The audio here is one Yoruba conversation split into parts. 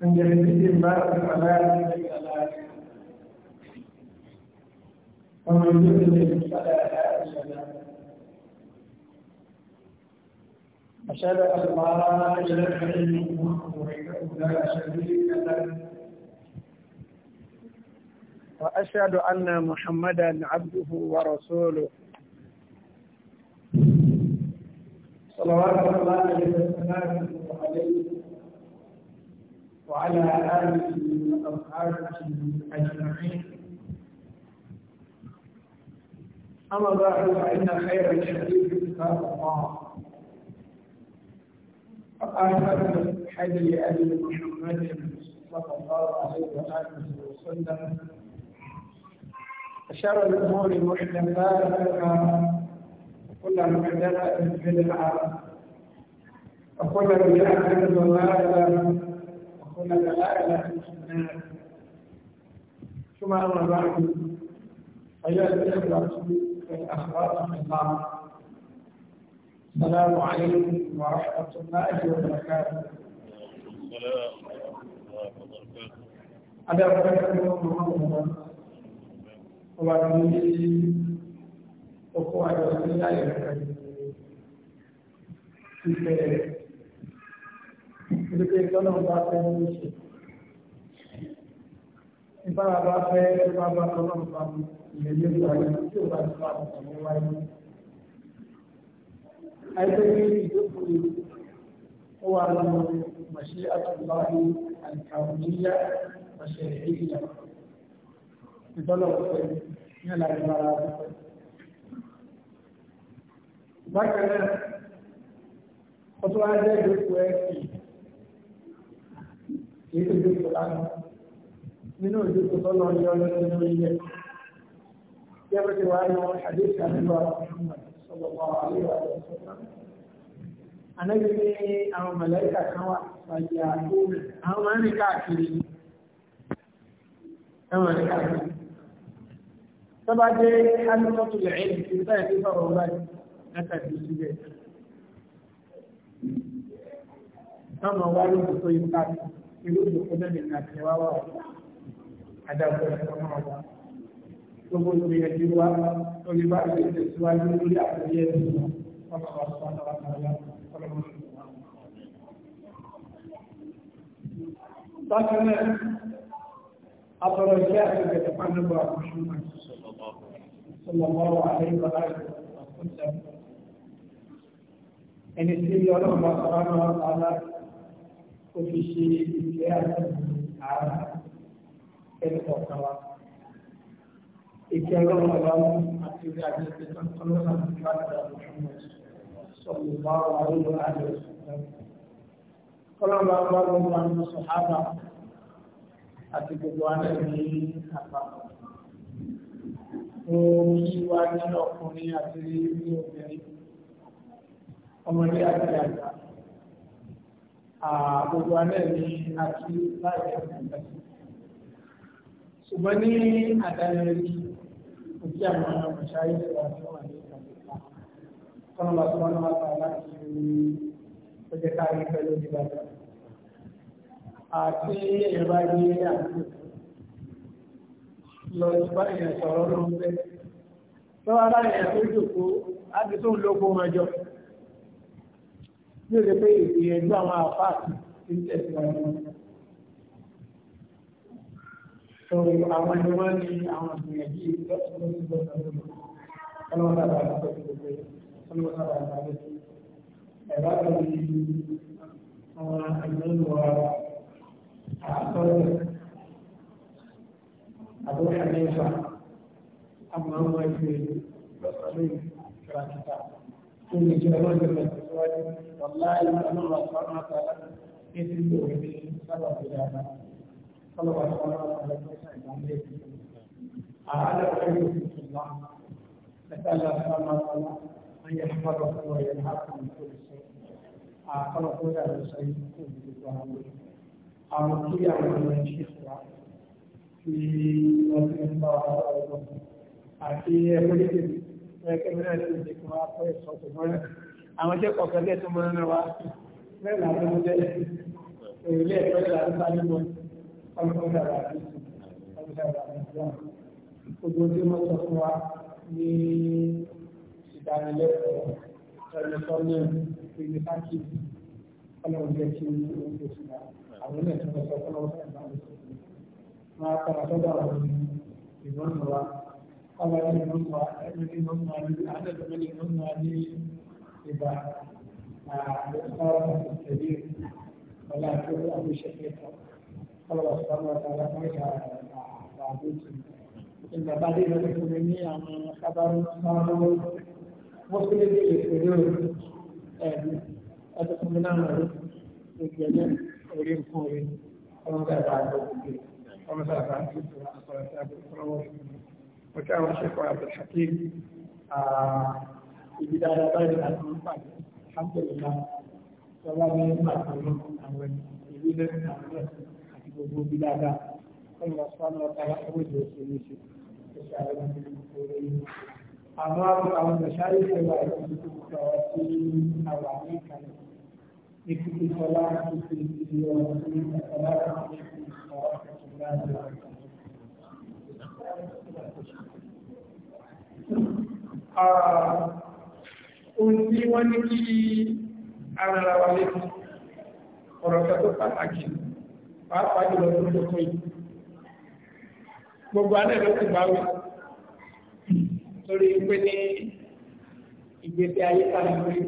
من جهله المرء فلا ومن يضلل فلا هادي أشهد أن لا إله إلا الله وحده لا شريك له وأشهد أن محمدا عبده ورسوله صلوات الله وسلامه عليه وعلى آله وأصحابه أجمعين أما بعد فإن خير الحديث كتاب الله فآخر حدي أبي محمد صلى الله عليه وآله وسلم أشار الأمور محدثاتها وكل محدثة بدعة وكل بدعة ضلالة ولا تعالى الناس ثم أما بعد أيها الإخوة والأخوات في الله السلام عليكم ورحمة الله وبركاته السلام ورحمة الله وبركاته أنا أبارك محمد وبركاته أخوة رسول الله الكريم nítorí pé tọ́lọ́ bá fẹ́ ní í ṣe ìbára bá fẹ́ bá bá tọ́lọ́ bá mú ìyẹn yé wà ní tí ò bá ti bá bá tọ́lọ́ wáyé. àìpé ní ìdókòwò ó wà lọ́wọ́ màṣí àtúbáyé àìkàwéyà màṣẹ ìyá ìtọ́lọ̀ fẹ́ ní àlàyé bára fẹ́. bákan náà ó tún wá jẹ́ ìdókòwò ẹ̀sìn kìí tó dé sọ́lá náà nínú ìdí tó tọ́lọ́ ní ọjọ́ nínú ilẹ̀. Yẹ́bẹ̀ ti wáyé wọn àdéhùn àdúgbò àwọn ọmọ sọ̀rọ̀ àríwá ìwọ̀sọ̀tà. Ànábi ní àwọn mọ̀lẹ́kà kan wà pàdé àkóòrè. Àwọn máa ń rìn káàkiri. Ẹ̀wọ̀n rìn káàkiri. Tọ́ba dé Alifọ́tù Lẹ́yìn ti sáyẹ̀ tí sọ̀rọ̀ báyìí látàkì síbẹ̀. Tọ́mọ̀ wá lóko tó yí káàkiri irú ìdókòjọ́ nìkan àtẹ̀wá wà ó adágún ẹ̀kọ́ náà wà gbogbo ìgbìyànjú wa lórí bá ti tẹ̀síwájú lórí àkóyẹ ẹ̀sìn wọn kọ́ wọn sọ ọ́nà wọn lọ́wọ́ ọlọ́run. Bákan náà, àtọ̀rọ̀ ẹni tí ọlọ́run bá sọ̀rọ̀ náà ó fi ṣe ìfẹ́ àti ààrà ẹ̀kọ́ kan wa. Ìfẹ́ ọlọ́run ọlọ́run àti orí àti ìfẹ́ tó ń kọ́ lọ́sàn án ti bá dàgbà lọ́sàn án sọ̀rọ̀ bá wà lórí àjọ ìṣẹ̀lẹ̀. Kọ́lọ́n bá wà lórí àwọn sọ̀hábà àti gbogbo alẹ́ ní àpapọ̀. Mo kí wá ní ọkùnrin àti ní obìnrin, ọmọdé àti àgbà gbogbo alẹ́ ní àti láì ẹ̀kọ́ ṣùgbọ́n ní àdáyẹ̀rí òkè àwọn ọ̀ṣáyé ìwà tí wọ́n ní ìgbàgbọ́ kọ́nà bá tún wọn náà wà láti ọjọ́ káàrí pẹ̀lú ìgbàgbọ́ àti ẹ̀rọ ayé àti lọ ìbá ìrìn sọ̀rọ̀ ló ń bẹ́ aláìyàn tó jòkó á tó ń lóko wọn ní o lè pé èdè ẹgbẹ́ àwọn àfáàtì ti ń tẹ̀síwájú. So àwọn ẹni wọ́n ní àwọn ìgbìyànjú lọ́sọ̀rọ̀ sí lọ́sọ̀rọ̀ lọ́sọ̀rọ̀ ọlọ́wọ́ sábà lọ́sọ̀rọ̀ sí gbogbo ọlọ́wọ́ sábà lọ́sọ̀rọ̀ sí ẹ̀rọ àti àwọn àgbẹ̀wò àtọ́rọ̀ àbúrò àlẹ́fà àwọn ọmọ ẹgbẹ́ lọ́sọ̀rọ̀ ìfúra kíkà fún ìjọba ìjọba ìtẹ̀síwájú wàláì ọlọ́run àtàwọn àtàlà ní ti lò wí ní sábà tó dáadáa sọlọ́wọ́ àtàwọn àtàlà tó ṣe àìdáńlé ti àhálà ọ̀rẹ́ yóò fi tún lọ ẹ̀ka ìlà sábà máa tọ́lá wọ́n yẹ fún ọ̀dọ̀ fún ọ̀yẹ́ ní àkàwọn tó lè sọ àkọlọ̀ tó yà lọ sọ yìí kò ní gbogbo àwọn àwọn tó yà wọ́n lọ ṣe fura kí wọ́n ti ń bá wa lọ́wọ́ àti ẹgbẹ́ ẹ̀kẹ́mi náà lórí ìdíkùn wa fẹ́ ìsọ̀tún mọ́rẹ́ àwọn jẹ́ kọ̀ọ̀kan lẹ́tọ́ mọ́rẹ́ náà wá mẹ́rin àwọn ọmọdé ilé ẹ̀kọ́ ìlà ń bá nínú ọlọ́run dàgbà àti ọlọ́run dàgbà àti ìlànà gbogbo tí wọ́n sọ fún wa ní ìdánilẹ́kọ̀ọ́ tẹlifọ́nì ìgbésàkì ọlọ́run jẹ́ kí ó ń gbèsè àwọn ilé ẹ̀kọ́ ìsọ̀tún ọlọ́run dàgbà àti ìlànà wọn á padà sọ́dọ̀ àwọn ìgbọ́n wa. قال لي نظرة أمني نظرة للعدد أمني نظرة للإباحة الإقامة الكبير ولا تبقى بشكلها قال الله سبحانه وتعالى مرجع تعبدكم إن بعدين لكم مني عن خبر صاروا مسلم بالحدود أدخل من عمله الجنة أريد كوري ومن ذا بعد ذلك ومن ذا بعد ذلك mo kí àwọn ṣẹ́kọ̀ọ́ Abdul Hakim ibi dáadáa báyìí láti ń pàdé alhamdulillah lọ́wọ́ ní àtàwọn àwọn ìlú lẹ́nu àwọn àti gbogbo ibi dáadáa wọ́n lọ sọ́nà ọ̀tá owó ìjọ òṣèlú ṣe ó ṣe àwọn ìlú ìlú àwọn àwọn ìṣáré ìṣẹ̀lẹ̀ àwọn ìlú tó ti àwọn àmì ìkàlẹ̀ ní kíkí sọlá kíkí ìdílé ọ̀rọ̀ sí ìṣẹ̀lẹ̀ àwọn ìṣẹ̀lẹ̀ àwọn ìṣẹ̀lẹ̀ ohun tí wọ́n ní kí ara wa lè fi ọ̀rọ̀ kan tó pàtàkì pàápàá jùlọ tó tó tó yìí gbogbo alẹ́ ló ti bá wí torí pé ní ìgbésí ayé tàbí lórí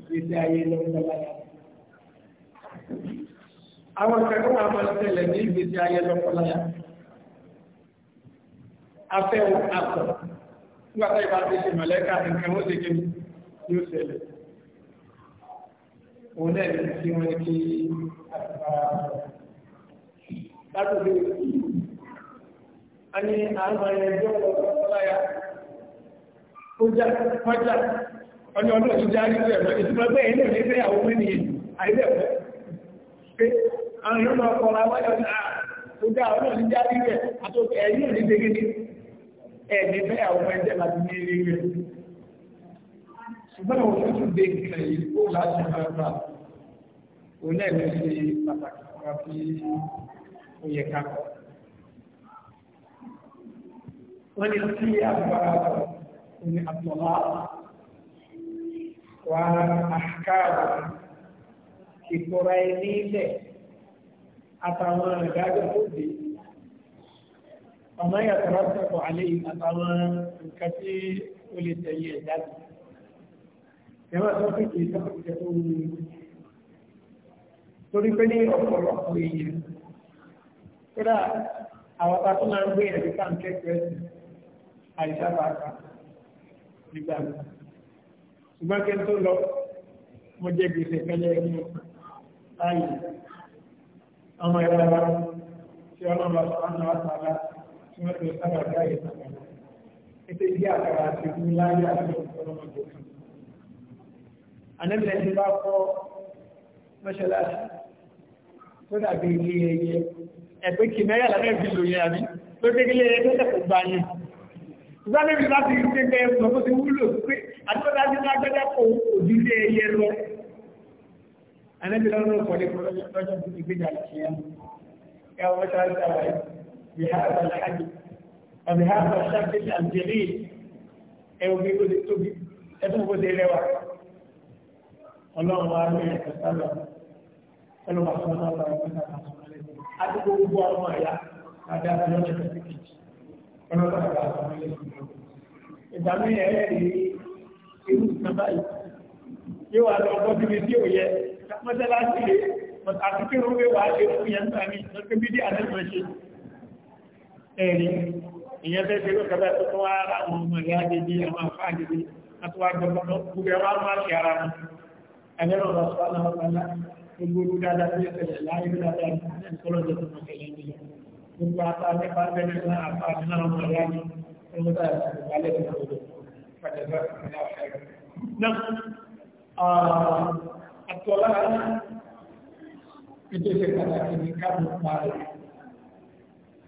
ìgbésí ayé lọ́wọ́ láyà. àwọn akẹ́kọ̀ọ́ máa ń tẹ̀lé ní ìgbésí ayé lọ́wọ́ afẹ́ àtọ̀ nígbàtà ìbá ti ṣe mọ̀lẹ́kà nǹkan ó ṣe kéwì ní ó ṣẹlẹ̀ òun náà ní tí wọ́n kí àtìbára látòdì a ní àwọn ẹgbẹ́ ọlọ́láyà ó já ọjà ọni ọdún ọdún já rí rẹ̀ ìtumọ̀ pé ẹ̀yìn náà ní ẹgbẹ́ àwọn ọmọ ènìyàn àìdẹ̀kọ́ pé àwọn ìrọ̀lọ́ ọkọ̀ ọ̀la wáyọ̀ ní ó já ọdún ọdún já rí rẹ̀ àtòkè ẹ̀yìn náà ẹni bẹ́ẹ̀ àwọn ẹgbẹ́ láti ní eré rẹ̀. ṣùgbọ́n àwọn tuntun dé nǹkan yìí ó láti máa gbà òun náà ló ṣe pàtàkì kan tí ó yẹ ká kọ́. wọ́n ní tí agbára òní àtọ̀lá wà àkàrà ìkóra ẹni ilẹ̀ àtàwọn ìdájọ́ tó dé ọmọ yẹn tọrọ tẹ̀kọ̀ alẹ́ yìí àtàwọn nǹkan tí ó lè tẹ̀lé ẹ̀ jáde. Ìwọ tó fi kì í tó fi kẹ́ tó wù ú. Torí pé ní ọ̀pọ̀lọpọ̀ èèyàn, kódà àwọn ta tó máa ń gbé ẹ̀rí ká ń ẹ̀sìn àìsábà ká nígbà mi. Ṣùgbọ́n kí n tó lọ, mo jẹ gbèsè fẹ́lẹ́ ẹ̀rí láàyè. Ọmọ ìwà wa tí ọlọ́run lọ sọ ọ́nà wa sọ tí wọ́n ti sábà dáyé sábà. Ètò ìdí àkàrà àti ìlú láyé àti ọ̀pọ̀lọpọ̀ kan. Ànábìlẹ̀ ti bá kọ́ mọ́ṣáláṣí tó dàbí ilé ẹyẹ. Ẹ̀pẹ́ kì mẹ́rẹ̀ lábẹ́ fi lò yẹ àbí tó dé ilé ẹyẹ tó tẹ̀kọ̀ gbà yẹn. Ìgbàlẹ́ mi láti ṣe pé ẹ̀fọ́ tó ti wúlò pé àtúntà ti lágbẹ́dẹ́ kò òdílé ẹyẹ lọ. Ànábìlẹ̀ ọ̀rọ̀ kọ̀ọ̀lẹ́ kọ̀ọ̀lẹ́ lọ́jọ́ بهذا الحج وبهذا الشكل الجليل ẹwọ gbígbó lè tóbi ẹdún gbogbo ẹlẹ́wà ọlọ́run wa ní ẹ̀kọ́ sábà ẹnu bá fún ọlọ́run wa ní ẹ̀kọ́ sábà àdúgbò gbogbo ọmọ ẹ̀yà àti àti ọjọ́ ẹ̀kọ́ síkì ọlọ́run wa ní ẹ̀kọ́ sábà ìgbà mi ẹ̀ ẹ̀ rí irú ìsọba yìí yóò wá lọ ọgbọ́n bíbi tí ò yẹ mọ́tẹ́lá sí i àti kí irú wíwá lè fún yẹn nígbà mi lọ́sẹ̀ bídí àdéhùn ẹ̀ṣẹ̀ ẹ̀rí ìyẹn tẹ́ ṣerú kẹfẹ́ tó tó ara àwọn ọmọ ìyá gidi àwọn afá gidi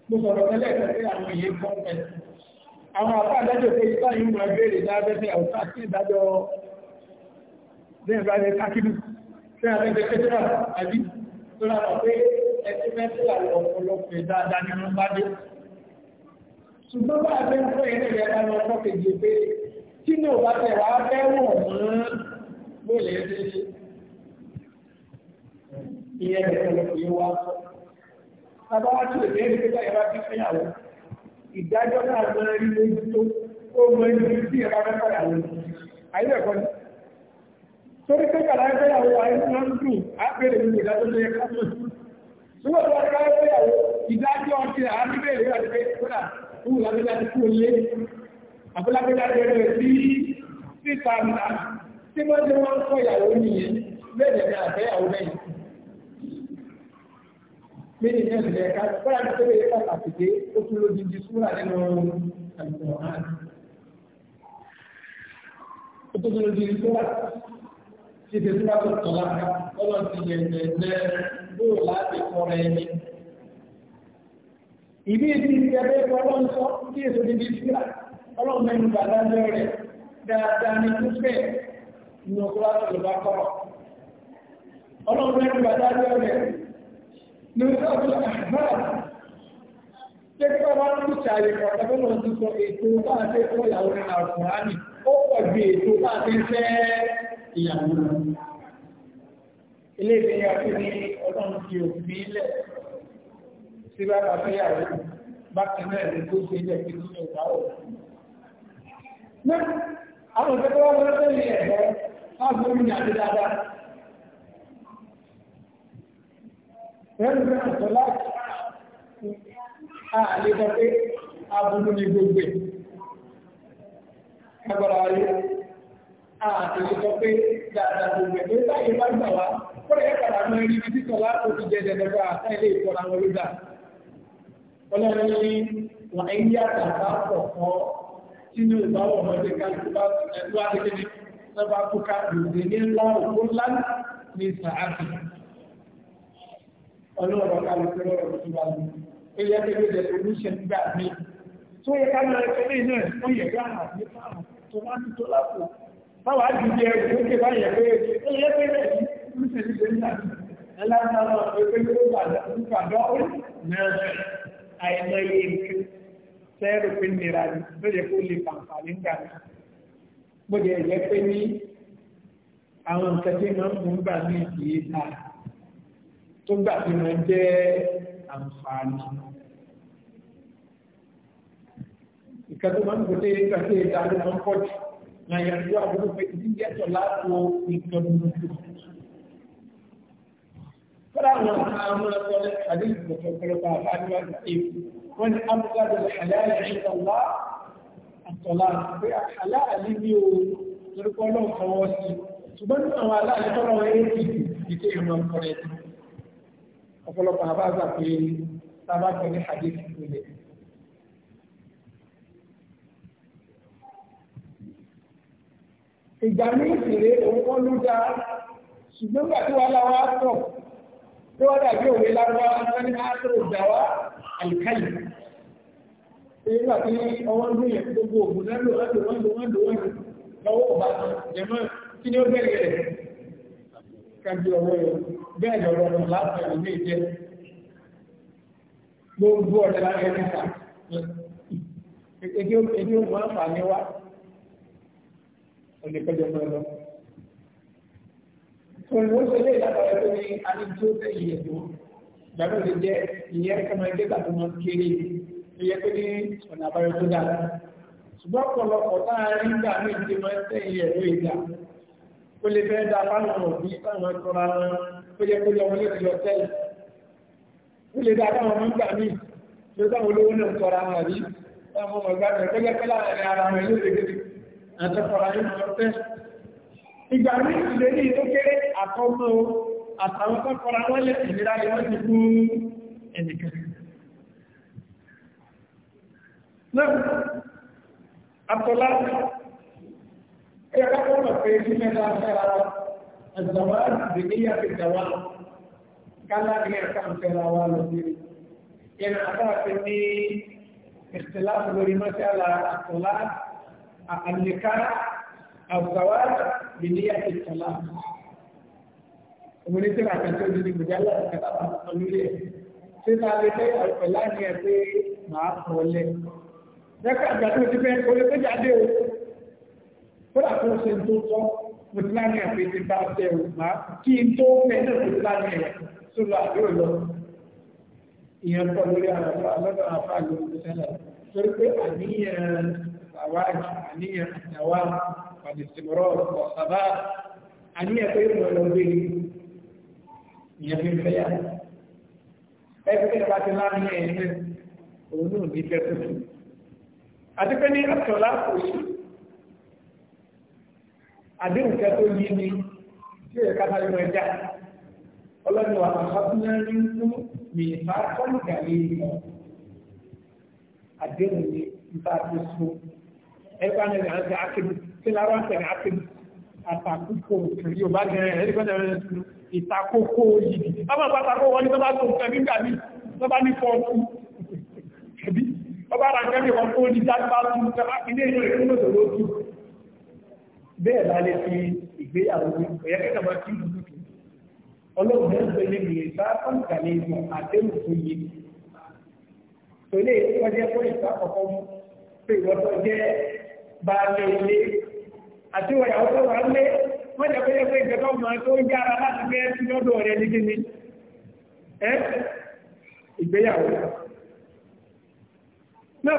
mo sọ̀rọ̀ tẹ́lẹ̀ tẹ́lẹ̀ àwọn èyí kan pẹ̀. Àwọn àpá àdájọ́ pé ipá yìí mọ̀ ẹgbẹ́rẹ̀ dábẹ́fẹ́ ọ̀tá sí ìdájọ́ bẹ́ẹ̀ bá rẹ̀ kákìlú tí a lẹ́gbẹ́ kẹ́tẹ́rà àbí tó lára pé ẹtí mẹ́tìlá ọ̀pọ̀lọpọ̀ dáadáa ni wọ́n bá dé. Ṣùgbọ́n bá abẹ́ ń fẹ́ ilé rẹ̀ lọ́wọ́ ọkọ̀ kejì pé tí ní òbá tẹ̀ wá fẹ́ wọ̀ mọ́ lè ṣe ṣe. Ìyẹn wá sọ bàbá wa tó lè bẹ́ẹ̀ nígbà yàrá bí fẹ́yàwó ìdájọ́ náà máa rí lójú tó ó mọ ẹni tí yàrá bá fẹ́yàwó àyẹ̀wò ẹ̀kọ́ ni. torí pé kàlá fẹ́yàwó ayé máa ń dùn á bèrè nínú ìdájọ́ tó yẹ ká mọ̀. nígbà tó wá ká fẹ́yàwó ìdájọ́ ti àárín bẹ̀rẹ̀ àti pé kódà wù lábẹ́lá ti kú lé àbúlábẹ́lá bẹ̀rẹ̀ sí síta nà tí wọ́n ti wọ́n kọ méjì ní ẹ̀sìn ẹ̀ka bóyá ní pé ẹ̀ka àtìgbé ó tún ló dídí súrà nínú Al-Qur'an. ó tún ló dídí súrà tí ìdè súrà tó tọ̀ láta lọ́dọ̀ ti yẹ ẹ̀jẹ̀ bóyá láti kọ́ra ẹni. ìbí ìdí ìdí ẹgbẹ́ ìfọ́ ọlọ́run sọ kí èso dídí súrà ọlọ́run mẹ́nu bàbá lọ́rẹ̀ dáadáa ní kúfẹ́ ìnàkúrà tó lọ́ نوزاد الأحباب تكبر عن مشايخ وتكبر عن الإيتوبات ويعون على القرآن أو بإيتوبات يعون ilé ìfẹ́ yà fún ní ọlọ́run fi òfin ilẹ̀ sí bá bá fẹ́yàwó bákan náà lè tó ṣe ilẹ̀ fún ní ọ̀gá ọ̀. Náà àwọn ìfẹ́ tó wá lọ́sẹ̀ yìí ẹ̀rọ láti orí ní ẹgbẹ́ àtọ́ láti àlejò pé aburú ni gbogbo ẹ̀ agbára ayé àtẹ̀lé sọ pé dáadáa gbogbo ẹ̀ pé láyé bá gbà wá kọ́lẹ̀ yẹn padà mọ́ ẹni ibi títọ́ láti ti jẹ dẹ̀dẹ̀gbà àtà ilé ìtọ́ra wọn ló dà ọlọ́run ní wọ́n ń yí àtàkà pọ̀ kọ́ sínú ìbáwọ̀ ní ńlá ọlọ́rọ̀ kálukú lọ́rọ̀ tó wà ní ẹyẹ pẹ̀lú the solution gbà mí tó yẹ ká lọ ẹgbẹ́ náà ó yẹ ká hàn ní fáwọn tó máa ń tó lápò báwa ju jẹ ẹgbẹ́ òkè bá yẹ pé ẹyẹ pẹ̀lú ẹgbẹ́ ṣe ṣe ní àná ẹlẹ́nà náà pé pé ó gbàdọ̀ ó gbàdọ̀ ó àìmọ iye nǹkan sẹ́ẹ̀rù pé nira ni ló yẹ kó lè fàǹfààní gbà mí bó jẹ ẹ̀yẹ pé ní àwọn nǹkan tí tó gbà tí wọ́n jẹ́ àǹfààní. Ìkan tó máa ń gbòde nígbà tí èdè àti àwọn pọ̀jù na ìyàtọ̀ àbúrò pé ìdí yẹtọ̀ láti wo nǹkan lójú. Fọ́lá àwọn àmọ́ ẹ̀kọ́ àdéhùn ìgbọ̀tọ̀ ọ̀pọ̀lọpọ̀ àbájúwá ìdíje wọ́n ní abúgbàdo àlàyé ìgbà wá àtọ̀lá pé àlàyé ní o lórúkọ ọlọ́ọ̀kọ́ wọ́n sí. Ṣùgbọ́n nínú àwọn aláàlẹ́ tọ́lọ́ wọn èèyàn ìdíje ìrìn ọkọ̀ rẹ̀ ọ̀pọ̀lọpọ̀ àbáza pé sábà pé ní hadith ìpínlẹ̀. ìgbà ní ìṣeré òun kọ́ ló dáa ṣùgbọ́n gbà tí wàá láwa tọ̀ tí wàá dàbí òwe láwa sani àtúrò dáwà àlùkálì. nígbà tí ọwọ́ ń gbìyànjú gbogbo ògùn náà lò wọ́n lò wọ́n lò wọ́n lò lọ́wọ́ ọ̀bá jẹ̀mọ́ kí ni ó bẹ̀rẹ̀ rẹ̀ kájú ọwọ́ yẹn bẹ́ẹ̀ lọ́rọ̀ lọ láti ẹ̀rọ ní ìjẹ́ gbogbo ọ̀dẹ́ láti ẹ̀rọ níta èdè òun máa ń fà ní wá ọ̀dẹ́ pẹ́jọ pẹ́ lọ. Òun ló ṣe lé ìdábàá tó ní adíjú tó yẹ tó gbàgbọ́ ti jẹ́ ìyẹn kọ́mọdé tàbí wọn kéré ìyẹn pé ní ọ̀nà àbáyọ tó dára. Ṣùgbọ́n ọ̀pọ̀lọpọ̀ táàrin gbà ní ìdí máa ń tẹ̀yìn ẹ̀rọ ìgbà. Ó lè fẹ́ dá fáwọn òbí fáwọn ẹ̀kọ́ ara wọn ó yẹ kó lọ wọn lẹ́sìn lọ tẹ́lẹ̀ ó lè dá àwọn ọmọ nígbà míì tó sáwọn olówó náà ń tọrọ àwọn àrí táwọn ọmọ ìgbà rẹ̀ tó yẹ pé láàrin ara wọn ló lè gẹ́gẹ́ àtọ́kọ̀rọ̀ ayé wọn fẹ́ ìgbà míì ìlé ní tó kéré àtọ́mọ́ àtàwọn tọ́kọ̀rọ̀ wọn lè ìlera ni wọ́n ti fún ẹnìkan náà àtọ́lá ẹ̀yà kápọ̀ mọ̀ pé kí mẹ́ta fẹ́ ara wọn الزواج بنية الزواج قال لك هي كان في الأول يعني أعرف إني اختلاف بين مسألة الطلاق النكاح الزواج بنية الطلاق ومن يصير عشان تقول لي مجلد كتاب قالوا لي سيدنا علي تي الفلان يا تي معاك ولا ذاك جاتو تبين كل كجادو كل أكو سنتوصو mùsùlùmí àti ti bá tẹ o máa kí n tó fẹ́ náà mùsùlùmí rẹ̀ tó lọ àdúrà lọ. Ìyẹn pọ̀ lórí àwọn ọlọ́dọ̀ àfáàlú ìṣẹ̀lẹ̀ torí pé àníyàn àwájú àníyàn àtàwà àdìsímọ̀rọ̀ ọ̀sàbá àníyàn pé ìmọ̀ lọ gbé ìyẹn fi ń fẹ́ yà. Ẹgbẹ́ ìjọba ti láàrin ẹ̀yìn náà òun náà ní fẹ́ tuntun. Àti pé ní àtọ̀lá kò yìí àbí nǹkan tó yí ni tí ẹ̀ ká sáré máa já ọlọ́ni wà àkọ́bùnà ní fún mi máa kọ́lù gàlẹ́ ìmọ̀ àdéhùn ni nípa tó so ẹgbẹ́ náà ni à ń sẹ́ akébi kí ni ara ń sẹ́ ní akébi àtàkùkọ òkèrè yóò bá gẹ̀rẹ̀ ẹ̀rí kọ́nà rẹ̀ tún ìtakókó yìí ọmọ pàtàkó wọ́n ní tọ́bá tó nǹkan nígbà ní tọ́bá ní fọ́ọ̀tún ẹ̀bí ọba ara nǹkan ní ọkọ̀ ní jáde bẹ́ẹ̀ bá lè fi ìgbéyàwó ẹ̀yẹ́ kí nàbọ̀ kí ìlú tuntun ọlọ́run náà gbé ní ìrìn bá kọ́ǹkà ní ìmọ̀ àdéhùn tó yé tó lè wọ́jẹ́ fún àkọ́kọ́ mú pé ìwọ́tọ̀ jẹ́ bá lè lé àti wà lé wọ́n jẹ́ tó ń yára láti sí lọ́dọ̀ rẹ̀ ní ìgbéyàwó náà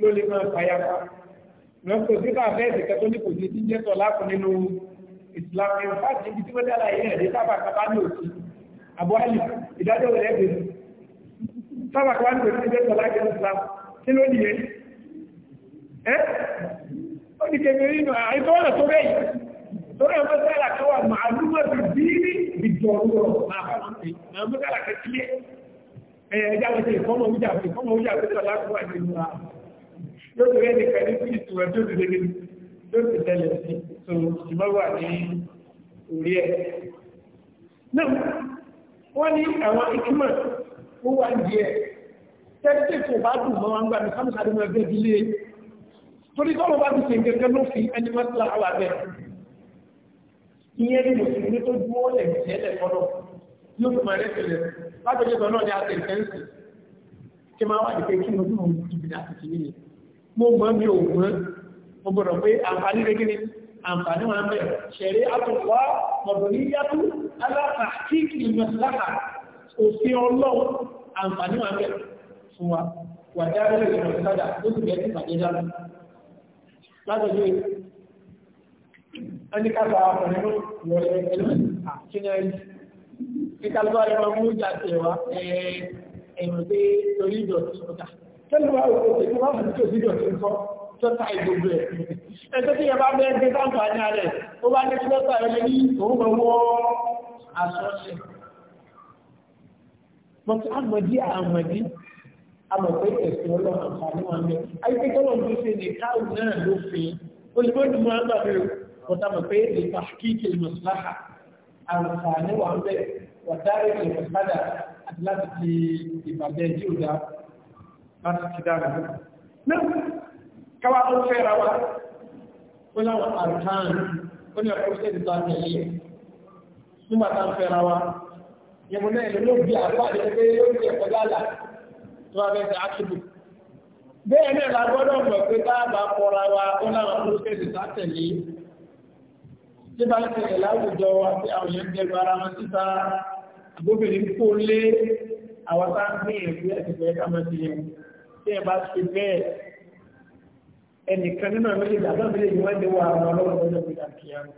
ló lè máa fàyàfà lọ́pọ̀ sí bá bẹ́ẹ̀ sìkẹ́ tó ní kò sí jíjẹ́ tọ̀ láàkú nínú ìsìlámù ẹ̀ fáàtì ibi tí wọ́n dára yìí ẹ̀dẹ́ sábà kaba ní òsì àbúhálì ìdájọ́ rẹ̀ bẹ̀rẹ̀ sábà kaba ní òsì jíjẹ́ tọ̀ láàkú ìsìlámù kí ló nìyẹn ẹ́ ó ní kẹfẹ́ nínú àìtọ́ ọ̀nà tó bẹ́ẹ̀ torí àwọn mọ́sálà kan wà màálùmọ́ ti bírí ìjọ̀rọ̀ máa bá wọn pè àwọn mọ́sálà kan kílé ẹ̀yẹ ẹja wọn ti ìfọ́mọ̀ wíjà yóò tó rẹ́ni kan ní sí ìtura tó ti dégbé tó ti tẹ̀lẹ̀ sí tó ṣùgbọ́n wà ní orí ẹ̀. náà wọ́n ní àwọn ìkímọ̀ ó wà ní ẹ̀ tẹ́tẹ́ tó bá dùn mọ́ wọn gbà ní sámúsá ní wọn bẹ́ẹ̀ dílé torí tọ́lọ́ bá ti ṣe gẹ́gẹ́ ló fi ẹni mọ́tìlá àwà bẹ́ẹ̀ ìyẹn ní mùsùlùmí tó dúró lẹ̀ tẹ́lẹ̀ fọ́lọ́ yóò fi máa rẹ́ tẹ̀lẹ̀ látọ̀jọ́ náà ní àtẹ̀kẹ́ńsì kí máa wà ní pé kí ló dùn mọ́ ìbìdá àti kìíní mo mọ́ mi ò mọ́ mo gbọ́dọ̀ pé àǹfààní rẹ̀gẹ́ni àǹfààní wọn bẹ̀ ṣẹ̀rí àtùwá mọ̀dọ̀ ní yàtú aláta tí kìí mọ̀síláta òfin ọlọ́run àǹfààní wọn bẹ̀ fún wa wà dáadé rẹ̀ lọ sádà ó sì bẹ̀ẹ́ sí pàdé dáadé látọ̀jú ẹni kápá tẹ́lẹ̀ wá òkú òkè tó bá wà nítorí sí ìdọ̀tí ńkọ́ tó ta ìgbogbo ẹ̀. ẹ̀tọ́ tí yẹ bá bẹ́ẹ̀ gbé sáǹtà ní alẹ̀ ó bá ní kílọ́tà ẹ̀rẹ́ ní òun mọ̀ wọ́ àṣọṣe. wọ́n ti àmọ̀dí àmọ̀dí àmọ̀ pé ẹ̀sìn ọlọ́run àǹfààní wọn lẹ. ayíkẹ́ tọ́lọ̀ tó ṣe ní káwọn náà ló fi olùkọ́ni mọ́ àgbà mi kò tàbí pé ìta kíkì mùsùlùmá àǹfààní wọn bẹ́ẹ̀ wọ́n dárí ìmùsùlùmá àti láti fi ìbàjẹ́ jíò dáa láti ti dára náà káwà tó fẹ́ra wa ó láwọn àrùtán ó ní ọ̀pọ̀ ìṣẹ́ ìdíta tẹ̀lé ẹ̀ nígbà tá ń fẹ́ra wa yẹmu náà ló ló bí àbúrò àti ẹgbẹ́ yóò fi ẹ̀kọ́ dáadáa tó wà bẹ́ẹ̀ àtúbù bẹ́ẹ̀ náà la gbọ́dọ̀ mọ̀ pé tá a bá kọra wa ó láwọn àrùtán ìṣẹ́ ìdíta tẹ̀lé tí bá ń tẹ̀lé láwùjọ wa pé àwọn yẹn dẹ̀rù tí ẹ bá ṣe bẹ́ẹ̀ ẹnìkan nínú àwọn méjèèjì àbá méjèèjì wọ́n lè wọ àwọn ọlọ́run lọ́jọ́ pé kà kí á mọ̀.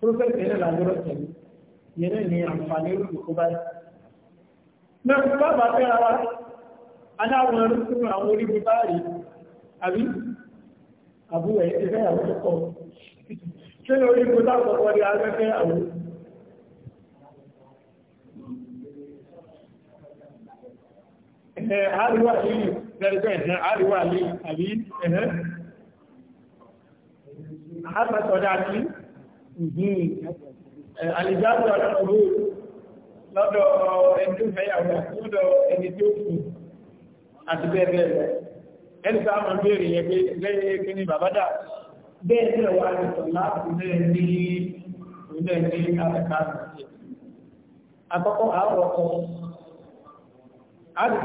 Prọfẹ̀tì ẹ̀rẹ́ làgbọ́dọ̀ tẹ̀lé yẹn náà ní àǹfààní olùkọ́ kó báyìí. Mẹ́rin bá bá fẹ́ra wa, aláwọn arúgbó àwọn orígun báyìí, àbí àbúrò ẹ̀ ti fẹ́ àwọn tó kọ̀. Ṣé orígun táwọn kọ̀ọ̀kan ni a fẹ́ fẹ́ àwọn àríwá yìí lẹ́rẹ̀kọ́ ẹ̀hẹ́ àríwá yìí àbí ẹ̀hẹ́ àtàkọ̀dá sí àlìjáàbò àtàkọ̀gbò lọ́dọ̀ ẹni tó fẹ́yàwó lọ́dọ̀ ẹni tó kù àti bẹ́ẹ̀ ẹni tó àwọn béèrè yẹn pé lẹ́yẹ kí ni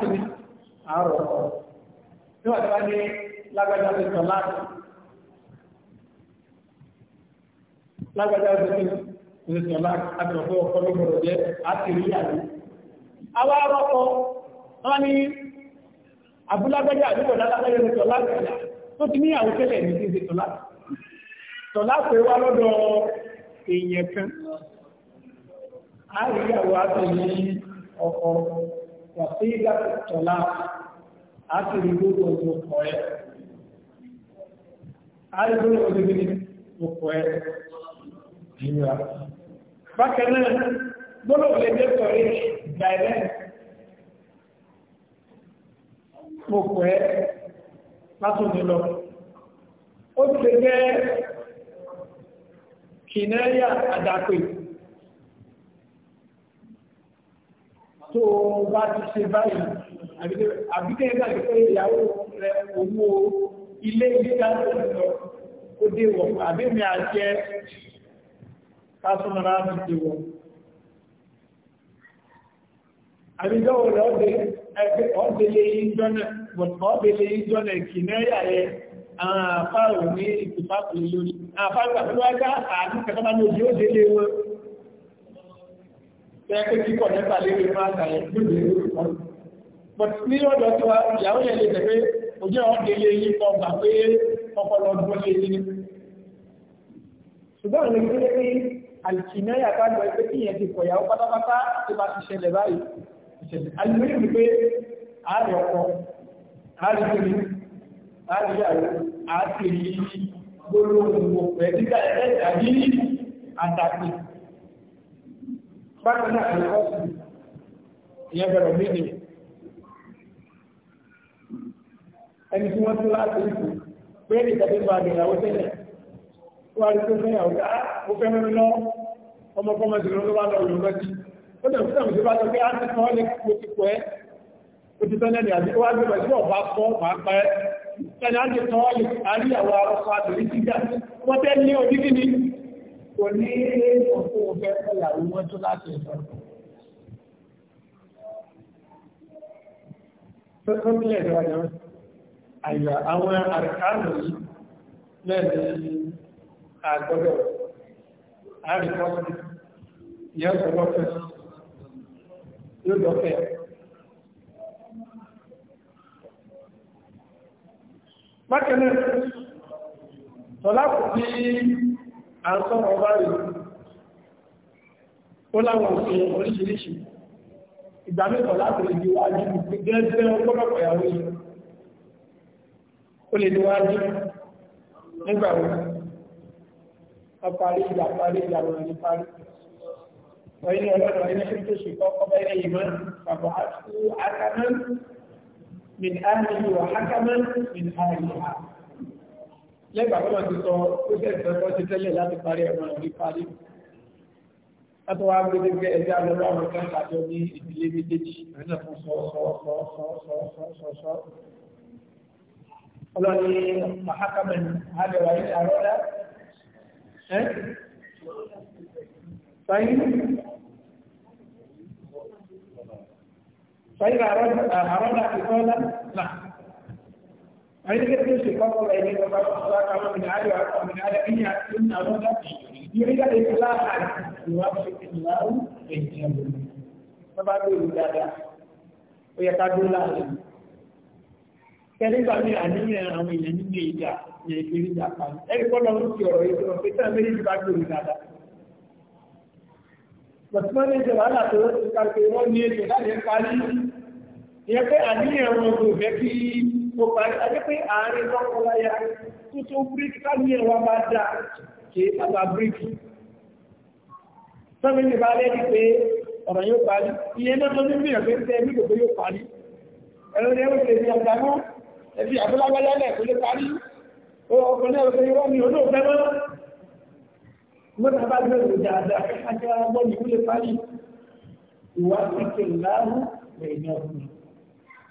ilẹ̀ àárọ̀ níwọ̀n tí wọ́n ní lágbájá ti sọ láti lágbájá ti sọ ti láti ọ̀pọ̀ jẹ́ rí àwa ní abúlágbájá àdúgbò lágbájá ti sọ láti ọ̀la tó ti níyàwó tẹ́lẹ̀ ní ti sọ láti. sọ láti wá lọ́dọ̀ èèyàn kan àríyàwó ọkọ̀ ákìrí lórúkọ tí ó kọ ẹ́ árí lórúkọ tí ó kọ ẹ́ ìyá bákan náà gbọ́dọ̀ lè dé sọ̀rí direct mo kọ ẹ́ látòdì lọ ó ti jẹ́ kìnẹ́yà àdàpè tó bá ti ṣe báyìí àbíkẹ́ ìgbàgbé ìyàwó rẹ̀ owó ilé ìgbà lọ ó dé wọ̀ àbẹ́mi àjẹ́ kásùnmọ́ra ti dé wọ̀. àbíjọ́ rẹ̀ ọ̀bẹ̀lẹ̀ ìjọ́nà ọ̀bẹ̀lẹ̀ ìjọ́nà ìkìnẹ́yà rẹ̀ àwọn àfáàrù ní ìtùpápù lórí àfáàrù àtúwájá àti kẹtàbá ní ojú ó délé wọn tẹ́ẹ̀kẹ́ kíkọ̀ nípa lórí máa tàyẹ̀ lórí ọdún but ní ọ̀dọ̀ tí wa ìyàwó yẹn lè tẹ̀pẹ́ ojú àwọn délé yìí kọ gbà pé ọkọ̀ lọ dúró lé yìí ṣùgbọ́n ní ìpínlẹ̀ pé àìsìnà yàtọ̀ àgbà pé kí yẹn ti kọ̀ ìyàwó pátápátá tí bá ti ṣẹlẹ̀ báyìí ìṣẹ̀lẹ̀ alùpùpù ni pé àárẹ̀ ọkọ̀ àárẹ̀ kiri àárẹ̀ yàrá àti èyí gbólóhùn òpè dídá ẹ̀ tàbí àtàkì bákan náà ẹ̀kọ́ sí ìyẹn bẹ̀rẹ̀ mí ẹni tí wọ́n tún láti rí kù pé ìtàdé bá àgbẹ̀yàwó tẹ́lẹ̀ tó wá rí tó fẹ́yàwó ká ó fẹ́ mẹ́rin ah, lọ ọmọkọ́mọ sí ló bá lọ òun lọ sí ó dẹ̀ fún àmì tó bá lọ pé á ah, ti kọ́ lé kó ti pọ̀ ẹ́ ó ti tẹ́lẹ̀ ní àbí ó wá gbé bẹ̀rẹ̀ sí ọ̀bá kọ́ máa pa ẹ́ ẹni á ti kọ́ lè àrí àwọn arọ́kọ àbẹ̀rí ti dà wọ́n tẹ́ ní orí kí ni kò ní ọ̀pọ̀ òfẹ́ fẹ́yàwó wọn tó àyà àwọn àrìkánù yìí lẹ́ẹ̀ni àgbọ́dọ̀ àrìkọ́sí ìyẹ́sọ̀lọ́fẹ́ yóò dọ́fẹ́ mákẹ́lẹ̀ tọ́lápù tí a ń sọ́rọ̀ bá rí ó láwọn òfin oríṣiríṣi ìgbàmí tọ́lápù ìgbìwájú gẹ́gẹ́ ọgbọ́gbọ̀ ìyàwó yìí ó lè níwájú nígbà wo ọparí ìgbà parí ìgbà wọn ní parí wọ́n yí ọlọ́run ẹni tí tó ṣùkọ́ ọba ẹni ìmọ̀ bàbá àtúkú akamẹ́ min ahìlú wa akamẹ́ min ahìlú ha lẹ́gbàá wọn ti sọ ó jẹ́ ìfẹ́kọ́ ti tẹ́lẹ̀ láti parí ẹ̀wọ̀n ní parí láti wá gbé gbé ẹja lọ́wọ́ àwọn kẹta àjọ ní ìdílé méjèèjì ẹ̀nà fún sọ́ọ́sọ́ọ́sọ́ọ́sọ́ọ́sọ́ọ́sọ́ ọlọ́ni mahakaman adẹ̀wà yìí àrọ́dá ẹ́ fàyíra àrọ́dá ìfọ́lá náà ayi ke tun shi kwakwa bai ne gaba su za ka mafi da arewa ka mafi da arewa ya tun na zo da yi da ita la a yiwa shi ke la'u da yi ta yi ta Kẹ́lẹ́gbà ní àníyàn àwọn èèyàn nínú ìjà ní ìpínlẹ̀ ìjà kan. Ẹgbẹ́ kọ́lọ́ ń fi ọ̀rọ̀ ìjọba pé tẹ́ méjì bá gbòrò dáadáa. Bọ̀túmọ́ ní ìjọba àlàtò ti ká pé wọ́n ní ètò láti parí. Ìyẹn pé àníyàn wọn kò fẹ́ kí ó parí. A jẹ́ pé àárín lọ́kọláya tuntun bíríkì káníyàn wa bá dà kì í sábà bíríkì. Sọ́mi ní ìbálẹ́ ni pé ọ̀rọ̀ yóò parí. Ìyẹn náà tó ní ẹbí àbúlágbẹ́lẹ́ náà kò lè parí ọkùnrin náà fẹ́ irọ́ mi olóòfẹ́ mọ́ mọ́ta bá gbé òjò dáadáa ajá ọgbọ́n ní kúlẹ̀ parí ìwà pípé láàrú lẹ́yìn ọkùnrin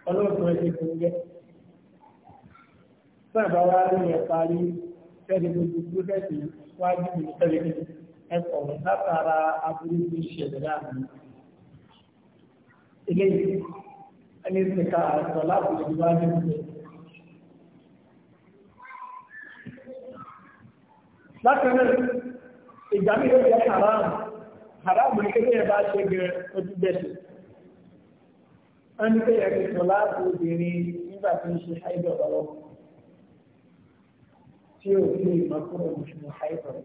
ọlọ́ọ̀tún ẹ̀ṣẹ̀ kò ń jẹ́ fún àbáwá rí ẹ̀ parí fẹ́ẹ̀dẹ̀ gbogbo púrọ́fẹ́sì wájú ìlú fẹ́ẹ̀dẹ̀ ẹ̀kọ́ látara aburú bí ìṣẹ̀lẹ̀ láàrin eléyìí ẹni ìsìnká àtọ̀ láti ìdíwájú Lákanáà, ìgbà mi yóò jẹ́ haram, haram ní kéde yẹn bá ṣe gẹ ojú bẹ́sẹ̀. Wọ́n ní kéde yẹn kò láàbù obìnrin nígbà tó ń ṣe haidọ̀ lọ́wọ́. Tí o fi lè máa kúrò nínú haidọ̀.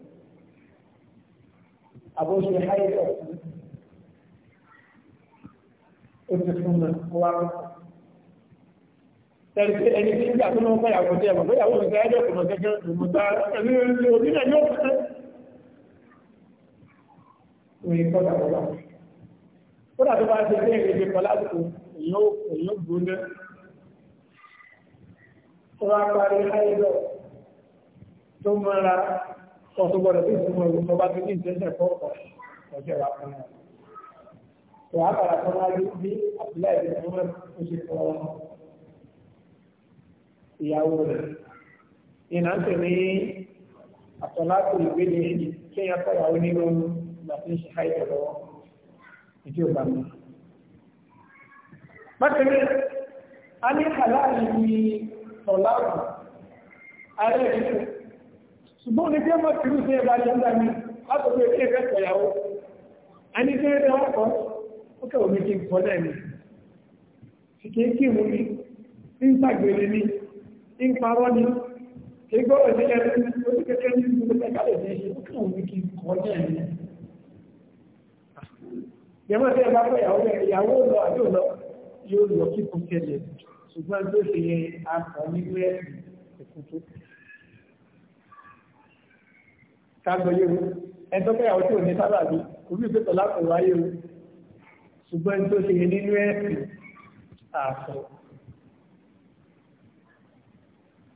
Ó ti fún mi, wá rọ̀ tẹ̀lé ẹni tí nígbà tó lọ́wọ́ fẹ́yàwó tẹ́ ẹ̀mọ̀ fẹ́yàwó ìfẹ́ ẹjọ́ ìmọ̀ gẹ́gẹ́ ìmọ̀ta ẹni orí orílẹ̀ yóò fẹ́ orí kọ́lá kọ́lá kọ́lá tó bá ṣe bẹ́ẹ̀ lè kọ́lá tó yóò gbóná tó bá parí ayédọ̀ tó mọ́ra kọ́tó gbọ́dọ̀ tó ti mọ̀ ọ̀rọ̀ bá ti ní ìtẹ́sẹ̀ kọ́kọ́ ọjọ́ wa kan ìyàwó rẹ̀ ìnáṣẹ ní àtọ̀láṣẹ ìgbélé kéèyàn fọyàwó nínú ìgbà tí ń ṣe háìtẹ̀ lọ́wọ́ ìdí ò bá mi. bákẹ́rẹ́ a ní àláàlì ní ọ̀làwọ̀ ààrẹ ìṣẹ́ ṣùgbọ́n ní bí ọmọ tìrú sí ẹgbà jẹ́ ńlá mi látọ̀gbọ́ ẹgbẹ́ ẹgbẹ́ fọyàwó a ní kí ẹgbẹ́ wọn kọ́ ó kẹ́wọ̀ méjì ń kọ́ náà ni kìkì kí ìwúni ń sàgbèrè ni ń parọ́ ni ẹgbọ́rọ̀ ní ẹ̀rẹ́ ojú ní ìlú ẹgbẹ́gbẹ́ ní ṣe kí kí kọ́ ní ẹ̀rẹ́ yẹmọ́ sí ẹgbà ìyàwó lọ yóò lọ kí kò tẹ̀lẹ̀ ṣùgbọ́n tó ṣe yẹ akọ̀ nínú ẹ̀sìn ìkútó kágbọ́ yóò ẹjọ́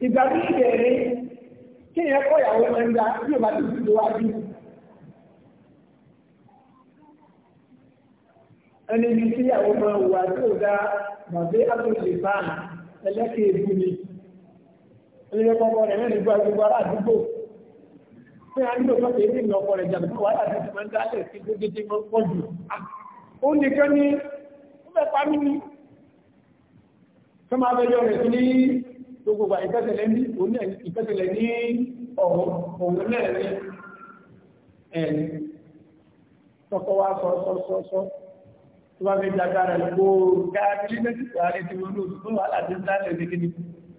ìgbà tí ìdè rí kí ìyẹn kọ́ ìyàwó máa ń ga bí ò bá ti dúró wájú. ẹni ní tí ìyàwó máa wùwà tí ò dá bàbá àtúnṣe fáàn ẹlẹ́kẹ̀ ègbú ni ẹlẹ́yẹ kọ́kọ́ rẹ̀ mẹ́rin gba gbogbo ará àdúgbò fún yàrá nígbà tó kéde ní ọkọ rẹ̀ jàdùkú wàhálà tó ti máa ń dálẹ̀ sí gbogbo máa ń pọ̀ jù. ó nìkan ni ó fẹ́ pa mí ni. sọ ma bẹ tó gbogbo ìkẹ́sẹ̀lẹ̀ ní òun náà ìkẹ́sẹ̀lẹ̀ ní ọ̀hún òun náà ní ẹ̀ẹ́ni tọkọ wa sọ sọ sọ sọ tó bá fẹ́ jagbára rẹ̀ kó káàkiri méjì ààrẹ ti wọn lóòtú tó wà láti ń dálẹ̀ ní kíni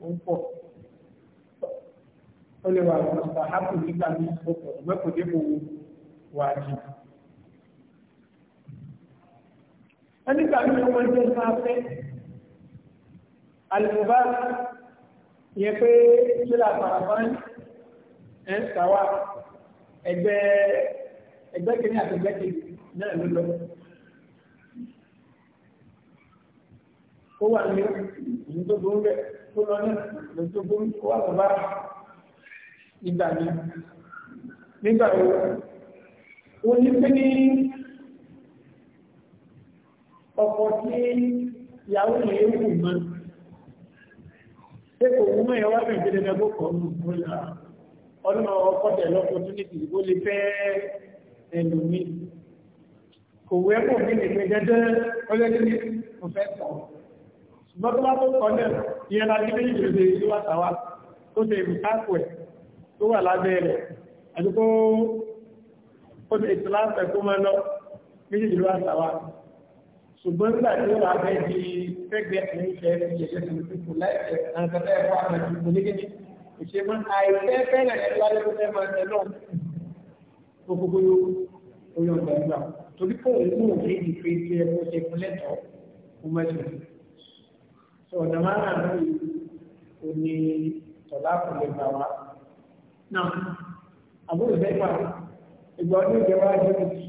ó ń pọ̀ ó lè wà ọmọ ẹgbẹ́ máa fẹ́ alùpùpù ìyẹn pé tíra parafán ẹ̀ ń sàwà ẹgbẹ́ ẹgbẹ́ kìíní àti ẹgbẹ́ kìíní náà ló lọ. ó wà ní ìlú tó gbóhùn bẹ́ẹ̀ tó lọ náà ló tó gbóhùn ó wà lọ́ba ìgbà mi nígbà wo ó ní pé ní ọkọ̀ tí ìyàwó yẹn wù mọ́ ṣé kò mú mú ẹwà rẹ̀ gbélé ẹgbẹ́ kọ̀ ọ́nù ìgbóla ọlọ́mọ ọkọ̀ tẹ̀ lọ́pọ̀túnìtì ìbò lè fẹ́ ẹlòmí kò wẹ́ kò bí nìkan jẹ́jẹ́ ọlọ́dún kò fẹ́ kọ̀ ṣùgbọ́n tó bá tó kọ́ náà ìyẹn la ní méjì lóde ìlú àtàwà tó ṣe ìbùkáàpù ẹ̀ tó wà lábẹ́ rẹ̀ àdúgbò ó ṣe ìtìláṣẹ̀ kó máa ṣùgbọ́n nígbà tí wọ́n abẹ́ di fẹ́gbẹ́ ní ìfẹ́ fi ṣẹ̀ṣẹ̀ tó ti kù láìpẹ́ àǹtẹ̀tẹ̀ ẹ̀kọ́ àmàjù kò ní kíni ìṣèmọ́ àìfẹ́ fẹ́rẹ̀ ẹ̀rọ alẹ́kùnrin máa tẹ̀ náà gbogbo oyún ọgbà ìgbà torí pé òun kò ní ìfẹ́ tí ẹ kó ṣe fún lẹ́tọ̀ọ́ fún mẹ́sàn sọ ọ̀nà márùn-ún náà ò ní tọ̀lá kò lè gbà wá náà àbúrò bẹ́ẹ̀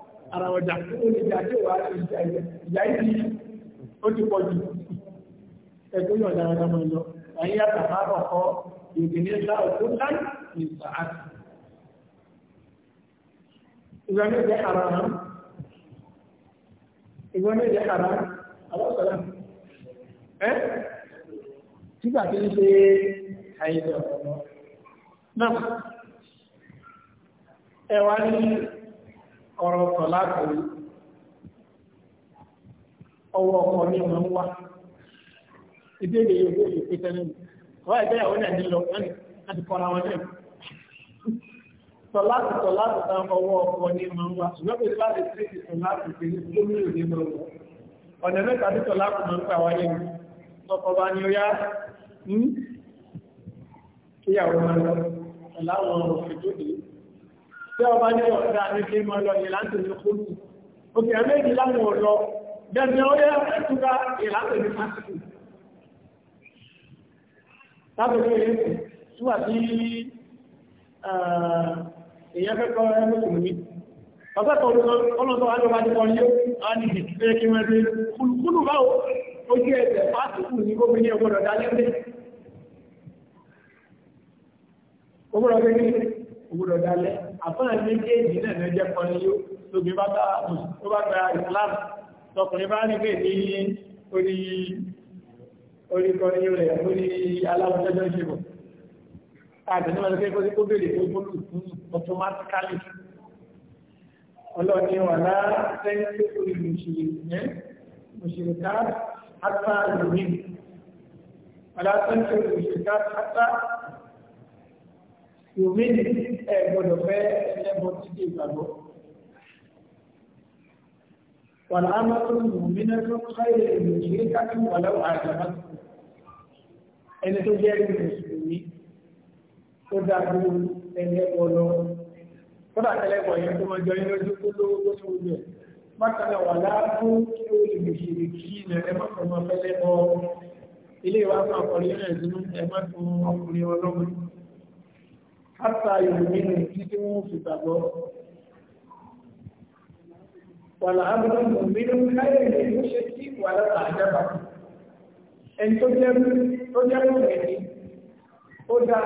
ara ọjà ó ní ìjà tí ó wà ìjà ìdí ó ti pọ̀ jù ẹgbẹ́ yóò dára dára mọ́ lọ ayé àtàmà àkọ́kọ́ ìgbìnlẹ̀ ńlá òkú láì ní sàáàtì ìgbọ́n jẹ́ ara hàn ìgbọ́n jẹ́ ara alọ́sọ̀lá ẹ́ tígbà tí ń ṣe àìsàn ọ̀nà náà ẹ̀wà ní ọ̀rọ̀ ọ̀tọ̀ látọ̀rí ọwọ́ ọkọ̀ ní ọmọ ń wá ìbéèrè yóò gbé ìpè tẹ́lẹ̀ mi wọ́n ẹgbẹ́ ìyàwó náà nílò wọ́n àti kọ́ra wọn náà tọ́láàtì tọ́láàtì táwọn ọwọ́ ọkọ̀ ní ọmọ ń wá ṣùgbọ́n pé láti tí ti tọ́láàtì pé ní gómìnà ní ọmọ wọn ọ̀nà mẹ́ta tí tọ́láàtì máa ń pà wáyé mi tọkọ̀ bá ní ọyá hmm? kíyàwó máa lọ pẹ̀láwọn òfin tó dé pé ọba ní ọ̀dá ní kí mọ́ lọ ìlànà ní kúrú òkè méjì láwọn ọ̀lọ́ bẹ̀rẹ̀ ó yẹ ẹ̀túká ìlànà ní fásitì lábẹ̀rẹ̀ yẹn túwà sí èyàn fẹ́kọ́ ẹmọ́kùnrin ọ̀sẹ̀ kan ọlọ́sọ àjọba ti kọ yóò á ní ìdílé kí wọ́n rí kúlùkúlù báwo ojú ẹsẹ̀ fásitì ní gómìnà ní ọgbọ́dọ̀ dá lẹ́sẹ̀. Ogbọ́dọ̀ òwúrọ̀ dalẹ́ àfọ́nà méjèèjì náà ní ọjọ́ kan yóò lóbi bá gba Islam tọkùnrin bá ní pé ní orí oríkọrin rẹ̀ orí aláwọ̀jọ́jọ́ ìṣègùn àti ní wọ́n kẹ́kọ́ sí kó bèèrè tó gbólù fún automatically ọlọ́ni wà lára sẹ́ńtẹ́ orí mùsùlùmí ká àtà lórí wà lára sẹ́ńtẹ́ orí mùsùlùmí yòmí ẹ gbọ́dọ̀ fẹ́ ẹlẹ́bọ títí ìgbàgbọ́. wàlá amátó yòmí náà tó káyọ̀ èlò ìṣeré káàkiri wà láwọn àjàmá ẹni tó jẹ́ ẹni mùsùlùmí tó dàbí ẹlẹ́bọ lọ. kódà ẹlẹ́bọ yẹn tó máa jọ yín lójú tó lówó tó tó wúlò ẹ̀. bákan náà wàlá fún kí ó lè lòṣèré kí ẹ má fọmọ fẹ́lẹ́ bọ ilé ìwà fún àkọlé ẹ̀ ẹ̀ má fún ọkùnrin ọlọ́run hátà ìlú nínú títí wọ́n fi gbàgbọ́ wàlá abúlọ́mù nínú káyẹ̀lẹ̀ ló ṣe tí wàlá tààjábà ẹni tó jẹ́ mọ̀rẹ̀ ní ó dá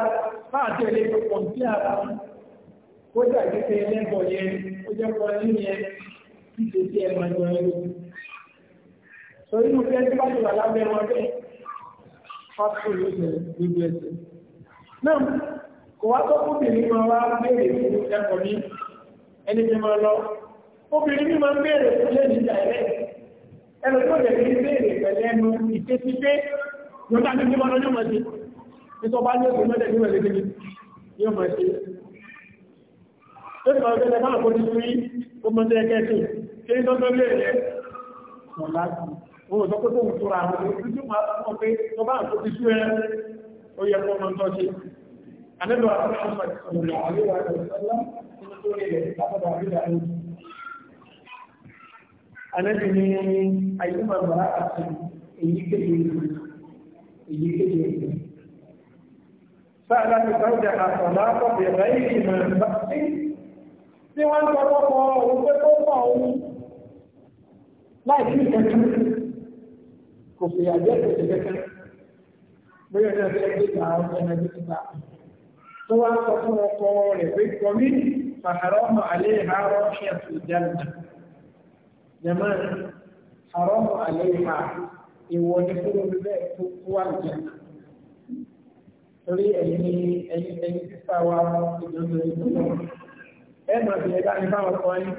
fáàtẹ̀lẹ̀ tó pọ̀ sí ara ó dà gẹ́gẹ́ ẹlẹ́bọ̀ yẹn ó jẹ́ pọ̀ níyẹn títí tí ẹ máa jọ ẹlú sọ inú fẹ́ tí bá ti wà lábẹ́ wọn bẹ́ẹ̀ fásitì ló jẹ gbogbo ẹsẹ̀ náà kò wá tó kúbìnrin máa wá béèrè fún ẹ̀kọ́ ní ẹni tí máa lọ obìnrin ní máa ń béèrè fún lẹ́yìn ìjà ẹ̀rẹ́ ẹnu tó lè rí béèrè pẹ̀lẹ́ ẹnu ìtẹ́sípé yóò bá ní bí wọn lọ́jọ́ mọ̀ sí nítorí bá ní òkú mẹ́tẹ̀ẹ́ níwẹ̀ lẹ́gbẹ̀ẹ́ yóò mọ̀ sí lórí ọ̀rọ̀ tẹ́lẹ̀ máa kó ti fún yí ó mọ́ tẹ́ ẹgbẹ́ sí kí ní tọ́jọ́ lé rẹ̀ ọ̀la ó sọ pé kóhùn tó ra àwọn ojú máa fún ọ pé tọ́ bá sí annabi wa Muhammad sallallahu alaihi wa sallam sun so ne da kafa da abin da an annabi ne ayyukan bara'a sun yi kaje yi kaje sa'ala ta zaujaha talaqa bi ghairi man ba'si tí wọ́n ń tọwọ́ kọ òun pé kó tó wá sọ fún ọkọ rẹ̀ pé kọ́mí fàhàrọ́mù alẹ́ ìhà rọ́ṣẹ́ tó jẹ́nà jẹ́mọ́ àrọ́mù alẹ́ ìhà ìwọ ní kúrò bẹ́ẹ̀ tó kú wà torí ẹ̀yìn ẹ̀yìn ẹ̀yìn sísá wa ìjọba ìjọba ẹ̀ máa fi ẹ̀dá ní báwọn kan yín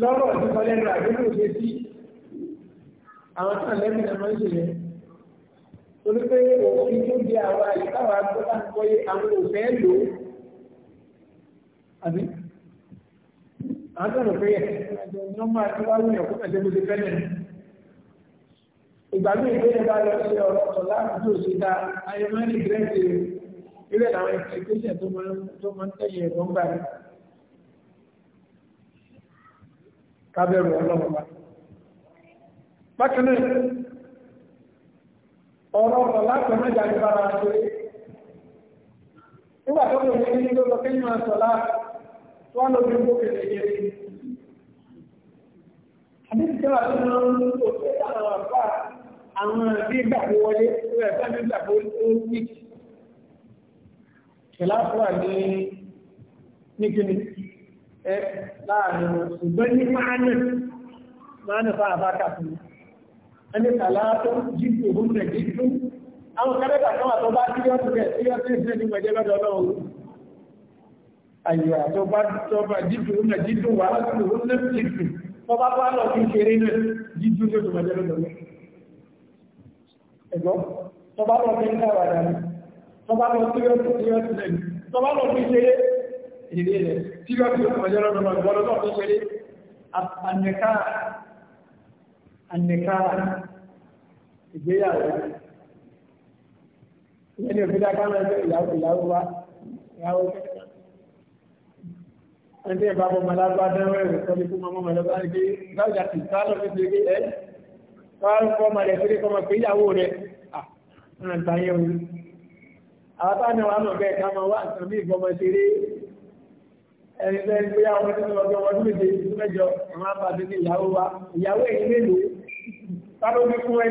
lọ́rọ̀ ìdíkọ́lẹ́nu àdúgbò ṣe sí àwọn tó lẹ́mìnà máa ń ṣe yẹn torí pé òfin tó di àwa yìí káwa tó bá ń kọ́ yé àwọn òfẹ́ lò ó àbí àwọn tó rò pé ẹ̀ nọ́mbà tó wá wúyàn kó kẹ̀sẹ̀ bó ti fẹ́ lẹ̀ ìgbà míì tó yẹ bá lọ sí ọ̀rọ̀ ọ̀la àdúgbò sí ta ayé máa ń dìrẹ́sì e. irú ẹ̀ làwọn ẹ̀kẹ́sẹ̀ tó máa ń tẹ̀yìn ẹ̀kọ́ ń gbà kábẹ́rù ọlọ́run bákan náà ọ̀rọ̀ ọ̀rọ̀ láti mẹ́jà ní bára ṣe nígbà tó kò ní ní lọ́lọ́ kí ní máa sọ láà tó wọ́n lóbi gbó kèrè kèrè àdéhùn tí wà tó ń lọ tó fẹ́ àwọn àbá àwọn àbí ìgbàgbó wọlé rẹ̀ fẹ́ mi gbàgbó ó ní kìláàfọ́ àní ní kíni ẹ láàrin ṣùgbọ́n ní máa nù máa nù fún àbá ẹni tàlátọ́ jíkò hún rẹ̀ jíkò àwọn kẹ́lẹ́gbà kan àtọ́ bá tí wọ́n tẹ̀ tí wọ́n tẹ̀ ní wẹ̀jẹ́ lọ́dọ̀ ọlọ́run àyíwá tó bá tọ́ bá jíkò hún rẹ̀ jíkò wà láti hún rẹ̀ jíkò tó bá bá lọ sí kéré rẹ̀ jíkò tó tó wẹ̀jẹ́ lọ́dọ̀ ọlọ́run ẹ̀gbọ́n tó bá lọ sí ń dáwà dání tó bá lọ sí wọ́n tí wọ́n tẹ̀ tó bá lọ sí àníkára ìgbéyàwó ìyẹn ní òfin dáká máa ń tẹ ìyàwó ìyàwó wa ìyàwó kẹta ẹni tí ẹ bá bọ ọmọ alágbá dánwó ẹrù kọ́ni fún ọmọ ọmọ ẹlọ́gbá ní pé gbáwùjà ti sá lọ sí ṣe ẹ káwọn fọ ọmọ rẹ sílé kọmọ pé ìyàwó rẹ à ń ta yẹn o àwọn táwọn ẹni wàá ká máa wá àtàmì ìgbọmọ ṣeré ẹni bẹ́ẹ̀ ni bóyá ọmọdé tó lọ́jọ́ ọdún méje tó mẹ́jọ àwọn abàdé ní ìyàwó wa ìyàwó èyí mélòó sáré omi fún ẹ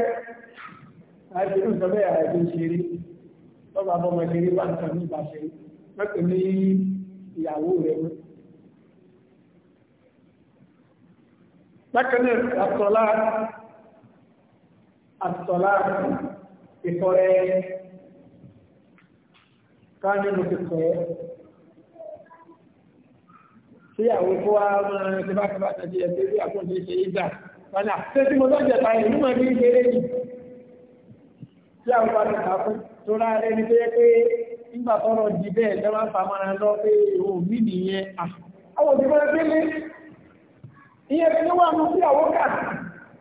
àti ìlú ìjọba ìyàrá ìlú ìṣeré lọ́gbà bọ́mọ ìṣeré wà nǹkan ní ìgbà ṣeré mẹ́pẹ̀ ní ìyàwó rẹ̀ mú. bákan náà àtọ̀lá àtọ̀lá ìkọrẹ́ ká nínú ìkọrẹ́. síyàwó kó wá máa bá bá tàbí ẹgbẹ́ àkóńtì ṣe tí mo lọ́jọ́ ta ìlú mọ̀ bí kéré yìí síyàwó bá ti kà fún tó rà ẹni tó yẹ pé nígbà tọrọ di bẹ́ẹ̀ tẹ́ máa ń fa mara lọ pé o mí nìyẹn àwọn òbí ìyẹn tí wọ́n mú kà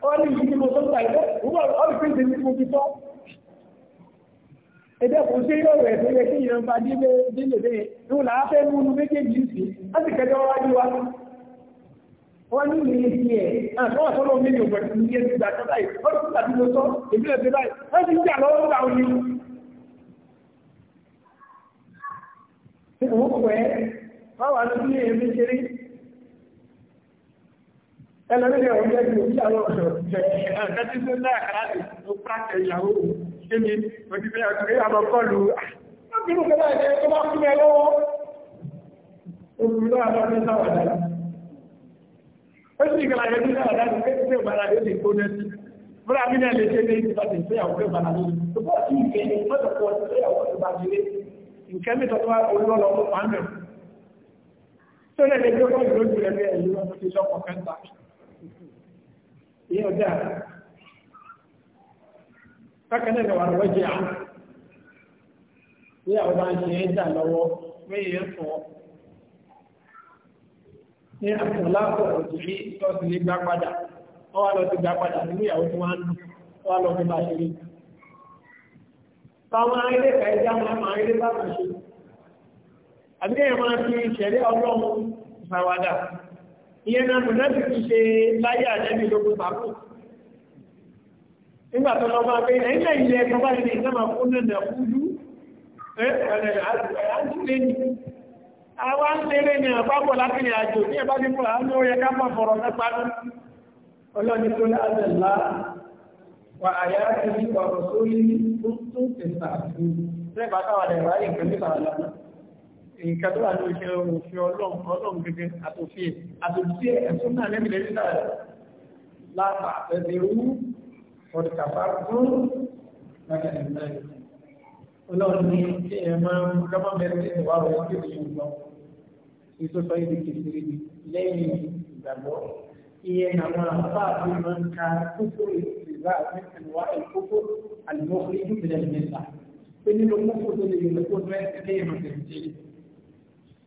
ọ́ ní ìdí ẹ̀dẹ́ kò yóò rẹ̀ tó yẹ kí ìran bá dílé dílé ní òun múnú méjèèjì sí láti kẹjọ wájú wa wọ́n ní ìlú ní ẹ̀ àtọ́wà tó lọ́wọ́ mílíọ̀nù pẹ̀lú ní ẹ̀ ìgbà tó báyìí ó ti gbà tí mo sọ èmi lè fi báyìí wọ́n ti ń jà lọ́wọ́ nígbà òní. ṣé òun pẹ̀ wọ́n wà lórí èmi ṣeré ẹlẹ́rìí ọ̀hún jẹ́ ṣe mi wọ́n ti fẹ́ àtúrẹ́ àmọ́ kọlù àbínú kọ́lá ẹ̀jẹ̀ tó bá fún ẹ lọ́wọ́ olùdó àlọ́ ní sáwàdà ó sì kọ́lá ẹ̀jẹ̀ ní sáwàdà ní pé ṣé ìbára yóò lè kó nẹ́sí fúnra mi náà lè ṣe ní ìgbà tí ìfẹ́ àwọn ọ̀gbẹ́ ìbára lórí tó bá sí ìfẹ́ mọ́tò pọ̀ sí àwọn ìbá nǹkan mi tọ́tọ́ wá olúwọ́lọ́ ọmọ pàmẹ́ tó lè lè gbé kọ́ ìlú ìlú ẹgbẹ́ ìlú ọmọ ti lọ́pọ̀ kẹta ìyẹn ọjà bákan náà lọ́wọ́ àwọn bí àwọn bá ń ṣe é dà lọ́wọ́ méyìí ń fọ́ ní àtúnlápọ̀ òjìrí tó ti lè gbá padà wọ́n wá lọ gbá padà nínú ìyàwó ń lù wá lọ bá ṣe rí táwọn máa bá ṣe àbíkẹ́ yẹn máa fi ìṣẹ̀lẹ̀ ọlọ́run ìfàwádà ìyẹn náà ti ṣe láyé lógún nígbà tó lọ máa pé ilẹ̀ ilẹ̀ ẹ̀kọ́ bá ilẹ̀ ìjọba fún nàìjíríà kúlú àwọn lérè ní àpapọ̀ láti ní àjò ní ẹ̀bá ní fún àwọn orí ẹ̀ká pọ̀ fọ̀rọ̀ mẹ́pàá ọlọ́ni tó láàrẹ̀lá wà àyà ti ní ọ̀rọ̀ tó lé ní tún tẹ̀sà fún lẹ́bàá táwọn ẹ̀rọ ayé ìpínlẹ̀ ìbàlá nǹkan tó wà ní iṣẹ́ òfin ọlọ́run ọlọ́run gẹ́gẹ́ àtòfin àtòfin ẹ̀sùn náà lẹ́bìlẹ́ kọ́ni kàfá fún bàtà ìgbà yìí ọlọ́run ní ẹ máa ń lọ́mọ bẹ̀rẹ̀ ẹ̀ wá wọ́n tó ti ń lọ ètò sọ èdè kìkìrì lẹ́yìn ìgbàgbọ́ ìyẹn àwọn àbáàbí máa ń ka kókó ìgbà àtẹ̀wá ìkókó àlùmọ́kùnrin ní ìpínlẹ̀ mẹ́ta pé nínú kókó tó lè yẹ kó fẹ́ lẹ́yìn ọ̀sẹ̀ ìjẹ́lẹ̀.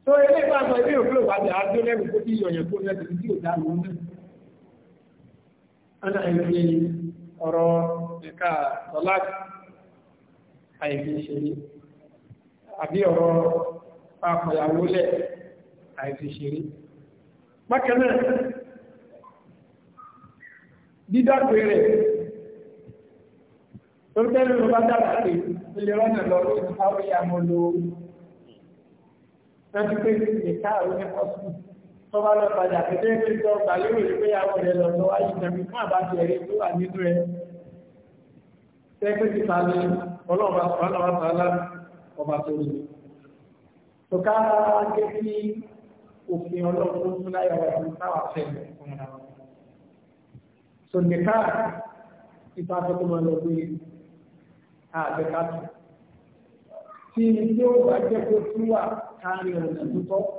tó ilé ìgbà ilé òkúrò wà ní àjọ lẹ́rù kó tí yọ̀yàn kó lẹ́sẹ̀ tí ò dá lóun náà ọ̀rọ̀ ẹ̀ka tọ́láàkì àìfi ṣeré àbí ọ̀rọ̀ papọ̀yàwó lẹ̀ àìfi ṣeré. Bákanáà, dídàpé rẹ̀ tó tẹ́lú ló bá dára pé ó lè rọ́nà lọ sí àwọn ìyàmọ́ lóòrùn. Tọ́jú tó bá lọ padà kẹ́tẹ́ pé tó gbà lérò ìgbéyàwó rẹ̀ lọ lọ wáyé ìjẹ̀mí fún àbájọ ẹ̀rẹ́ tó wà nínú ẹ̀ tẹ́gbẹ́ ti ta ni ọlọ́ọ̀bá ọlọ́ọ̀bá tààlà ọba tó ní. tó ká gé sí òfin ọlọ́ọ̀bá tó láyà wà fún táwà fẹ́ fún ra nìka ipa tó máa lọ gbé àgbẹ̀ká tó. tí ilé ó bá jẹ́ kó tún wà káàrin ọ̀nà tó tọ́.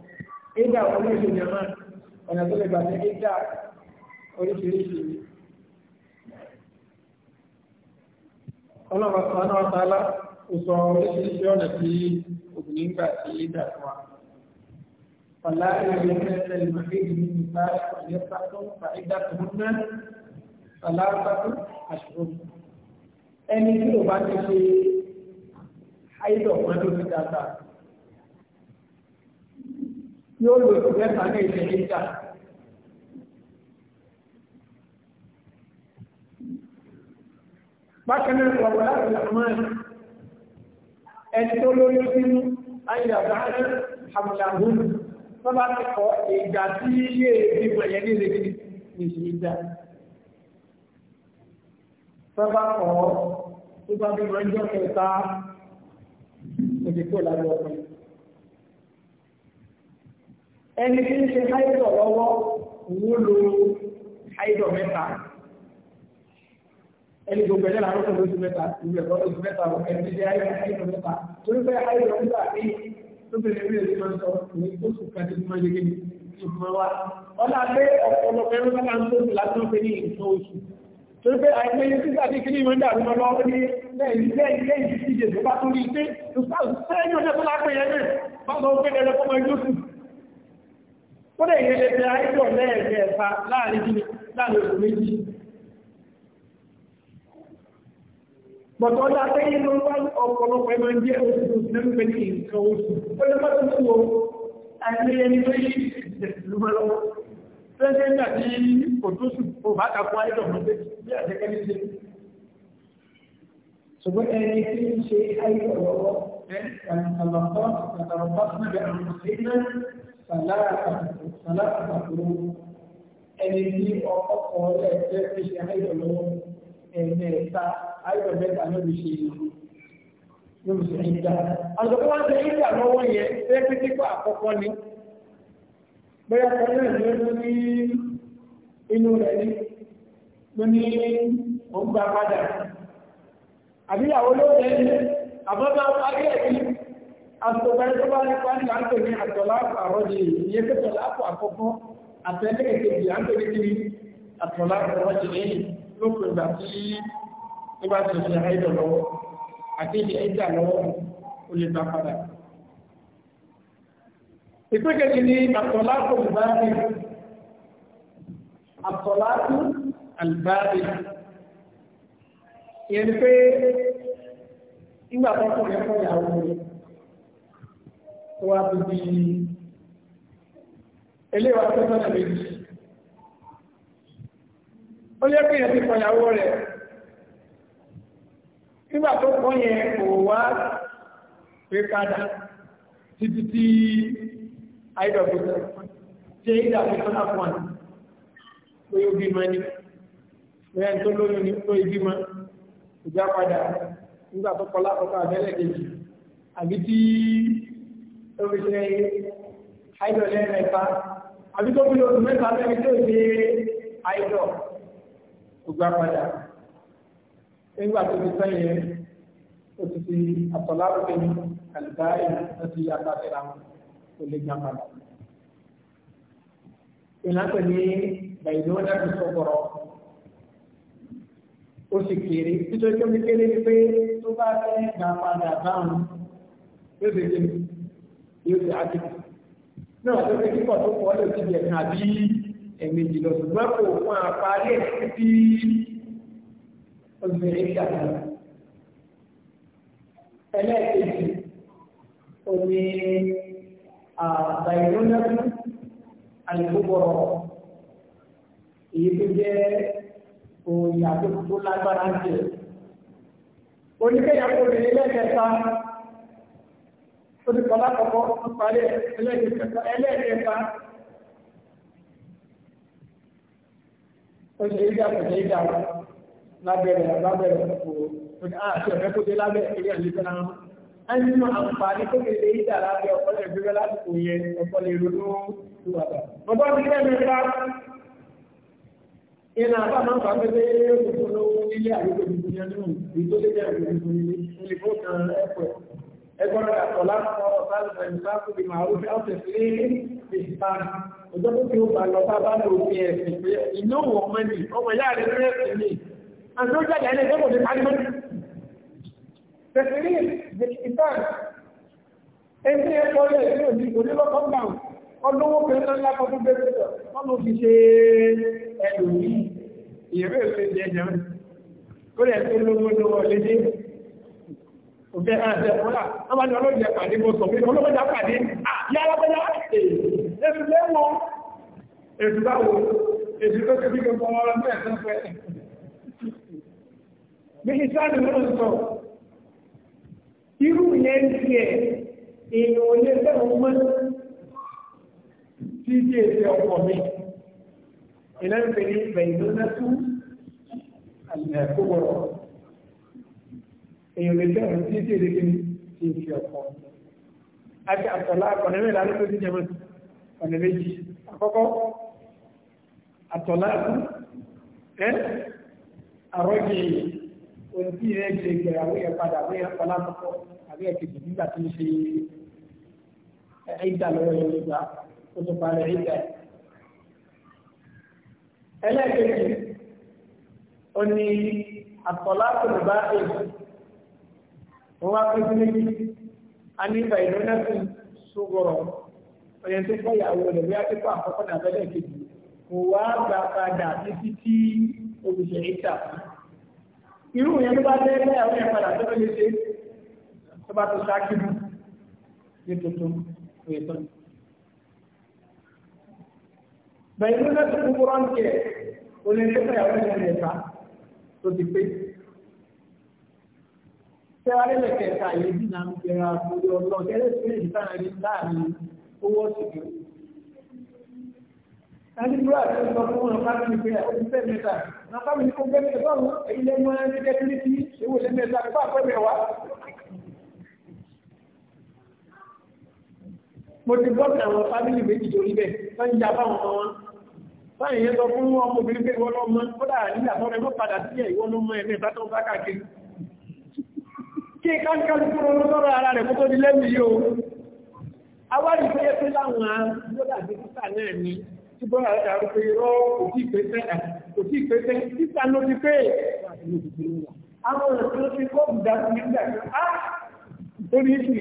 ìdá àwọn oríṣi ìjọba ọ̀nà tó lè gbà ní ìdá oríṣiríṣi. ọlọ́run kan náà tálá ó sọ oríṣiríṣi ọ̀nà tí obìnrin gbà sí ìdá fún wa. Fàlá ìrìn ní ẹsẹ̀ ìmọ̀lẹ́yìn ní ìta ìpàdé pàtó fa ìdá tó ń ná. Fàlá pàtó àṣùkò. Ẹni tí ò bá ti ṣe àìdọ̀ wọn ló fi dáadáa yóò lò sí mẹ́ta ní ilẹ̀ níjà. Bákan náà wọ̀wọ̀ láti Rahman, ẹni tó lóyún sínú ayàbá Hamlahun, sọ́bá ti kọ ìgbà tí yé èdè wọ̀nyẹ́ ní ilẹ̀ níjà. Sọ́bá kọ̀ tó bá bí wọ́n jọ́ kẹta, òdìkó lábẹ́ ọkùnrin ẹni tí ń ṣe háìdọ̀ lọ́wọ́ wó lo háìdọ̀ mẹ́ta ẹni gbogbo ẹ̀dẹ́ làwọn tó lóṣù mẹ́ta ìlú ẹ̀kọ́ lóṣù mẹ́ta ẹni tí ṣe háìdọ̀ mẹ́ta torí pé háìdọ̀ mẹ́ta ní lóbìnrin mi èdè máa ń sọ ní oṣù kàdé tí máa ń yege ní oṣù máa wá ọlá pé ọ̀pọ̀lọpọ̀ ẹ̀rọ máa ń tóbi láti wọ́n pe ní nǹkan oṣù torí pé àìpé yẹn sísá ní kíní ìwé ń dàrú mọ́ lọ́wọ́ ní lẹ́yìn lẹ́yìn ìdíje tó bá tó rí i pé tó sáà sẹ́yìn ọjọ́ tó náà bá lọ́wọ́ pé ẹ̀rọ kọ́mọ ẹgbẹ́ oṣù ó lè yẹ lẹ́fẹ́ àìsàn lẹ́ẹ̀fẹ́ ẹ̀fà láàrin kí láàrin oṣù méjì bọ̀tọ̀ ọjà pé inú wá ọ̀pọ̀lọpọ̀ ẹgbẹ́ jẹ́ oṣù lẹ́gbẹ̀ẹ́ ní nǹkan oṣù ó lè mọ́tò sí o àìsí ẹni tó yí lọ́wọ́ tẹ́lẹ̀ nígbà tí òtúnṣù ò bá kàkọ́ àìsàn mọ́tò bí àjẹkẹ́ ní ṣe ṣùgbọ́n ẹni tí ń ṣe àìsàn lọ́wọ́ sàlá àtàkùrú ẹni tí ọkọ rẹ̀ fẹ́ fi ṣe àìdọ̀ lọ́wọ́ ẹ̀ẹ́mẹ́ta àìdọ̀ mẹ́ta ló fi ṣe ló fi ṣe ìdá. àtọ̀kọ́ wá ń ṣe ìdá lọ́wọ́ yẹn fẹ́ pé kíkọ́ àkọ́kọ́ ni bóyá kan náà ni ó ní inú rẹ̀ ní ló ní òun padà àbíyàwó ló rẹ̀ ní àbọ̀dá ayé ẹ̀ àtọ̀bẹ̀rẹ̀ tó bá ní pàdé àńtò ní àtọ̀láàpù àrọ́jì ìyẹ́ tó tọ̀láàpù àkọ́kọ́ àtẹ́lẹ̀ kejì àńtò ní kiri àtọ̀láàpù àrọ́jì lẹ́yìn lópin ìgbà tí ó bá ti ṣe àìdọ̀ lọ́wọ́ àti ìdí ẹ̀dà lọ́wọ́ ó lè bá padà. ìpínkejì ní àtọ̀láàpù àlùbáàbì àtọ̀láàpù àlùbáàbì ìyẹn tó wá bí bí eléwà tó tọ́nà méjì ó yẹ pé yẹn ti kọyàwó rẹ̀ nígbà tó kọ́ yẹn kò wá pé padà títí tí àìdọ̀gbọ̀tọ̀ tí ìdàgbọ̀tọ̀ náà fún àná pé ó bímọ ní bẹ́ẹ̀ tó lóyún ní tó ìbímọ ìjà padà nígbà tó kọ́ lákọ̀ọ́kọ́ àbẹ́lẹ̀ kejì àbí tí tó fi ṣe àìdọ̀ lẹ́ẹ̀mẹ́ta àbí tó fi oṣù mẹ́ta lẹ́ni tó ṣe àìdọ̀ kò gbá padà nígbà tó ti sẹ́yìn ó ti fi àtọ̀lárúkẹ́ ní àlùbáyé ló ti àtàtẹ̀ra kò lè gbá padà. ìlànà ní bàìlú ọ̀dà tó sọ̀rọ̀ ó sì kéré nítorí tó fi kéré ni pé tó bá fẹ́ gbà padà báwọn yóò ṣe kéré yóò ti á dìbò náà tó fi kíkọ̀ tó kọ́ lè ti yẹ̀kan àbí ẹ̀mejì lọ ṣùgbọ́n kò fún àparí ẹ̀ sí obìnrin kàkà ẹlẹ́ẹ̀kejì omi àbàìrónàbí àlùkòbọ̀rọ̀ èyí tó jẹ́ òòyà tó lágbára jẹ oníkẹ́yà kò lè lẹ́kẹ̀ẹ́ta ní kọlá kọ̀kọ́ ń parí ẹlẹ́ẹ̀kẹta ó ṣe ìdá kò ṣe ìdá lábẹ́rẹ̀ lábẹ́rẹ̀ kòkòrò ó ní àti ah, ọ̀fẹ́ kó dé lábẹ́ ìrìn àlejò náà á ní mọ àǹfààní tó kéde ìdá lábẹ́ ọ̀pọ̀ lè gbégbé lásìkò yẹn ọ̀pọ̀ lè ronú ìwàdà. bàbá mi kẹ́ mi bá iná àbá máa ń fà pépé òkùnkùn lówó nílé àyíkò ẹgbọ́dọ̀ àtọ̀lápọ̀ ọ̀sánìfẹ̀ ìsáàkù bí màálù bí ọ̀sẹ̀ sí ìsìtàn òjòkó tí ó bá lọ bá bá lọ fi ẹ̀sìn pé iná wọn mẹ́ni ọmọ ìyá rẹ̀ rẹ̀ sí ni àti ó jáde ẹni ẹgbẹ́ kò ní parí mẹ́ni. tẹ̀sírí ìsìtàn ẹni ẹgbọ́ rẹ̀ sí òní onílọ́kọ̀ gbà ọlọ́wọ́ pẹ̀lú lápọ̀ tó bẹ̀rẹ̀ wọ́n lọ fi ṣe ẹlòmí ìrẹ́ òfin jẹjẹrẹ òbẹ́ ẹ̀ẹ́dẹ̀ ọ̀la ọmọ ni ọlọ́dẹ pàdé bó sọ pé ọlọ́dẹ pàdé yára bẹ́yà èsù lẹ́wọ̀ èsù báwo èsù tó kébí gbogbo ọ̀rọ̀ ní ẹ̀sán fẹ́ bí ìsáàdì lọ́nà sọ irú yẹn ti ẹ̀ èèyàn ò lè fẹ́ ọmọ tí di èsì ọkọ̀ mi ìlànà ìpè ní bẹ̀yìn lọ́nà tún àlẹ́ kó wọ̀rọ̀ èèyàn lè fẹ́ ọ̀rọ̀ tí tí èdè kí ti fi ọ̀pọ̀ àti àtọ̀lá ọ̀nà mẹ́rin alókò sí jẹmọ́ ọ̀nà méjì àkọ́kọ́ àtọ̀lá ẹ́ àrọ́jì ohun tí ilẹ̀ ṣe gbẹ̀rẹ̀ àwọn èèyàn padà àwọn èèyàn padà àkọ́kọ́ àbí ẹ̀kejì nígbà tó ń ṣe ẹ̀ẹ́dà lọ́wọ́ yẹn nígbà tó tó parẹ́ ẹ̀ẹ́dà ẹlẹ́ẹ̀kejì ó ní àtọ̀lá kò bá èèyàn wọ́n wá pín sí méjì a ní ìgbà ìlú náà sì sọ̀rọ̀ ọ̀yẹ́ tó fẹ́ ìyàwó rẹ̀ bí a ti kọ́ àkọ́kọ́ náà fẹ́lẹ̀ kejì kò wá gbà padà títí tí olùṣẹ́ ìta irú yẹn ló bá fẹ́ fẹ́ àwọn yẹn padà tó lè ṣe tó bá tó ṣáájú mú ní tuntun òye tán. bẹ̀rẹ̀ ìlú náà tó kúkúrọ́ ń kẹ̀ olùṣẹ́ fẹ́ ìyàwó rẹ̀ lẹ́ta tó ti pé tẹ́wárẹ́lẹ̀ kẹta yìí bí náà ń jẹra orí ọlọ́ọ̀ tẹ́lẹ̀ sí èyí sára rí láàrin owó ọ̀sìnkú. Láti búrọ̀ àti ọ̀sọ̀ fún wọn bá ti pé oníṣẹ́ mẹ́ta. Nàfà mi kó gbẹ́mí ẹ̀fọ́nù èyí lẹ́nu ẹ̀ ń gẹ́gẹ́ bí ti ewu ilé mẹ́ta fún àpẹẹrẹ wa. Mo ti gbọ́ àwọn fámìlì méjì torí bẹ́ẹ̀ tó ń yaba àwọn ọmọ wọn. Báyìí yẹn sọ fún ọmọbìnrin pé ìwọ lọ́mọ kódà nígbà tó rẹ mọ́ padà sí ẹ̀ ìwọ lọ́mọ ẹ̀ mẹ́ta tó ń bá káàkiri kí kánkán kúrò sọ́rọ̀ ara rẹ̀ kó tó di lẹ́nu yóò awárí tó yẹ pé láwọn bọ́dà sí títà náà ni tí bọ́dà rẹ̀ dàrú pé irọ́ kò tí ìpẹ́sẹ́ kò tí ìpẹ́sẹ́ títà ló ti pé àwọn ọ̀rọ̀ tó ti kọ́ ìdá sí nígbà tó á torí sí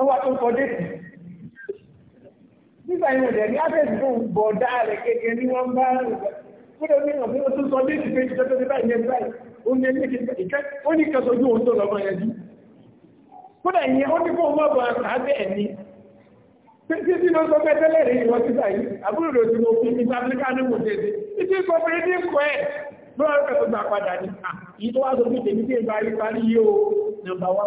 ọwọ́ tó kọ déètì nígbà yìí ọ̀dẹ̀ ní ábẹ́sì tó ń bọ̀ dáa rẹ̀ kékeré ní wọ́n bá rẹ̀ kúrò ní ọ̀pẹ́ tó sọ déètì pé ìjọba ti báyìí ó ní ìkẹ́ sojú ohun tó lọ́mọ ẹjú kódà ìyẹn ó ní kó mọ́ bọ̀ àbẹ́ ẹ̀mí títí tí ló sọ pẹ́tẹ́lẹ̀ rí ìwọ́n ti báyìí àbúrò rẹ̀ ti mo fi ní sáfíríkà ní mo tẹ̀sí títí kọ pé ní kọ ẹ̀ lọ́rọ̀ rẹ̀ tó gbà padà ní àyí tó wá sọ pé tèmi tí ì parí parí yóò nàmbà wà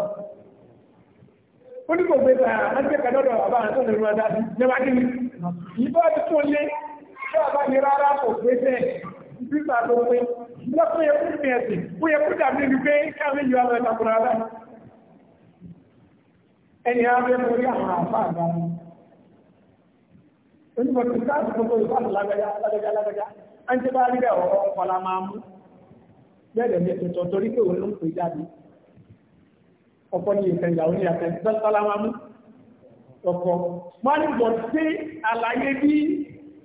ó ní kò gbé ta àgbẹ̀kà lọ́dọ̀ bàbá àtọ́nà ìrọ̀ dáadáa ní wá kí ni ìbọn ti tún lé tí bàbá mi rárá kò gbé bẹ́ẹ̀ títà tó pé lọ́pọ̀ yẹ kó ní ẹ̀sìn ó yẹ kó dàbí ní pé káàmì yóò àwọn ẹ̀tàkùnrin ara ẹni abẹ́ lórí àwọn àfà àgbà onímọ̀ tó sáàtì gbogbo ìfàlù lágbàjá lágbàjá lágbàjá á ń tẹ́ bá rí bẹ́ẹ̀ ọ̀rọ̀ ọ̀pọ̀lá máa mú bẹ́ẹ̀ ní tuntun torí pé òun ló ń pè jáde ọ̀pọ̀ ní ìfẹ́ ìyàwó wọ́n ní bọ̀ sí àlàyé bíi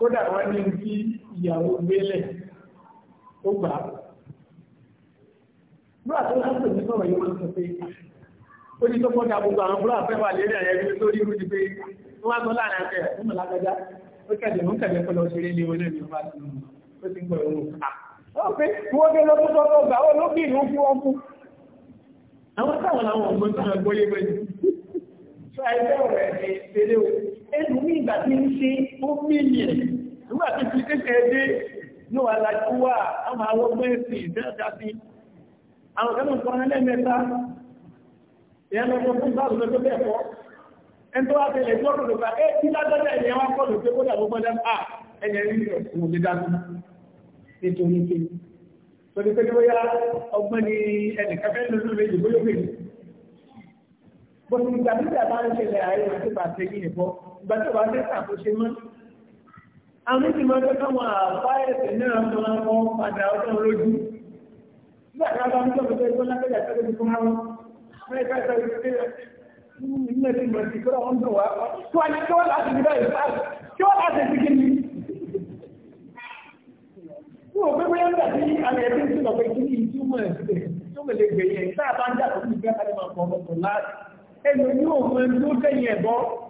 kódà wọ́n ní bí ìyàwó gbélẹ̀ ó gbà á. Búrà tó láti ní sọ̀rọ̀ yìí wọ́n sọ pé ó ní tó kọjá gbogbo àwọn búrà fẹ́ wà lérí àyẹ̀rí lórí irú ni pé wọ́n wá sọ láàrin akẹ́ ẹ̀ fún ọ̀làgbẹ́já ó kẹ̀dẹ̀ mú kẹ̀dẹ̀ kọlọ ṣeré ní orí ẹ̀mí wá sí ó ti ń gbọ́ ìwọ̀n ká. Ó pé kí wọ́n dé lọ́dún tó gbà ó ló bí ìlú fún wọn Àwọn táwọn làwọn ọ̀gbọ́n tó ń gbọ́ yé bẹ́ẹ̀ ni. Sọ ẹnu ní ìgbà tí ń ṣe ó mílíẹ̀ nígbà tí ti kékeré dé ló wà láti wà á máa wọ́gbẹ́ sí ìdẹ́ẹ̀dá sí àwọn kan nǹkan ẹlẹ́mẹ́ta ìyẹn lọ́gbọ́n fún bá lọ́gbọ́n tó bẹ́ẹ̀ kọ́ ẹni tó wá tẹ̀lé tí ọ̀rọ̀ lọ́gbà ẹ tí lágbẹ́jẹ́ ẹ̀yẹ wá kọ́ lọ́gbẹ́ kó dàgbọ́ gbọ́dá à ẹ̀yẹ rí rẹ̀ kò lè dá nítorí pé torí pé bóyá ọgbọ́n ni ẹnì kẹfẹ́ lóṣù méjì bóyá ó bèèrè bó ti gbà nígbà bá ń ṣẹlẹ̀ àárín ìgbà tí wàá tẹ́sà kò ṣe mọ́. àwọn méjì máa fẹ́ káwọn àbá ẹ̀sẹ̀ náà máa mọ́ padà ọdún lójú. nígbà tí wọ́n bá ń tọ́jú pé kó lápẹ́jà tẹ́lẹ̀ ti fún wọn. mẹ́ta ìtọ́jú pé nínú ẹ̀sìn ìmọ̀ sí kó wọ́n dùn wá. tó a ní kí wọ́n láti fi báyìí sáà kí wọ́n láti fi kí ni. mo rò pé bóyá ń dàbí alẹ́ ẹ̀sìn tí lọ́pẹ́ kí ni ìtumọ̀ ẹ̀sìn tó mẹ́lẹ̀ gbẹ̀yẹ̀ sáà bá ń jà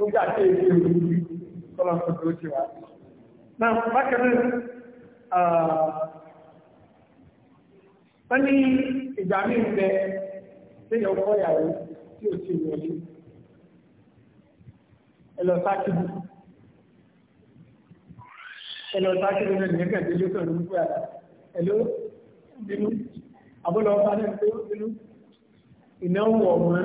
ó gbà tí èyí òru tọ́lọ́pọ̀ tó ti wà. Náà bákan náà, wọ́n ní ìgbà mí ń bẹ léyìn ọkọ ìyàwó tí ò ti wọlé. Ẹ lọ sákìlì. Ẹ lọ sákìlì náà nìyẹn kàn délé pẹ̀lú wípé bínú. Àbúlọ̀ ọba náà pé bínú. Ìnáwó ọ̀gbọ́n.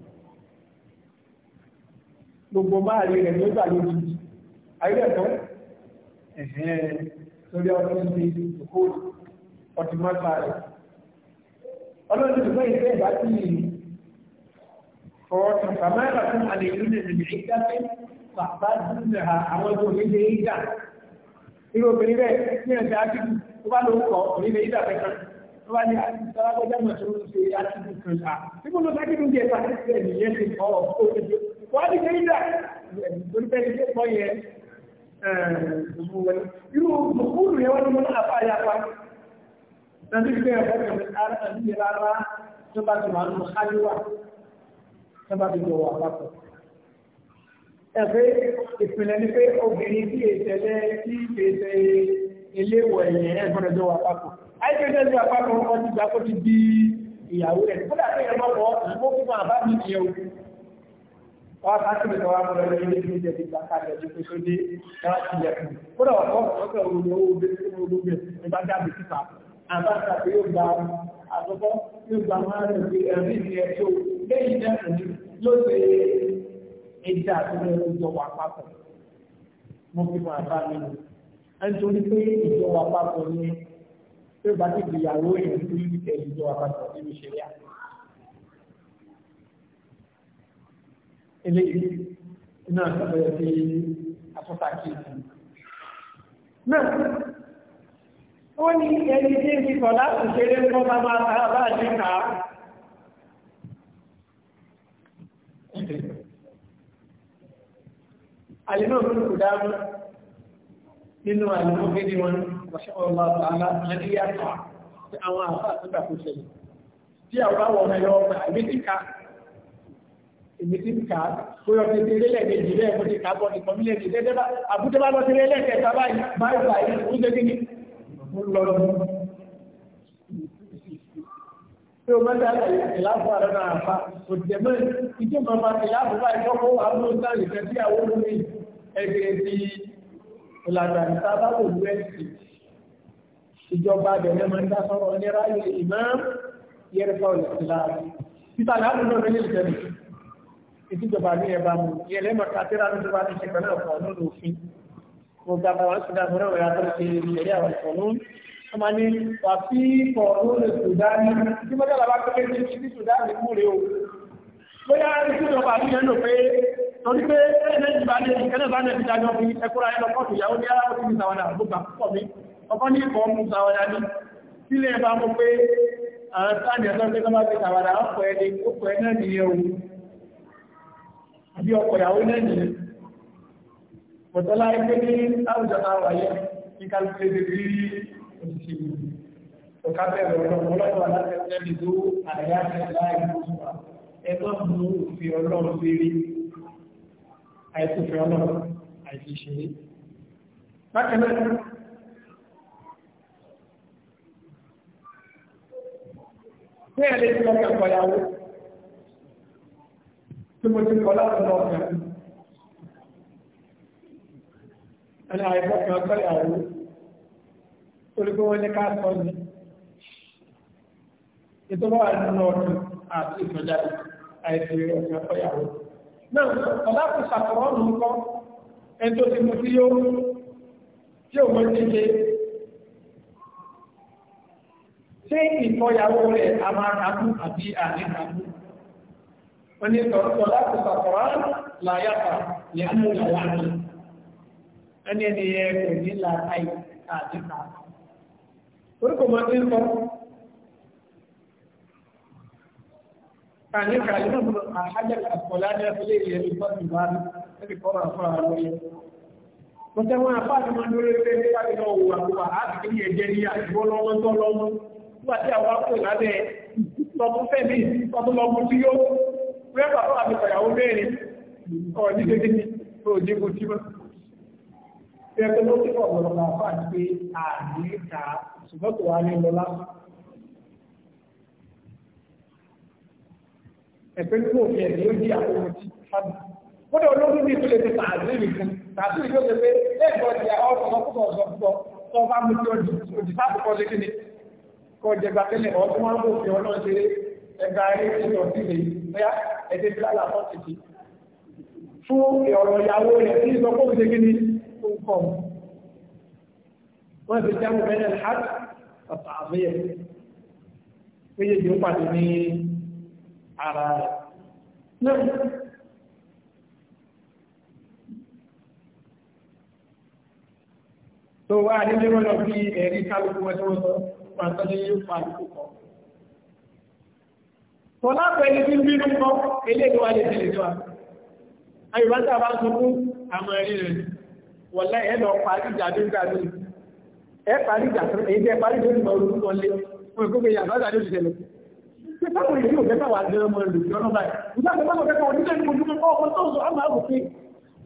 gbogbo máa rí rẹ̀ nígbà lójú ayélujára ẹ̀hẹ́n lórí ọdún sí òkú ọdún mọ́ta rẹ̀ ọlọ́run ti gbé ìfẹ́ ìgbà tí fọwọ́ kan sàmáyà fún àlejò ní ìrìn ìgbà tí bàbá dúró ha àwọn ọdún onílé ìgbà irú obìnrin rẹ̀ ní ẹ̀sẹ̀ ákíkù tó bá lóun kọ̀ onílé ìgbà kankan tó bá ní sàlágbọ́jà mọ̀ tó ń ṣe ákíkù kan ta níbo ló sákìkù jẹ́ ta ẹ̀ nìyẹn ti kọ́ ọ̀ wọ́n á ní ṣe ìdá onífẹ́ ilé pọ́ yẹn gbogbo wọn irú gbogbo yẹn wọ́n ní wọ́n náà fà yà pa nàbí ìgbẹ́ ẹ̀fọ́ kẹ̀kẹ́ ara àti ìlera ara tó bá ti máa ń mú áyúwà tó bá ti jọ wà papọ̀. ẹ̀fẹ́ ìpìlẹ̀ ni pé obìnrin tí ètẹ̀lẹ́ tí ètẹ̀ eléwọ̀ ẹ̀yẹ̀ ẹ̀gbọ́n jọ wà papọ̀. àìsèǹtẹ̀ jọ papọ̀ ọtí gbà kó ti di ìyàwó rẹ̀ kódà pé ẹ̀rọ mọ̀ ọ́ ìgbókùn àbá wọ́n á sáà tó wá lọ ní ilé ní ìjẹ́ ìgbà kalẹ̀ ní pé tó dé láti yẹ̀kùn kódà wọ́n kọ́ ọ̀pọ̀ òwúrọ̀ owó gbé sí owó gbé ní bá jáde síta àbáta pé yóò gba àkọ́kọ́ yóò gba máa rẹ̀ pé ẹ̀rí ìdí ẹ̀ tó lẹ́yìn náà ní ló ṣe ẹja àti ẹ̀rọ ìjọba àpapọ̀ mo fi máa bá mi lò nítorí pé ìjọba àpapọ̀ ni pé bá ti gbìyàwó ìrìn ilé iná ìsọ̀bẹ̀rẹ̀ sí àtúntàkì náà ó ní ẹni tí ń kọ̀ láti ṣeré ń kọ́ bá máa tàà bá ní ká àlìmọ́ òfin kò dáa nínú àlìmọ́ gidi wọn wàṣẹ́ ọlọ́ àtàlá àti yàtọ̀ àwọn àfáà tó gbà kó ṣẹlẹ̀ tí àwọn àwọn ọmọ ẹ̀yọ́ ọgbà àbí èmi ti ń kà á bóyá ọtí ti rélẹ̀ kejì rẹ̀ mo ti kà á bọ̀ nìkan mílẹ̀ ní ìdẹ́dẹ́ bá àbúté bá lọ sí rélẹ̀ kẹta báyìí báyìí báyìí ó ṣe kí ni mo lọ lọ. pé o máa ń dá ìlàfọ àrẹ náà fa òtẹ̀mọ́ ìjọ màmá ìlàfọ báyìí kọ́kọ́ wà á mú sáàlì kan sí àwọn olórí ẹgbẹ́ ti ìlànà ìsábà wò lú ẹ̀sìn ìjọba àbẹ̀lẹ̀ máa ń dá sọ́rọ̀ ní ìdíjọba ní ẹba mu ìyẹlẹ mọta tíra ní ìjọba ní ìṣẹpẹ náà pọ lórí òfin mo gba àwọn ìṣẹ̀dá mọ náà yàtọ̀ ṣe ìṣẹ̀lẹ̀ àwọn ìṣọlú wọn máa ní wà fí pọ lórí sùdánì tí mo dábàá bá pépé ní ti sùdánì múre o bóyá ìṣèjọba àbí yẹn lò pé torí pé ẹnẹ ìjìbá ní ẹnẹ bá ní ìdájọ fi ẹkúra ẹ lọkọọtù ìyàwó ní aláwọ tí mi sàwọn àgbógbà púpọ̀ mi ọkọ ní ìkọ mú sàwọn dání sílẹ̀ bá mú pé àwọn sáàdì ẹ̀sọ́ pé kọ́ bá fi sàwọn àpọ̀ ẹni ó pọ̀ ẹ náà nìyẹn o àbí ọkọ ìyàwó náà nìyẹn pọ̀tọ́lá ẹgbẹ́ ní àwùjọ àwọn ayé ní kálukú ẹgbẹ́ bí òṣìṣẹ́ mi ọ̀ká bẹ̀rẹ̀ ọlọ́run ọlọ́run alátẹ̀lẹ́bí tó àyà láì lọ́sùwà ẹgbẹ́ mú òfin ọlọ́run péré àìsòfin ọlọ́run àìsìṣeré ìyàwó tí mo ti kọ́ láti lọ ọ̀gá. Ẹni àìbọ̀ kan kọ́ ìyàwó, olùkọ́ wọn ní ká sọ ní. Ètò wà nínú ọdún àti ìtọ́jà àìsí ọ̀gá kọ́ ìyàwó. Náà, ọ̀dà kò ṣàkọ̀rọ̀ ọ̀nà kọ́ ẹni tó ti mú sí yóò tí ò mọ́ ti ṣe. Ṣé ìtọ́yàwó rẹ̀ a máa kàkú àbí àdínkàkú? wọ́n ní sọ̀rọ̀sọ̀ láti sàkọ̀rọ̀ láyàpá ní àmúlò láti ẹni ẹni yẹ kò ní làákàyè àti kàkà. orúkọ máa ti ń sọ kàní kàní náà mo àhájá àkọlá ní abúlé ìyẹn ní bọ́ọ̀lù bá mi ẹni kọ́ máa fọ́ àwọn ọmọ mo tẹ́ wọn apá àti máa lórí ẹgbẹ́ nípa ti náà wò àkùbà àti kí ni ẹ̀jẹ̀ ní àdúgbò lọ́wọ́ tó lọ́wọ́ nígbà tí àwọn akọ̀ lábẹ́ tọkún fẹ́mi tọkún lọ́gbọ́n tí yóò rẹ́bà tó àti pẹ̀yàwó mẹ́rin ọ̀ ní gẹ́gẹ́ tó jíkú tí mọ́. Ẹgbẹ́ ló kíkọ̀ ọ̀pọ̀lọpọ̀ àfà àti pé àní ta ṣùgbọ́n tó wà ní lọ́lá. Ẹ̀pẹ́ ní kò fi ẹ̀mí ó di àkókò tí fábì. Wọ́n dẹ̀ olóògùn ní ìpínlẹ̀ ti tààzí nìkan. Tààzí ìjọ́ pé lẹ́ẹ̀kọ́ ti àwọn ọkọ̀ ọkọ̀ ọ̀sọ̀ tó bá mú tí òjì sáàbù kọ́ sí kíni. Kọ́ jẹgbà tẹ́lẹ̀ ọdún wọn kò fi ọ náà ṣeré ẹgbà ayé tí ó ti lè yìí bẹ́ẹ̀ ẹ̀dẹ́ bí lálà fọ́ títí fún ọ̀rọ̀ ìyàwó rẹ̀ sí ìsọpọ̀ òṣè kí ni ó ń kọ̀ wọ́n ti jáwọ́ bẹ́ẹ̀ hàt ọ̀tà àbẹ́yẹ méjèèjì ń pàdé ní ara rẹ̀ tó wá nílé wọn lọ bí ẹ̀rí kálukú wọn tó wọn sọ pàtàkì yóò pa àdúgbò kan tọ́lá pẹ̀lú bí bínú kọ́ eléèdúwà lè fi lè jọ àyùbáta bá sunkún àmọ́ ẹ̀rí rẹ̀ wọ̀lá ẹ̀ lọ parí ìjà tó ń gbà lórí ẹ parí ìjà tó èyí tẹ́ parí ìjọ́ ìgbà olùkọ́ lé fún ìkókè yàtọ̀ àti àdéhùn ìṣẹ̀lẹ̀ pé táwọn èyí ò fẹ́ta wà gan ọmọ ìlú ìjọ náà báyìí ìjà tó bá lọ fẹ́ta wọn nígbà tí mo dúró kọ́ ọkọ tó sọ àmọ́ àwọn òfin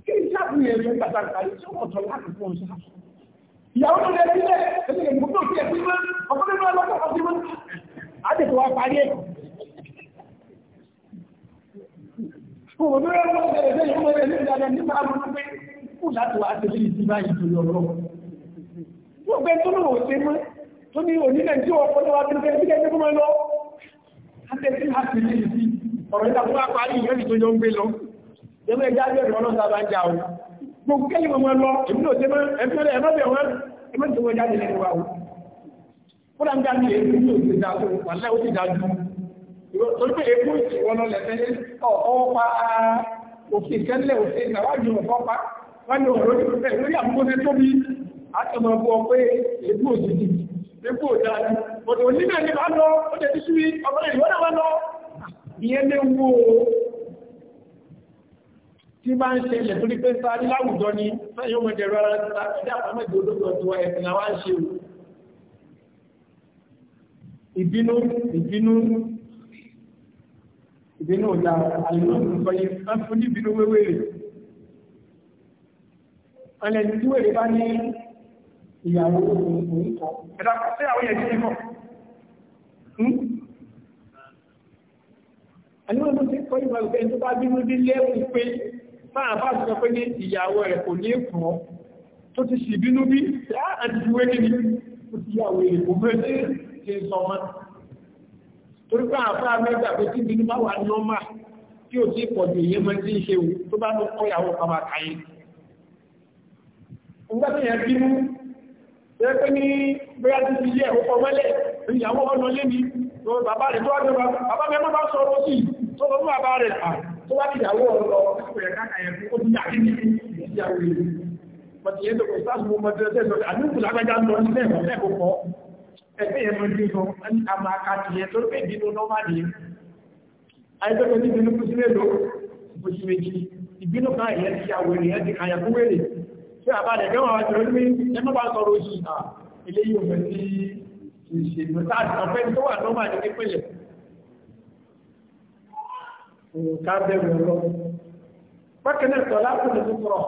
kí n ṣàkùn yẹn ló ń gbàtà kàrí tí wọ́n tọ́ láti fún ọ̀ṣà ìyàwó tó lẹ sílẹ̀ ẹ̀sìn ìgbókò tí ẹ̀ sí mọ́ ọkọ̀ tó lọ́kọ̀ kò ní ọ̀rọ̀ ẹgbẹ́ ìwọ̀n ẹgbẹ́ sí ilé ìdíbà ìtòlù ọ̀rọ̀ yóò gbé tó lòwò ṣe mọ́ tó ní onílẹ̀ tí ó ọkọ̀ lọ́wọ́ mọ́ lọ àtẹ́sí láti ilé ìdí ọ̀rọ̀ ìta fún apá yìí yóò tó yọ ń gbé lọ jẹ́mọ́ ń jà o gbogbo kẹ́yìn mọ́ lọ èmi náà ṣe mọ́ ẹgbẹ́ ẹ̀mọ́bẹ̀ wọn ẹmọ́ torí pé epo ìtì wọn lọ lẹ́sẹ̀ ọ̀ọ́ pa òfin kẹ́lẹ̀ òfin náà wájú ọ̀pọ̀ pa wájú ọ̀rọ̀ ìfẹ́ lórí àmúgbóná tóbi àtọmọ̀ bu ọpẹ́ epo òjijì epo òdáni ọ̀dọ̀ onílẹ̀ ní bá lọ ó tẹ̀ tíṣú ọ̀pọ̀lẹ̀ ìwọ́n náà lọ ìyẹn léwu o tí bá ń ṣe ilẹ̀ torí pé sáré láwùjọ ni sáyé ọmọ ìdẹ̀rọ ara ti sáfẹ́ àpamẹ́jọ olóògbé ọ̀tọ̀ ẹ̀sìn làwọn ṣe o ìbínú ìbínú ìbínú ọ̀yà àìlọ́nùsọ̀yẹ wọ́n fún ní ìbínú wéwèrè ọ̀lẹ̀ tí wèrè bá ní ìyàwó òǹkọ̀ ẹ̀dá sí àwọn ẹ̀jẹ̀ ẹ̀kọ́ àníwọ̀n tó ti kọ́ ìgbà ìgbà tó bá bínú bí lẹ́wùn pé máa bá sọ pé ní ìyàwó rẹ̀ kò ní ẹ̀kọ́ tó ti sì bínú bí àti ìwé nínú ó ti yàwó èrè kò fẹ́ sí ṣe sọ mọ́ torí pé àfá mẹ́gbà pé tí bíi bá wà nọ́mà tí ò sí pọ̀jù ìyẹn mọ́ tí ń ṣe wù tó bá lọ kọ́yàwó kama káyé. Nígbà tí yẹn bínú, ṣe pé ní bóyá ti fi yẹ ọkọ̀ mọ́lẹ̀, ìyàwó ọ̀nà lé mi, bàbá rẹ̀ tó wá jọba, bàbá mi bá sọ ọ́ sí, tó lọ fún bàbá rẹ̀ tó bá ẹgbẹ́ yẹn mọ́ dínkọ àmà àkàtìyẹ tó pé ìdínú nọ́mà ní àìsọ́kọ̀ ní ìbínú kúsí mélòó kúsí méjì ìbínú kan ìyẹn ti àwèrè ẹ̀ ti kàyà fún wèrè tí a bá rẹ̀ gẹ́wọ̀n àwọn ìṣòro ní ẹmọ́ bá sọ̀rọ̀ oṣù à ilé yóò fẹ́ sí ìṣèlú táàdì ọ̀fẹ́ tó wà nọ́mà ní pípìlẹ̀ ká bẹ̀rù ọlọ́ pákẹ́nẹ̀ sọ lápùnù tó sọ̀rọ̀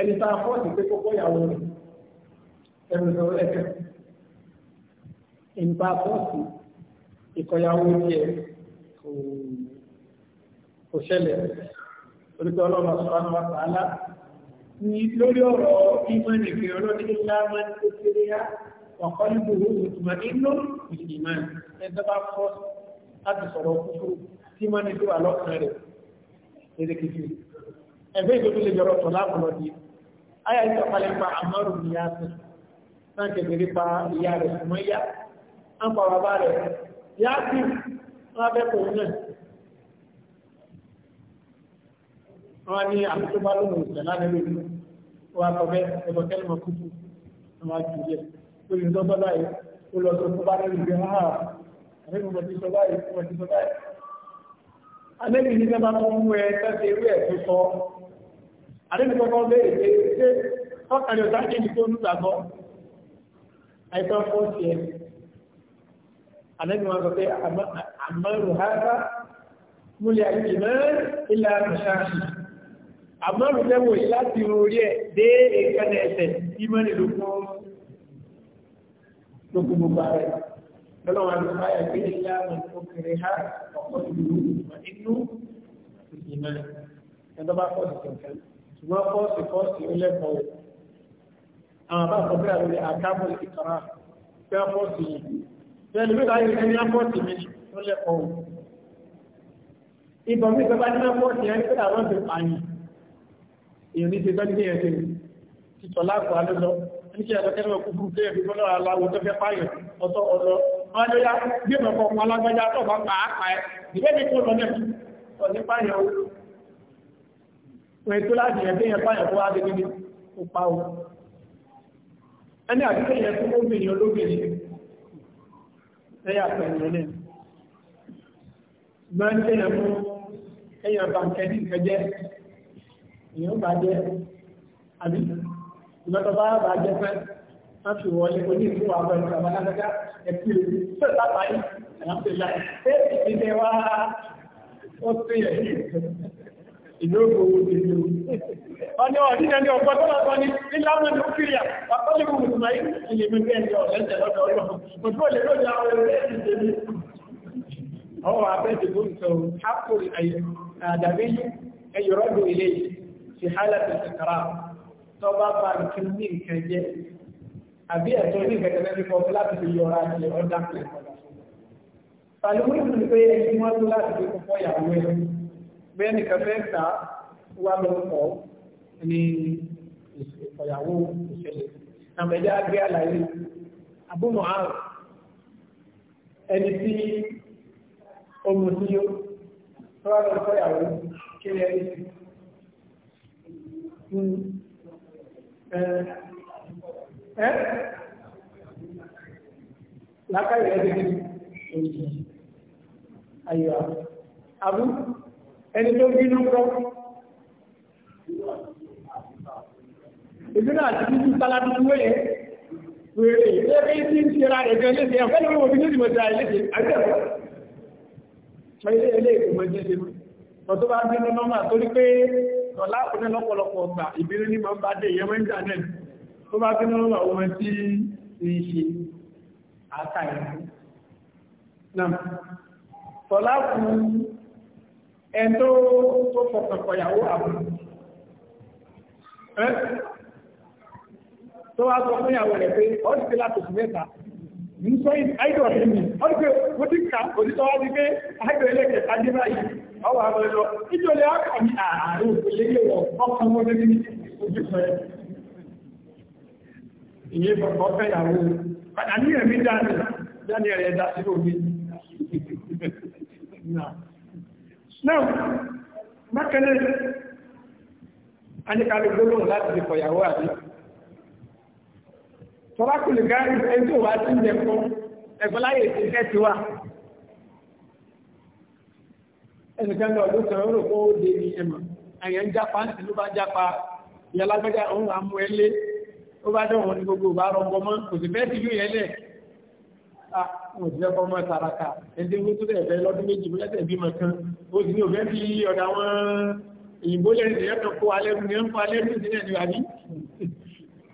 ẹni tá a fọ́ọ̀sì pé kókó ìyàwó rẹ̀ ẹ̀rù sọ̀rọ̀ ìgbà bọ́ọ̀sì ìkọyàwó tiẹ̀ kò ṣẹlẹ̀ orúkọ ọlọ́run ọ̀sán wa tààlà ní lórí ọ̀rọ̀ ìmọ̀ nìkan ọlọ́dún ńlá máa ń tó kéré yá ọ̀kọ́ níbo ìtumọ̀ nínú ìdìmọ̀ ẹgbẹ́ bá fọ́ láti sọ̀rọ̀ kúkúrú tí máa ní tó wà lọ́kàn rẹ̀ lédè kejì ẹgbẹ́ ìgbésí lè jọrọ̀ tọ̀lá àbúrò di ayé ìtọ́kalẹ̀ pa àmọ́rùn-ún ìyá sí náà kẹ̀kẹ́ nípa ìyá rẹ̀ sùnmọ́ yá ń pa bàbá rẹ̀ yá sí wọ́n abẹ́ kò ní wọ́n ní àtúntò lóhùn ìṣẹ̀lá nínú ìlú wọ́n akọ̀bẹ́ ẹ̀bọ̀ kẹ́lẹ́mọ̀ kúkú wọ́n á jù yẹ olùdókọ́ báyìí ó lọ sọ fún báyìí ìgbé ha àbẹ́bí mo ti sọ báyìí mo ti sọ báyìí. àbẹ́bí ní sábà tó ń mú ẹ tẹ́sí ewé ẹ̀ tó sọ àbẹ́bí kọ́kọ́ béèrè pé ṣé ọkàn yóò sáà kéjì tó ń gbàgbọ́ àìsàn fọ́ọ̀tì ẹ̀ ànábì wọn sọ pé àmọ́rù hábá múlẹ̀ ìmọ̀ ilẹ̀ àmàṣáṣì àmọ́rù tẹ́wò láti orí ẹ̀ dé èkánà ẹ̀sẹ̀ ìmọ̀ nílùkún gbogbo ààrẹ lọ́lọ́wọ́ àti báyà pé ilẹ̀ àmàṣáṣì ha ọ̀pọ̀ ìlú inú ìmọ̀ ẹ̀dọ́ bá pọ̀ sí kẹ̀kẹ́ ṣùgbọ́n fọ́ọ̀sì fọ́ọ̀sì ó lẹ́kọ̀ọ́ àwọn àbá àkọ́kọ́ àti ẹlùmíkà yìí ní ápọ́ọ̀tì mi tó lẹ́kọ̀ọ́ ìbọn mi gbẹ́gbẹ́ ní ápọ́ọ̀tì ẹni pé àwọn ti pààyàn èèyàn ní ti tọ́jú ní ẹ̀sìn títọ́ láàpọ̀ alẹ́lọ ní kí ẹ̀sọ́ kẹ́lẹ́ òkú burúkú ẹ̀bí gbọ́dọ̀ aláwọ̀ tó fẹ́ pààyàn ọ̀tọ̀ ọ̀lọ́ wọn ló yá bí èèyàn kọ̀ ọmọ alágbájá tó bá pa ápa ẹ̀ ìgbẹ́ ní kó lọ náà ọ̀ ní pààyàn o ètò láti ẹ̀ bẹ́yẹn pààyàn tó wá dé níbi ó o ẹni àdúgbò yẹn ẹ̀yà pẹ̀lú ní máa ń tẹ̀yà mú ẹ̀yà bàǹkẹ́dì kẹjẹ́ èèyàn bá jẹ́ àbí ìgbàtọ̀ bá bá jẹ́ pẹ́ wọ́n fi wọlé oní ìfúwà pẹ̀lú àbálágá ẹ̀kú ìlú tó lápá yìí àlàáfíà ẹ̀ ìdílé wa ó sí ẹ̀ ìlú ògbówó ìlú wọ́n ní ọ̀dídẹ́ ní ọgbọ́n tó lọ́tọ́ ní ìlànà nùkìríà pàtàkì mùsùlùmí ilé mẹ́fẹ́ ẹ̀jẹ̀ ọ̀lẹ́jẹ̀ lọ́dọ̀ ọlọ́run kò tó lè lóde àwọn ẹgbẹ́ ìṣẹ́ mi ọwọ́ abẹ́jẹ̀ tó ń sọ hápò àdàbí ẹ̀yọ̀rọ̀dọ̀ ilé ti hálàtà sàkàrà tó bá bá nǹkan ní nǹkan jẹ́ àbí ẹ̀tọ́ ní gẹ̀gẹ̀rẹ́ ní kọ́kọ́ láti fi yọra àti ọ̀dà pẹ̀lú ní pé ẹni wọ́n tó láti fi ní ìfọ̀yàwó ìṣẹ̀lẹ̀ àmẹ́já gbé àlàyé abúmọ̀ àrùn ẹni tí ọmọ tí ó rọrùn fọ́yàwó kílẹ̀ ẹ̀sì ẹ́ lákàrí ẹ̀dẹ̀ ayọ̀ àbú ẹni tó bínú kọ́ ìdúrà àti títí sálábí wéyẹ wèrè ẹgbẹ́ tí ń ṣe ra rẹ̀ gan léṣe ọ̀fẹ́ lórí òbí lórí mọ̀tí àìlé ṣe àgbẹ̀rẹ̀ sọ ilé ilé ìgbìmọ̀ jẹ́ ṣe mọ́ tó bá ń bínú nọ́mà torí pé ọ̀lá òní lọ́pọ̀lọpọ̀ ọgbà ìbínú ní máa ń bá dé ìyẹn mọ́ ìjànẹ́ẹ̀tì tó bá bínú nọ́mà ọmọ tí ń ṣe àtàyẹ̀ náà tọ́lá fún ẹni tó fọkànkọ̀yàwó àbúrò tó wá sọ fún ìyàwó rẹ̀ pé ọ́ ti láti sùn mẹ́ta ń sọ àìdọ̀ rẹ̀ mi ọ́ ti pé mo ti kà òtítọ́ wá sí pé àìdọ̀ ẹlẹ́kẹ̀ẹ́ta dé báyìí ọwọ́ àwọn ẹlọ ìjọ lè ápà ní ààrẹ òṣèlé wọ ọkàn wọn lórí ní ojú sọ ẹ ìyẹn bọ̀bọ̀ fẹ́yàwó padà ní ẹ̀mí dání dání ẹ̀rẹ́ ẹ̀dá sí omi náà mákẹ́lẹ́ anìkàlẹ̀ gbólóhùn láti fi kọ̀yàwó tọ́lákùlù gáàrí ẹni tó wá sí ìjẹ fún ẹgbẹ́láyè ti fẹ́ ti wà ẹnìkan lọ ló sọ̀rọ̀ rò kó ó dé ní ẹmọ̀ àyẹ̀ ń jápa ní ló bá jápa ìyálágbẹ́já òun àmú ẹlé ó bá dọ̀wọ̀n ní gbogbo bá rọgbọ mọ́ kò sì fẹ́ ti yú yẹn lẹ̀ àwọn ah, òṣìṣẹ́ fọmọ tààràkà ẹni tó tó tẹ̀ fẹ́ lọ́dún méjì mẹ́tẹ̀ bímọ kan ó sì ní òfẹ́ fi ọ̀dà wọn ìyìnbó lẹ́yìn tẹ̀yẹ́ kan kó alẹ́rú ní ẹ̀ ń kó alẹ́rú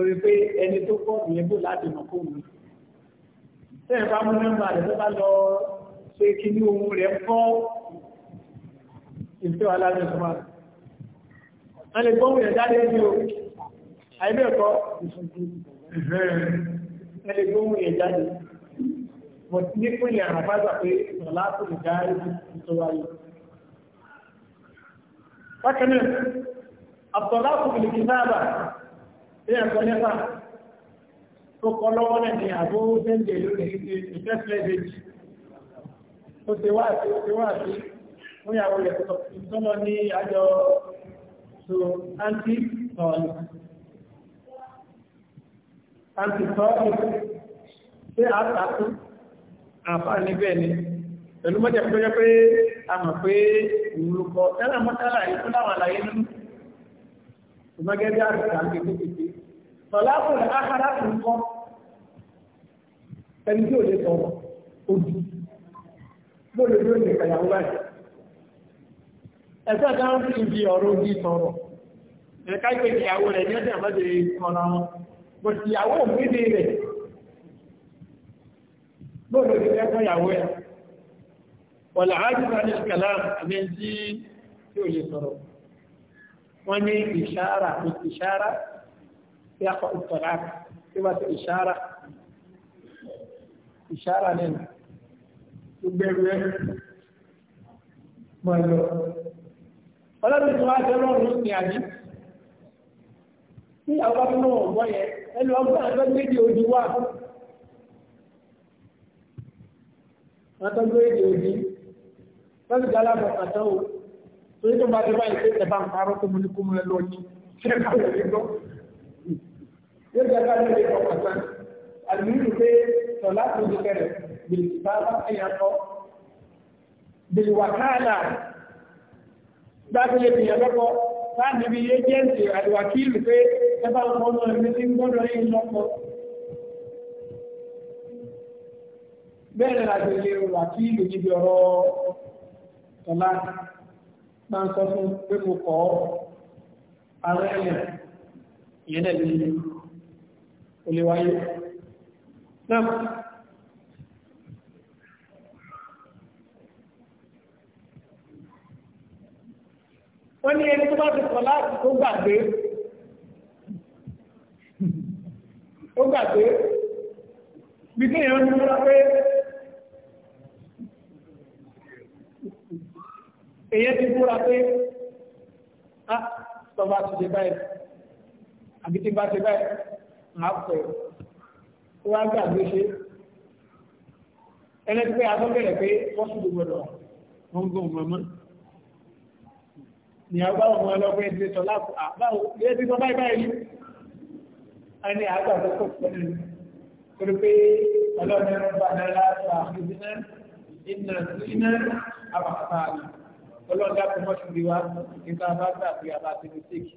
torí pé ẹni tó kọ́ ìyẹn bò láti mọ̀ kó wù. Sẹ́yìn bá mú nọ́mbà rẹ̀ tó bá lọ ṣe kí ní ohun rẹ̀ kọ́ ìfẹ́ wa lábẹ́ ìfọ́ wa. A lè gbọ́ òun yẹn jáde ní o, àìbẹ̀ kọ́ ẹ lè gbọ́ òun yẹn jáde. Mo ti ní pín ìyàrá pé ìrọ̀lá kò lè dá ètò wa yìí. Bákan náà, àtọ̀lá kò lè kí náà bàa ṣé ẹ̀kọ́ lẹ́fà tó kọ́ lọ́wọ́ náà ní àbó sẹ́ńdẹ̀ lónìí ti ìfẹ́sì mẹ́sẹ̀jì ó ti wá sí ó ti wá sí fún ìyàwó rẹ̀ tọ́lọ ní àjọ so anti tọ́ọ̀lù anti tọ́ọ̀lù ṣé àtàkù àǹfààní bẹ́ẹ̀ ni pẹ̀lú mọ́jẹ̀ pé pé a mọ̀ pé ìwúrúkọ tẹ́lẹ̀ mọ́tàlá yìí fún àwọn àlàyé nínú ìmọ̀gẹ́gẹ́ àrùkà ń kékeré tọ́lápù ní ákàrà nǹkan ẹni tí ò lè sọ ojú lórí ló lè kàyàwó báyìí ẹ̀sẹ̀ kan fi ibi ọ̀rọ̀ ojú sọ̀rọ̀ ẹ̀ka ìpè ìyàwó rẹ̀ ní ọjọ́ àbájẹ́ ọ̀nà wọn bó ti ìyàwó òmìnir rẹ̀ lórí ojú ẹ̀kọ́ ìyàwó ẹ̀ ọ̀là ájúmọ̀ ní kàlám àmì tí ò lè sọ̀rọ̀ wọ́n ní ìṣára ìṣára يقع الطلاق صفة إشارة إشارة لنا يبقى ما له ولا بسوا جلون رسمي عجيب في أوقات نوم ويا ẹlò ọgbà ẹgbẹ́ méjì òdì wà látọ́gbé èdè òdì lọ́sì galábọ̀ àtọ́wò torí tó bá ti báyìí pé ẹ̀bá ń parọ́ kó mú ní kó mú ẹ lọ ní ṣẹ́kọ̀ọ́ ẹ̀dẹ́gbọ́n yóò jẹ́ ká lóde ọkàn tán àlùmíìlù pé sọ̀lá tó ti bẹ̀rẹ̀ bìlì bàbá ẹ̀yà kọ́ bìlì wàkàlà gbàgbélé bìyàn lọ́kọ́ láti bí ẹ́jẹ́ǹtì àdìwàkílù pé ẹbá ọmọ ọmọ ẹ̀mí tí ń gbọ́dọ̀ yìí lọ́kọ́ bẹ́ẹ̀ láti lè wàkílù níbi ọ̀rọ̀ tọ́lá máa ń sọ fún pé mo kọ́ àwọn ẹ̀yàn ìyẹn náà ó lè wáyé náà wọ́n ní ẹni tó bá ti sọ láti tó gbàgbé ó gbàgbé bí kéèyàn ń múra pé èyẹ ti múra pé á ah, tọba ti ṣe báyìí àbí ti bá ṣe báyìí máa pẹ̀ ó wá gbàgbé ṣe ẹlẹ́tí pé atọ́bẹ̀rẹ̀ pé pọ́sùlù gbọdọ̀ wọ́n gbọ́n mọ́mọ́ ni a bá ọmọ ọlọ́gbẹ́ ìdílé sọ láàpù àbáwò ilé tí sọ báyìí báyìí a ní àgbà tó kọ̀ pẹ̀lú torí pé ọlọ́run ẹ̀rọ bá náà láti àfihàn iná iná àbàkàtà àlè ọlọ́run dákú mọ́ṣù rí wa nígbà bá gbà pé a ti ní sèkì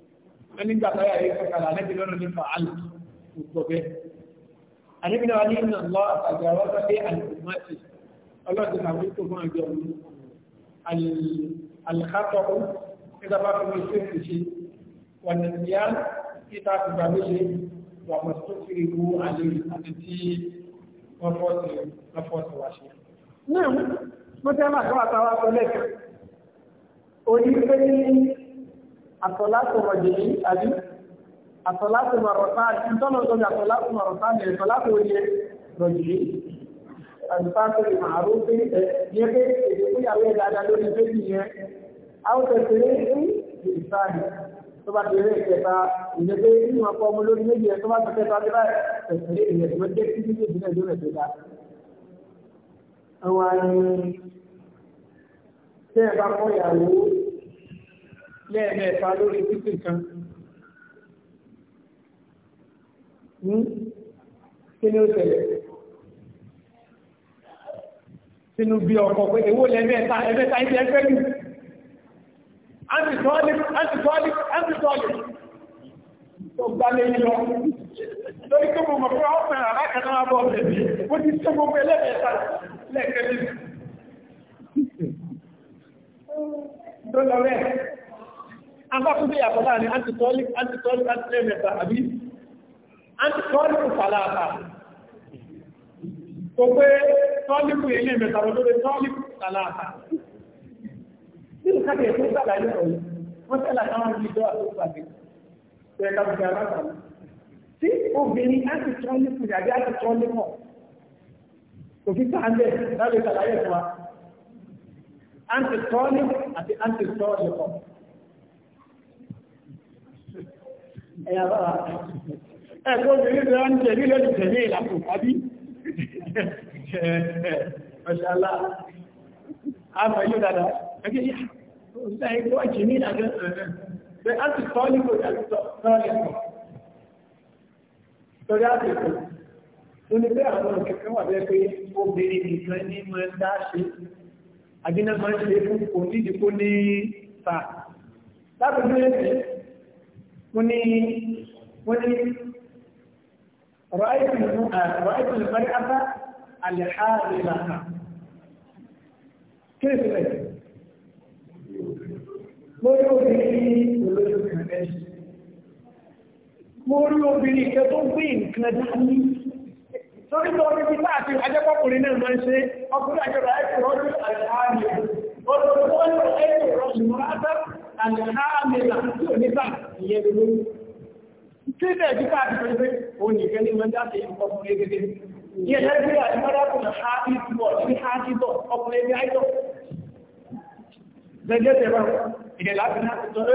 wọ́n nígbà báyà yìí sọ̀kalà lẹ́bi lọ́nà nípa àlè gbogbo bẹ́ẹ̀. àníbi náà ní ìnà lọ àtàgbà wọn bá dé àlùmọ́tì ọlọ́dún làwọn tó máa jọ ní àlùkátọ́kù nígbà bá fi wọ́n ṣe é ṣe wọ́n ní ìyá níta àtìgbà méje wà mọ̀ tó fi rí wú àlè àti tí wọ́n fọ́ọ̀sì wá ṣe. náà mo tẹ́ máa kọ́ àtàwọn akọ́lẹ̀ kan. onífẹ́ ní àtọ̀lá sọ̀rọ̀ jẹ̀yìn àbí àtọ̀láti mọ̀rọ̀tán ìtọ́lọ̀tọ́ ni àtọ̀láti mọ̀rọ̀tán ni ìtọ́láti oye rọ̀jì àtìsáàtì màárù pé yẹ pé ìgbéyàwó ìdájá lórí bébì yẹn áwọ̀tẹ̀sẹ̀rẹ̀ ní ìsáàlì tó bá ti rẹ̀ kẹta ìyẹn pé inú ọkọ̀ ọmọ lórí méjì ẹ̀ tó bá ti kẹta bí báyìí tẹ̀sẹ̀rẹ̀ ìyẹn tó jẹ́ kí títí ìbílẹ̀ ló rẹ̀ gbéga. àwọn àyè tẹ́ ẹ bá Hmm? kí ni ó tẹ̀lé sínú bí ọkọ̀ pé èwo lẹ́mẹ́ta ẹ̀mẹ́ta ìdí ẹgbẹ́ jù antitọ́lì antitọ́lì antitọ́lì tó gbálẹ̀ yọ lórí tó mọ̀ pé ọ́pẹ̀ àrákaná àbọ̀ bẹ̀bí ó ti tó gbogbo ẹlẹ́mẹ́ta lẹ́ẹ̀kẹ́lẹ́ tó lọ rẹ̀ abákúndé yàtọ̀ láàrin antitọ́lì antitọ́lì antitọ́lì àbí àti tọ́lípù sàlàtà kò pé tọ́lípù ilé mẹ́ta lórí tọ́lípù sàlàtà nínú káàkiri tó sàlàyé ọ̀yọ́ wọ́n sẹ́là táwọn ibi ìjọ àtúgbàgbé tẹ́ ká gbogbo ara kan tí obìnrin àti tọ́lípù àbí àti tọ́lípù kò fi sáńdẹ̀ lábẹ́ sàlàyé fún wa àti tọ́lípù àti àti tọ́lípù ẹ̀yà bá wa ẹ̀kọ́ obìnrin rẹ̀ ń tẹ̀lé lẹ́nu tẹ̀lé ìlàpò àbí ọ̀ṣàlá àmàlú dada ẹgbẹ́ yà òṣìṣẹ́ ẹgbẹ́ ọ̀jì ní ìlàjẹ́ ẹ̀rẹ́ àti tọ́lì kò tọ́lì àtìkò tó ní pé àwọn òkèkè wà bẹ́ẹ̀ pé obìnrin nìkan ní mọ́ ẹ dá ṣe àdínà máa ń ṣe fún òdíjìkó ní ta láti bí ẹ̀sìn mo ní رأيت آه، رأيت المرأة الحائلة كيف تبين؟ مروا بني مروا بني كتبين كنداني سوري دوري بتاعتي حاجة بقولين المنشي أقول لك رأيت رجل الحائلة والرجل رأيت رجل مرأة الحائلة نفع tí ilẹ̀ ìdíkà àti pẹ̀lú òun nìkan ní ìwọ̀n jáde ìkọ̀ fún gẹ́gẹ́ ní ẹ̀dá ìgbé àti mọ́dákùnrin háàkì bọ̀ ní háàkì bọ̀ ọkùnrin ẹgbẹ́ àìtọ́ gẹ́gẹ́ tẹ̀rọ ìdẹ̀ láti náà tọ́rọ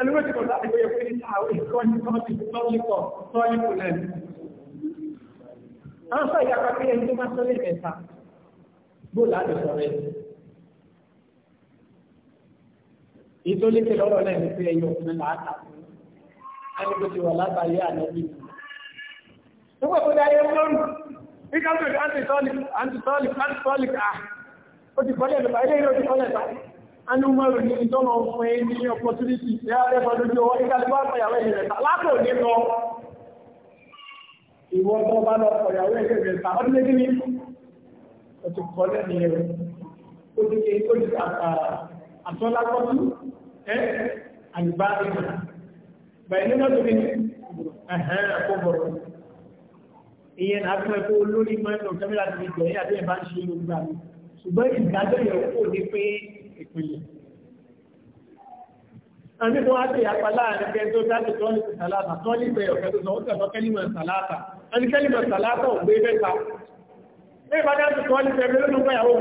ẹlúwẹ́ ti kọ̀ láti gbé ẹgbẹ́ ní àwọn ìkọ́ni kọ́ọ̀tì lọ́yìnkọ̀ lọ́yìnkù lẹ́nu. a ń sọ ìyapa pé ẹni tó bá sọ lè mẹ́ta bó láti sọ rẹ̀ ìtólẹ́kẹ̀ lọ́rọ̀ lẹ́nu pé ẹyọ ọkùnrin làátà fún ẹni tó ti wà látàrí ànábì. Nígbà tó dáyé lónìí, nígbà tó di antitolic, antitolic, antitolic, ah, ó ti kọ́lẹ̀ lọ́pàá, ilé ìlú ti kọ́lẹ̀ bá. A ní mọ́ ìròyìn ní tọ́lọ fún ẹ ní opportunity, ẹ á rẹ́pọ̀ lójú ọwọ́, ìkàlùkọ́ àpàyàwó ẹ̀yìn rẹ̀ ta, lápò ní lọ. Ìwọ tó bá lọ pàyàwó ẹ̀yìn rẹ̀ ta, ọdún méjì ní ó ti kọ́lẹ̀ ní ẹ̀rọ. Ó ti ṣe ó ti àtọ́lákọ́tù, ẹ́ àyùbá ẹ̀yìn pẹ̀lú náà tóbi ẹ̀hẹ́n àkọ́bọ̀rọ̀ ìyẹn náà fún ẹ̀kọ́ olórí mọ́ẹ̀nà tẹ́lẹ̀ láti fi jẹ̀yìn àti ẹ̀bá ń ṣe yorùbá mi ṣùgbọ́n ìdájọ́ yẹn kò ní pé ìpìlẹ̀ àmì tó wá sí apá láàrin pé tó dájú tó ní ti sàlátà tó ní bẹ̀rẹ̀ ọ̀fẹ́ tó sọ ó tẹ̀sọ́ kẹ́límọ̀ sàlátà ẹni kẹ́límọ̀ sàlátà ò gbé mẹ́ta ní ìbájá tó tọ́ ní bẹ̀rẹ̀ lónìí gbẹ̀yàwó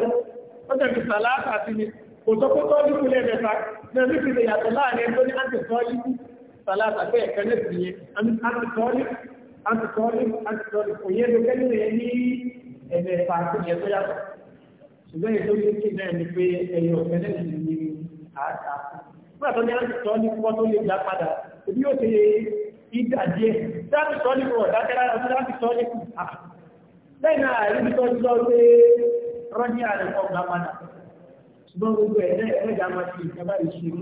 ó tẹ̀sọ́ sàlátà sí ni kò sọ pé tọ́ ní kúlẹ̀ mẹ́ta ní ẹni fi lè yàtọ̀ láàrin tó ní àti tọ́ ثلاثة بيه كنفسي أنت طالب أنت طالب أنت طالب وهي لو كانوا يعني فاعتين يطلع ṣùgbọ́n ètò yìí kì náà ni pé ẹ̀yọ̀ ọ̀fẹ́lẹ́ yìí ni àáta. Nígbà tó ní àti tọ́ ní púpọ̀ tó lè gbà padà, òbí yóò ṣe ìdà díẹ̀. Láti tọ́ ní púpọ̀ dákẹ́rẹ́ àti láti tọ́ ní púpọ̀. Lẹ́yìn náà àìrí tó ń lọ pé rọ́ní àrẹ̀kọ́ gbà padà. Ṣùgbọ́n gbogbo ẹ̀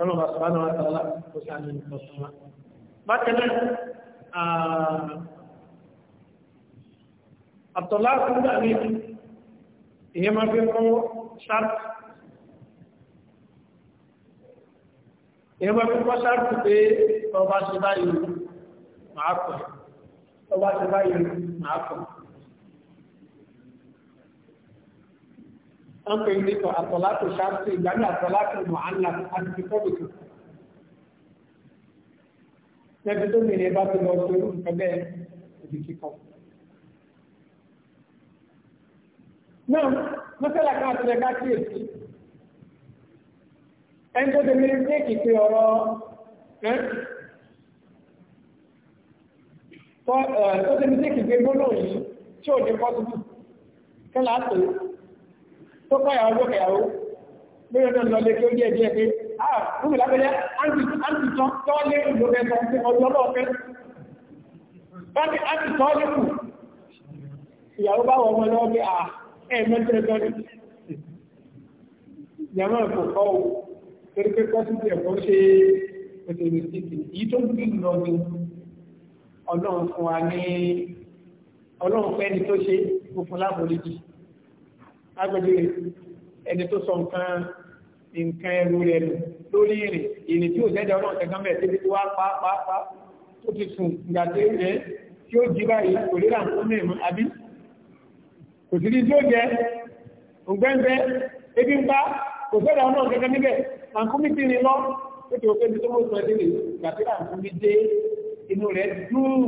kọ́nà bá sọ́nà wà tààlà kò sí àmì ìtọ́sùn wa. bákan náà àtọ̀lá fún dàbí ìyẹn máa fi kọ́ ṣáàtì ìyẹn máa fi kọ́ ṣáàtì pé ọba ṣe ṣe báyìí máa kọ̀. wọ́n pè ní sọ àtọ̀látò ṣáàtì ìgbàmí àtọ̀látò mọ̀hánlá àti pọ́bìtì. Lẹ́bi tó mìíràn bá ti lọ sí orú nǹkan bẹ́ẹ̀ òbí kíkọ. Náà, mọ́sálà kan àti ẹ̀ka sí èsì. Ẹni tó ti mìíràn sí èkìtì ọ̀rọ̀ tó ti mìíràn sí èkìtì yìí tí ò ní pọ́sibú. Kí lásìkò tó káyàwó ló káyàwó lórí ọdún lọ lé kí ó pé ah fún mi lábẹ́lẹ́ áńtì tán tọ́wọ́ lé ìlú rẹ̀ tán pé ọjọ́ náà fẹ́ báńkì áńtì kù ìyàwó bá wọ́n lọ́wọ́ pé ah ẹ̀ mẹ́tẹ̀rẹ̀ tán ní ìyàmọ́ ẹ̀kọ́ kọ́ o torí pé kọ́sí ti ẹ̀kọ́ ṣe òṣèlú títì yìí tó ń bí lọ ní ọlọ́run fún wa agbègbè ẹni tó sọ nǹkan nǹkan ẹrù rẹ̀ nù lórí ìrìn ìrìn tí ò lẹ́dẹ̀ ọ̀nà ọ̀tẹ̀gán bẹ̀ tẹ́lẹ̀ tó wá pàápàá tó ti sùn ìgbà tí ó jẹ́ tí ó jí báyìí kò lè rà nǹkan mẹ́rin àbí kò sí ní tí ó jẹ́ ògbẹ́ǹgbẹ́ ebi ń bá kò sẹ́dẹ̀ ọ̀nà ọ̀tẹ̀gán níbẹ̀ àǹkúmí ti rìn lọ ó ti òkè tó mọ̀ sọ̀rọ̀ délé ìgbà tí àǹkúmí dé inú rẹ̀ dùn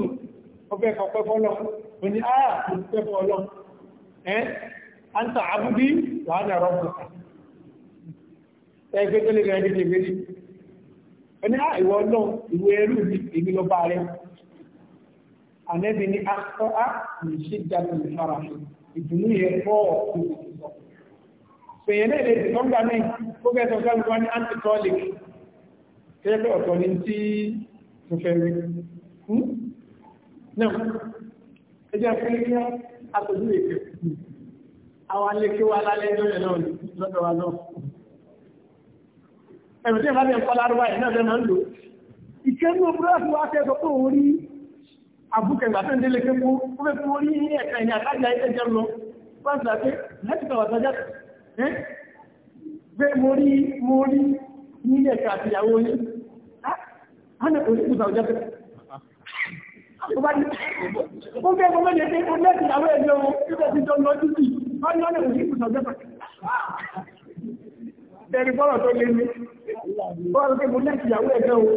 ọbẹ̀ kọ̀pẹ́ fọ́lọ́ anta abdi wa ana rabbuka ẹgbẹ́ tó lè rẹ̀ ní tèmi rí ẹni á ìwọ náà ìwé ẹrú mi èmi ló bá rẹ ànẹ́bí ni a kọ́ á ní ṣe jáde ní fara ìdùnnú yẹ pọ̀ ọ̀kú pèyẹ náà lè tìtọ́ gbà mí ó fẹ́ sọ sọ́lù kan ní antitrolic kẹ́yẹ́ pé ọ̀tọ̀ ní tí mo fẹ́ rí náà ẹ jẹ́ kí á àtọ̀jú èkó àwọn alékí wa lálẹ́ lórí náà lọ́dọ̀ wa náà ẹ̀rùn tí ìfàbí ẹ̀kọ́ lárúbá ẹ̀ náà lẹ́mọ̀ ń lò ìkẹ́ ní òbúrọ́sì wá tẹ́ ẹ̀kọ́ tó ń rí àbúkẹ̀gbà tó ń délé kéko ó fẹ́ fún orí ní ẹ̀ka ìní àkájà ẹ̀ jẹ́ lọ wọ́n sì dàpé láti kàwà sọ́jà pé mo rí mo rí ní ẹ̀ka àtìyàwó yín á ní orí ìgbà ọjọ́ pé ó bá ní ó fẹ́ fún mẹ́jẹ pé ó lẹ́sìn àwọn ẹ̀jọ́ wọn Ọjọ́ lè rí ìpùsọ̀jọ́ pàtàkì. Tẹ́rí bọ́rọ̀ tó lé ní. Bọ́rọ̀ tó gúnlẹ̀ ìyàwó ẹ̀jọ́ o.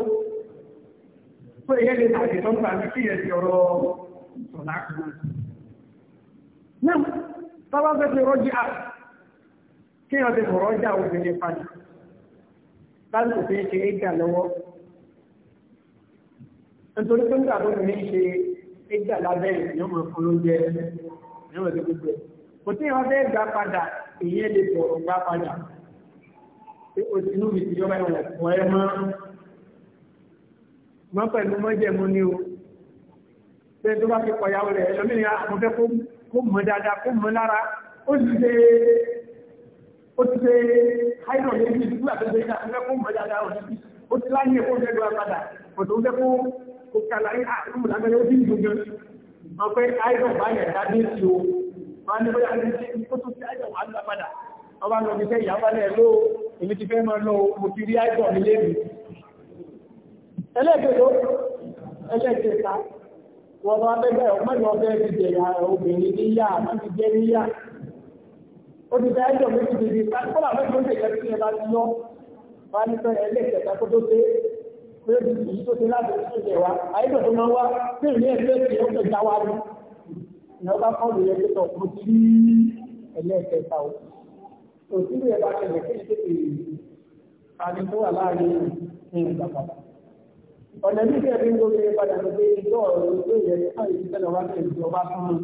Fún èyẹ́ lè tàbí tó ń gbà ní kíyẹ̀ sí ọ̀rọ̀ ọ̀nà kan. Náà, tọ́lá fẹ́ fi rọ́jí à. Kí ọdẹ kò rọ́jà obìnrin padà. Láti òfin ṣe é gbà lọ́wọ́. Nítorí kò tí wọ́n fẹ́ gbà padà ìyẹn lè bọ̀ gbà padà pé o ti nú mi ti yọ báyìí wọ̀ ẹ mọ́ mọ́ pẹ̀lú mọ́jẹ̀mú ni o pé tó bá fi kọ̀yàwó rẹ̀ ẹlòmíràn àwọn ah, fẹ́ kó mọ̀ dáadáa kó mọ̀ lára ó ti ṣe ó ti ṣe háìrò lórí ìdúgbò àtẹ́gbẹ́ ìjà ah, fẹ́ kó mọ̀ dáadáa ó ti ó ti láyé kó fẹ́ gbà padà kò tó fẹ́ kó kó kàlàyé àrùn ó ti ń gbogbo ọ̀pẹ́ háìrò báyẹ̀ dáadé sí o wá ní bóyá ní ṣe kó tó sí àìsàn wà nígbà padà ọba lọ bí sẹ́ ìyàwó alẹ́ ló èmi ti fẹ́ máa lọ mo ti rí àìsàn mi lébi ẹlẹ́gbẹ̀ẹ́ ẹlẹ́gbẹ̀ẹ́ta wọ́n bá bẹ́gbẹ́ ọmọdé ọbẹ̀ ti jẹ̀yà obìnrin níyà àti jẹ́ níyà ó ti fẹ́ àìsàn mi ti dìde kọ́lá mẹ́fọ́ ṣe ìjẹ́ sí ẹ̀bá ti lọ wá ní sọ ẹlẹ́gbẹ̀ẹ́ta kó tó dé pé èyí tó ti láti ṣe ìjẹ̀wá àìsàn tó máa wá sí ìrìn ẹ̀fẹ́ ti ọ̀pẹ̀ jáwá ni ni ọba kọlù yẹ pé tọkọ sí ẹlẹ́ẹ̀kẹta o òsínú ẹ̀ bá ṣẹlẹ̀ kí n tètè àní tó wà láàrin ní ìgbàgbà ọ̀nà níbi ẹ̀rí ń gbóbi padà ló pé ìjọ ọ̀rọ̀ ìjọ ìyẹn ní káyọ̀ ìṣẹ́ lọ́wọ́ àti ìjọba fún un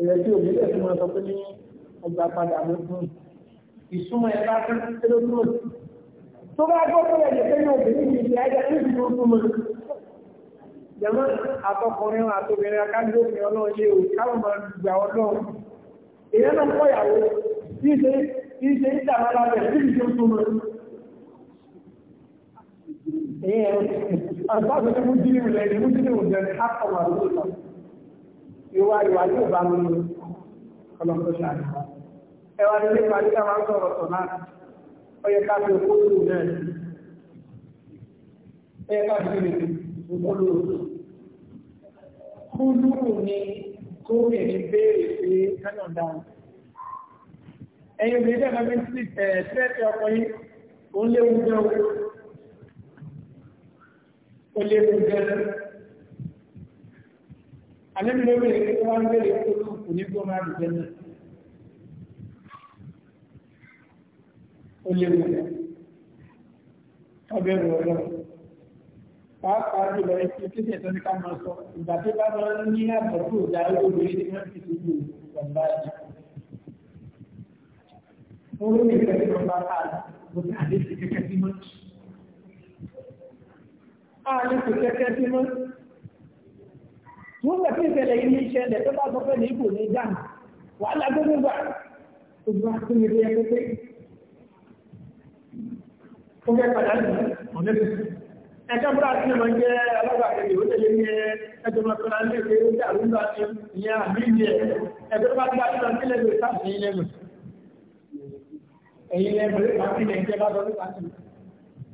ìrẹ̀ tí òbí lẹ̀ fún wọn sọ pé ní ọgbà padà ló fún un ìsúnmọ́ ẹ̀ bá fẹ́ tó ló dúró tó bá gbọ́ pé ẹ̀jẹ̀ pé ní obìnrin yìí ti ẹ̀jẹ̀ tó ti fún un jẹ́mọ́ àtọkùnrin àtobìnrin akájọ́fin ọlọ́run ṣe ò káwọn máa gbà ọlọ́run èyàn náà kọ́ ìyàwó tí ṣe tí ṣe ń dà lára rẹ̀ tí ìṣe tó mọ̀ èyàn àgbàdo ní mújínìmù lẹ́yìn mújínìmù jẹ́ kákọ̀wà lóòtọ́ ìwà ìwà tí ò bá mú ní ọlọ́pọ̀ ṣáà ẹwà nílé parí káwọn sọ̀rọ̀ sọ̀ náà ó yẹ ká fi òkú lù náà ẹ ká fi òkú lù náà kúlúrù ni gómìnà ní béèrè pé kánà dáhùn ẹ̀yìn obìnrin tẹ́lá bí sí tẹ́ẹ̀tì ọkọ̀ yìí ó léwu gan ó léwu gan àlẹ́mi lórí ẹ̀kẹ́ tó wá ń béèrè kúlúrù ní gómìnà àdìjẹ́ náà ó léwu gan ọbẹ̀ rẹ̀ ọlọ́run pàápàá jùlọ ẹ̀sìn tí ìṣẹ̀tọ́ ní ká máa sọ ìgbà tí bá máa ń ní àbọ̀tò ìdá olóbìnrin tí wọ́n fi síbi ìgbàgbá yìí. mo rí ní ìgbà tí wọ́n bá ká mo ti àdé sí kẹ́kẹ́ sí mọ́. a ní kò kẹ́kẹ́ sí mọ́. wọ́n gbàgbé ìṣẹ̀lẹ̀ yìí ní ìṣẹ̀lẹ̀ tó bá sọ ní ipò ní dáhùn wàhálà gbogbo gbà gbogbo àtúnyẹ ẹjọ́ búra tí ó máa jẹ́ alágbàkejì ó tẹ̀lé ní ẹjọ́ mọ́tọ́lá ní ẹgbẹ́ ó jà lóńgbà ní ìyá àmìlì ẹ̀ ẹjọ́ bá ti bá ti lọ sí lẹ́gbẹ̀ẹ́ sáàtì ní lẹ́nu ẹ̀yìn lẹ́gbẹ̀ẹ́ bá ti lẹ́ jẹ́ bá lọ sí sáàtì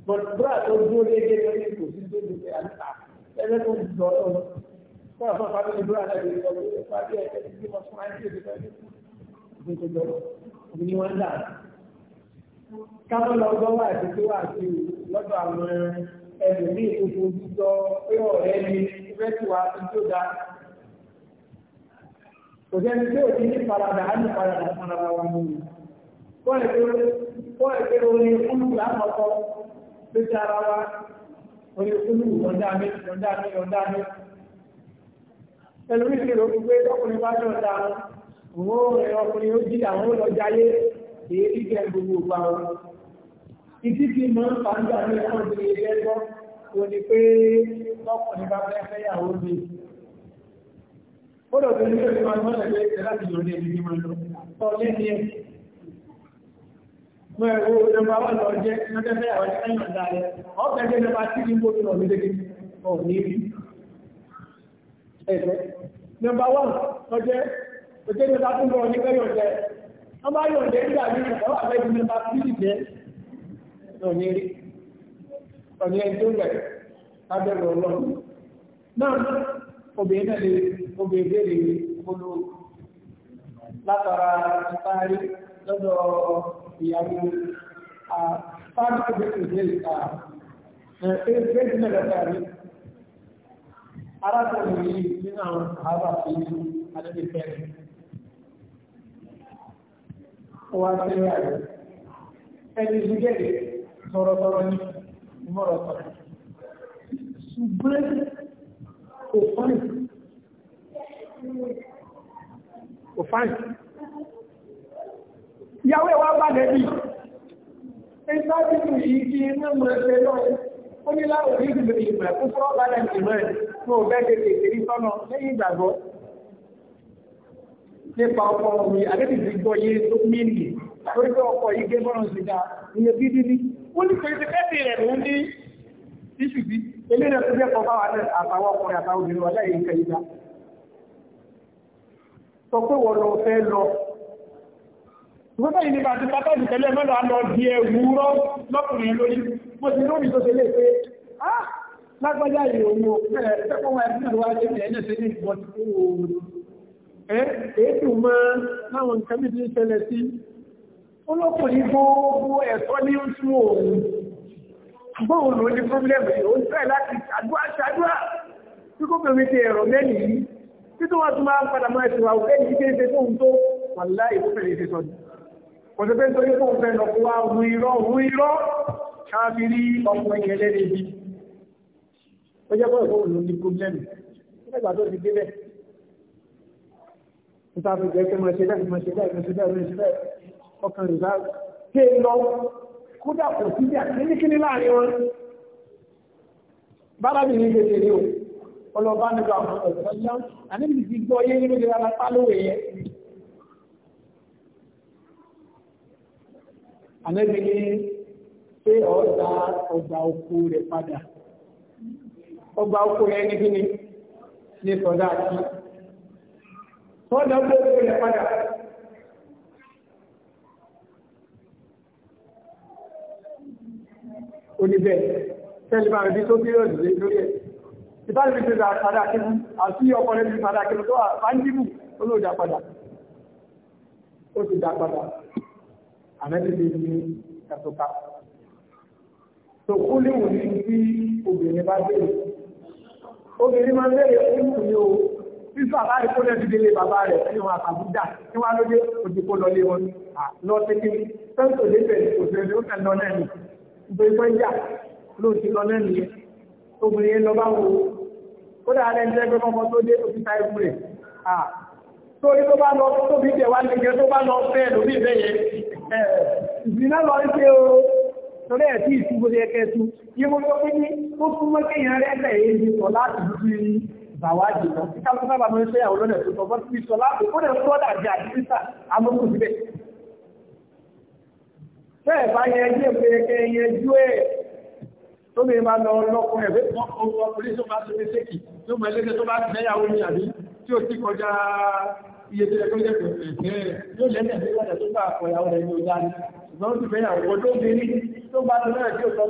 but búra tó dúró léde lórí kò sí tó lè fẹ́ àlùkà ẹgbẹ́ tó ń dọ̀ ọ́ fún àfọ́n fábílì búra náà lè sọ pé fábí ẹ̀ ẹ̀ ti mọ̀ fún àìsí ìdíkọ́ ìdíkọ́ ìdíkọ́ ẹlòmíì tó fojú sọ pé ọ̀rẹ́ mi fẹ́ tí wàá fi tó dáa kò sẹ́ni tí ò ti ní faradà á ní wa mú mi orin kúlù ara wa orin kúlù yọ̀ǹda mi yọ̀ǹda mi yọ̀ǹda mi ẹlòmíì ti rò pé ọkùnrin bá wọn òun ò rẹ ọkùnrin ó jí àwọn ìdí tí mọ́ ń fa ń gbà ní ọ̀rọ̀ ìdílé ẹgbẹ́ o ní pé lọ́kùnrin bá fẹ́ fẹ́ yàwó mi ó lọ sí ilé ìgbìmọ̀ ọmọ ẹgbẹ́ ìṣẹ́ láti lò ní ìdí mọ́ lọ sọ lẹ́ni ẹ̀ mọ́ ẹ̀wọ́ ìjọba wà lọ jẹ́ lọ́jọ́ fẹ́ yàwó ẹ̀yàn ọ̀dà rẹ̀ ọ̀fẹ́ jẹ́ lọ́ba tí kí n bóbi lọ lóde ní ibi ẹ̀fẹ́ nọ́mbà bá yọ̀jẹ́ nígbà náà ní rí ọ̀ní ẹni tó rẹ̀ lábẹ́rẹ̀ ọlọ́run náà obìnrin náà lè obìnrin béèrè olú látara ìtaari lọ́dọ̀ ìyàwó àfáàdì tó bẹ̀rẹ̀ ìdílé ìta ẹgbẹ́ ìdílé lọ́dọ̀ rí arákùnrin yìí nínú àwọn àhábà tó yí adébẹ̀ fẹ́rẹ̀ wọ́n ẹni ìdílé tọrọtọrọ ní ìmọ̀rọ̀tọ̀rọ̀ ṣùgbọ́n kò fáìn kò fáìn ìyàwó ẹ̀wà bá dẹ̀bí ìsáàbìtì yìí kí iná mọ̀ ẹ̀fẹ́ lọ́rẹ̀ ó ní láwọn orí ìgbè ìgbà tó fọ́ bá dẹ̀ ìgbà ẹ̀ tó bẹ́ẹ̀ tètè tèrí sọ́nà lẹ́yìn ìgbàgbọ́ nípa ọkọ̀ omi àdébìtì gbọ́ yé tó mí wọ́n ní pèsè kẹ́sì rẹ̀ ló ní iṣu bí eléyìí rẹ̀ tó jẹ́ kọ́ báwa náà àtàwọn ọkùnrin àtàwọn obìnrin wà láyé nǹkan ìgbà sọ pé wọ́n lọ fẹ́ lọ wọ́n tẹ́yìn nípa ti pátọ́jù tẹ́lẹ̀ mẹ́lọ àlọ́ di ẹ̀wúrọ́ lọ́kùnrin lórí mo ti lórí tó ṣe lè pé ah lágbájá ìròyìn o bẹ̀rẹ̀ tẹ́kọ̀ọ́ wa ẹ̀sìn àwọn ẹ̀sìn ẹ̀yẹ́ ṣe ní ìbọn ti kú o ẹ̀ èéfì mọ́ láwọn nǹkan bí ti ṣẹlẹ̀ sí olóko ní gbogbo ẹ̀tọ́ ní oṣù òun gbóhùn ló ní pọ́blẹ́mù ó ń fẹ́ láti ṣàdúrà ṣàdúrà tí kò bẹ̀rẹ̀ ti ẹ̀rọ mẹ́rin yìí tí tó wọ́n tún máa ń padà máa ṣe wà òkè yìí kéde fóun tó wà láì tó fẹ̀rẹ̀ wa ru irọ́ ru irọ́ káàfi rí ọkùnrin yẹn lẹ́nu ibi ó jẹ́ bọ́ọ̀ fóun ló ní pọ́blẹ́mù nígbà tó ti dé bẹ́ẹ̀ nígbà tó ti ọkàn ìgbà ké lọ kódà kò sí bí àkíníkíní láàrin wọn bára mi ní gbèsè ní o ọlọ́ba nígbà àwọn ọ̀sán yá àníbi ti gbọ́ yé nínú ìlera lápá lówe yẹn àníbi ní pé ọ̀dà ọgbà oko rẹ̀ padà ọgbà oko rẹ̀ ní kíni ní sọ̀dá àti sọ́dọ̀ ọgbà oko rẹ̀ padà. oníbẹ̀ tẹ́lẹ̀ máa rí tó bí yóò lè lórí ẹ̀ ìbáàlì fi padà kí mú àti ọkọ̀lẹ́ fi padà kí mú tó àpáńdìbù olóòjà padà ó ti dá padà àmẹ́tìlẹ̀ ní ẹ̀tọ́ka tó kú léwu ní bí obìnrin bá bèèrè obìnrin máa ń bèèrè orísun ní o bí bàbá rẹ̀ kó lẹ́bi délé bàbá rẹ̀ ní wọn àkàbúdà ní wọn lóde òdìpó lọlé wọn lọ gbogbo ìyá ló ti lọ lẹ́nu yẹn obìnrin yẹn lọ bá wo ó dáa lẹ́nu tẹ́gbẹ́ ọmọ tó dé òkúta ikú rẹ̀ à torí tó bá lọ tóbi tẹ̀ wá nìkẹ́ tó bá lọ bẹ́ẹ̀ lómi bẹ́ẹ̀ yẹn ìgbìnà lọ ń ṣe o torí ẹ̀ tí ìṣubú yẹ kẹtù yí mo sọ pé ní ó fún mọ́ kéèyàn rẹ̀ bẹ̀ yé ni sọ láti dúdú ní bàwájì lọ kí kálukú sábà máa ń ṣe àwọn olóòdè tó sọ bọ́ sí sọ láti ó dẹ̀ sọ́dà jà àti amókùnrin bẹ́ẹ̀ bẹ́ẹ̀ bá yẹ ẹjẹ́ pẹ̀lẹ́kẹ́ yẹ jú ẹ̀ tó lè máa lọ lọ́kùn ẹ̀fẹ́ ọkùnrin tó bá tó lè sékì tó mọ̀ ẹlẹ́gẹ́ tó bá tẹ́yàwó ní àbí tí ó ti kọjá iye tó yẹ kó jẹ́ pẹ̀lẹ́kẹ́ yóò lẹ́nà ìgbẹ́gbẹ́ tó bá àkọyàwó rẹ̀ ní ọjà ní ṣùgbọ́n ti fẹ́yàwó tó bèèrè tó bá tó náà tí ó sọ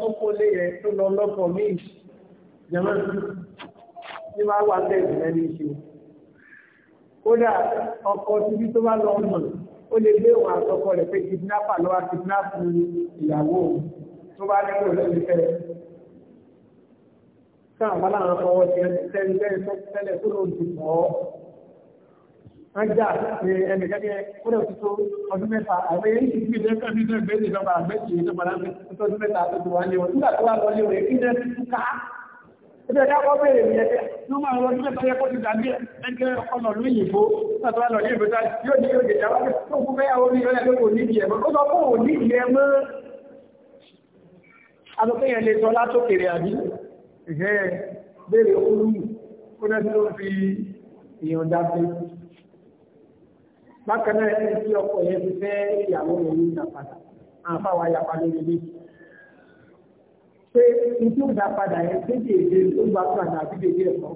tó kó ó lè gbé òun àtọkọ rẹ̀ pé kidnapper lọ́wọ́ kidnapper ìyàwó tó bá ní kúrò lẹ́nu fẹ́ sáà wọn làwọn fọwọ́ ti ẹni tẹ́lẹ̀ tẹ́lẹ̀ tó lòun ti pọ̀ ọ́ wọ́n jà pé ẹnìkan yẹ kó lè tó ọdún mẹ́ta àwọn èyí ti fi ìdẹ́ka bí ìdẹ́gbẹ́ ìdẹ́gbẹ́ àgbẹ̀tì ìdẹ́gbẹ́ àgbẹ̀tì ìdẹ́gbẹ́ àgbẹ̀tì wà ní wọn nígbà tó wà lọ́lé wọn èyí Ẹgbẹ́ ẹ̀dá kọ́ bèèrè ní ẹgbẹ́ ní ọmọ àwọn ọdún mẹ́ta yẹ́kọ́ ti dàbí ẹgbẹ́ ọ̀nà lóyìnbó látọ́ lọ ní ìbòjá yóò ní yóò dèjà wáyé tó kú fẹ́ yàwó ní ìrẹ́lẹ̀ tó kò ní ìdí ẹ̀mọ́. Ó sọ fún òní ìdí ẹ̀mọ́. Adọ́kẹ́ yẹn lè sọ látòkèrè àbí. Ìhẹ́ bèèrè olú kó dẹ́ tó fi ìyọ̀nda fi. Bákan ẹni tí ọkọ̀ yẹn fi fẹ́ ìyàwó pé ìtú ìdá padà yẹn kéde èdè tó gba tó àti kéde ẹ̀kọ́.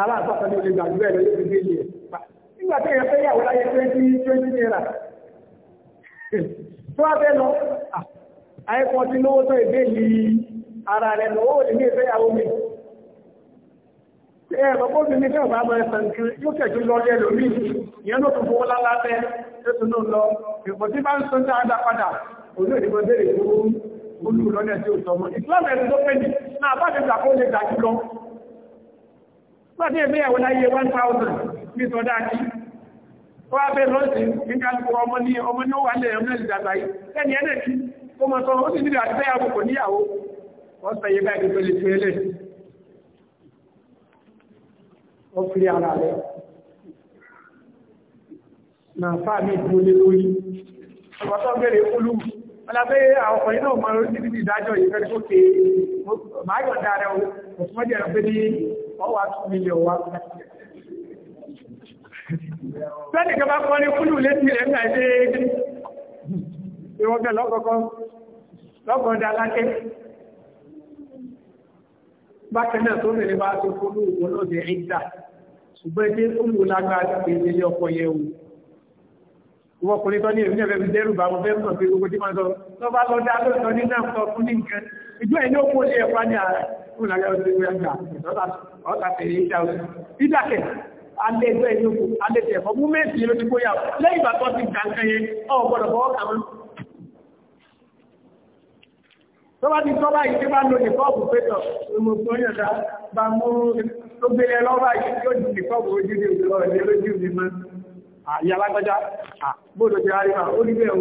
Àrà àpapọ̀ ẹ̀. Nígbà fẹ́ yàwó láyé twenty twenty naira. Tó fẹ́ lọ, ti lówó tó èdè yìí ara rẹ̀ lọ, ó lè ní ìfẹ́ yàwó mi. Ẹ ẹ̀rọ kó ní fẹ́ yóò lọ ìyẹn ló fowó lálá fẹ́, náà lọ, òun èdè mọ́ bẹ̀rẹ̀ tó olú lọ́nà tí ó sọmọ Islam ẹ̀rù tó pẹ́ ní náà bá ti gbàkó lè gbà jùlọ pàdé ìgbéyàwó láyé 1000 ní sọdá kí ó wá bẹ́ lọ́sí nígbà tó ọmọ ní ọmọ ní ó wà lẹ́yìn ọmọ ìdàgbà yìí ẹni ẹ̀nẹ̀ kí ó mọ̀ sọ ó sì nílò àti bẹ́yàwó kò níyàwó wọ́n sọ yẹ báyìí pẹ̀lú pẹ̀lẹ́ ó fi ara rẹ̀ náà fáà ní ìdúró lé lórí ọmọ tó bẹ̀rẹ̀ olúmù Ọlábẹ́ ọkùnrin náà máa rí níbi ìdájọ́ ìfẹ́ tó ké máa yọ̀ dára o, òtún ọjọ́ ẹ̀rọ pé ní ọwà tún mílíọ̀ wá. Bẹ́ẹ̀ni kẹfà kọ́ ní kúlù létí rẹ̀ ńlá ẹ̀dẹ́ ìwọ̀gẹ̀ lọ́kọ̀ọ́kọ́ dá lákẹ́. Bákan náà tó mẹ́rin bá tó kúlù olóde ìdá, ṣùgbọ́n ẹgbẹ́ kúlù lágbàá ìwọ ọkùnrin tó ní èmi ẹ̀fẹ́ fi dẹ́rù bá wọn fẹ́ mọ̀ pé gbogbo tí máa sọ lọ bá lọ dá lóòótọ́ ní náà sọ fún ní nǹkan ìjọ ẹ̀ ní ó kó lé ẹ̀fọ́ ní ààrẹ fún ìlàjọ tó gbé àgbà ọ̀tà tẹ̀lé ìjà òsì ìdàkẹ̀ alẹ́ ẹgbẹ́ ìlú alẹ́ tẹ̀ ẹ̀fọ́ múmẹ́ǹtì ló ti kó yà lẹ́yìn ìgbà àyà ah, alágbájá gbọ́dọ̀ ti rárí máa ó ní bẹ́ẹ̀ o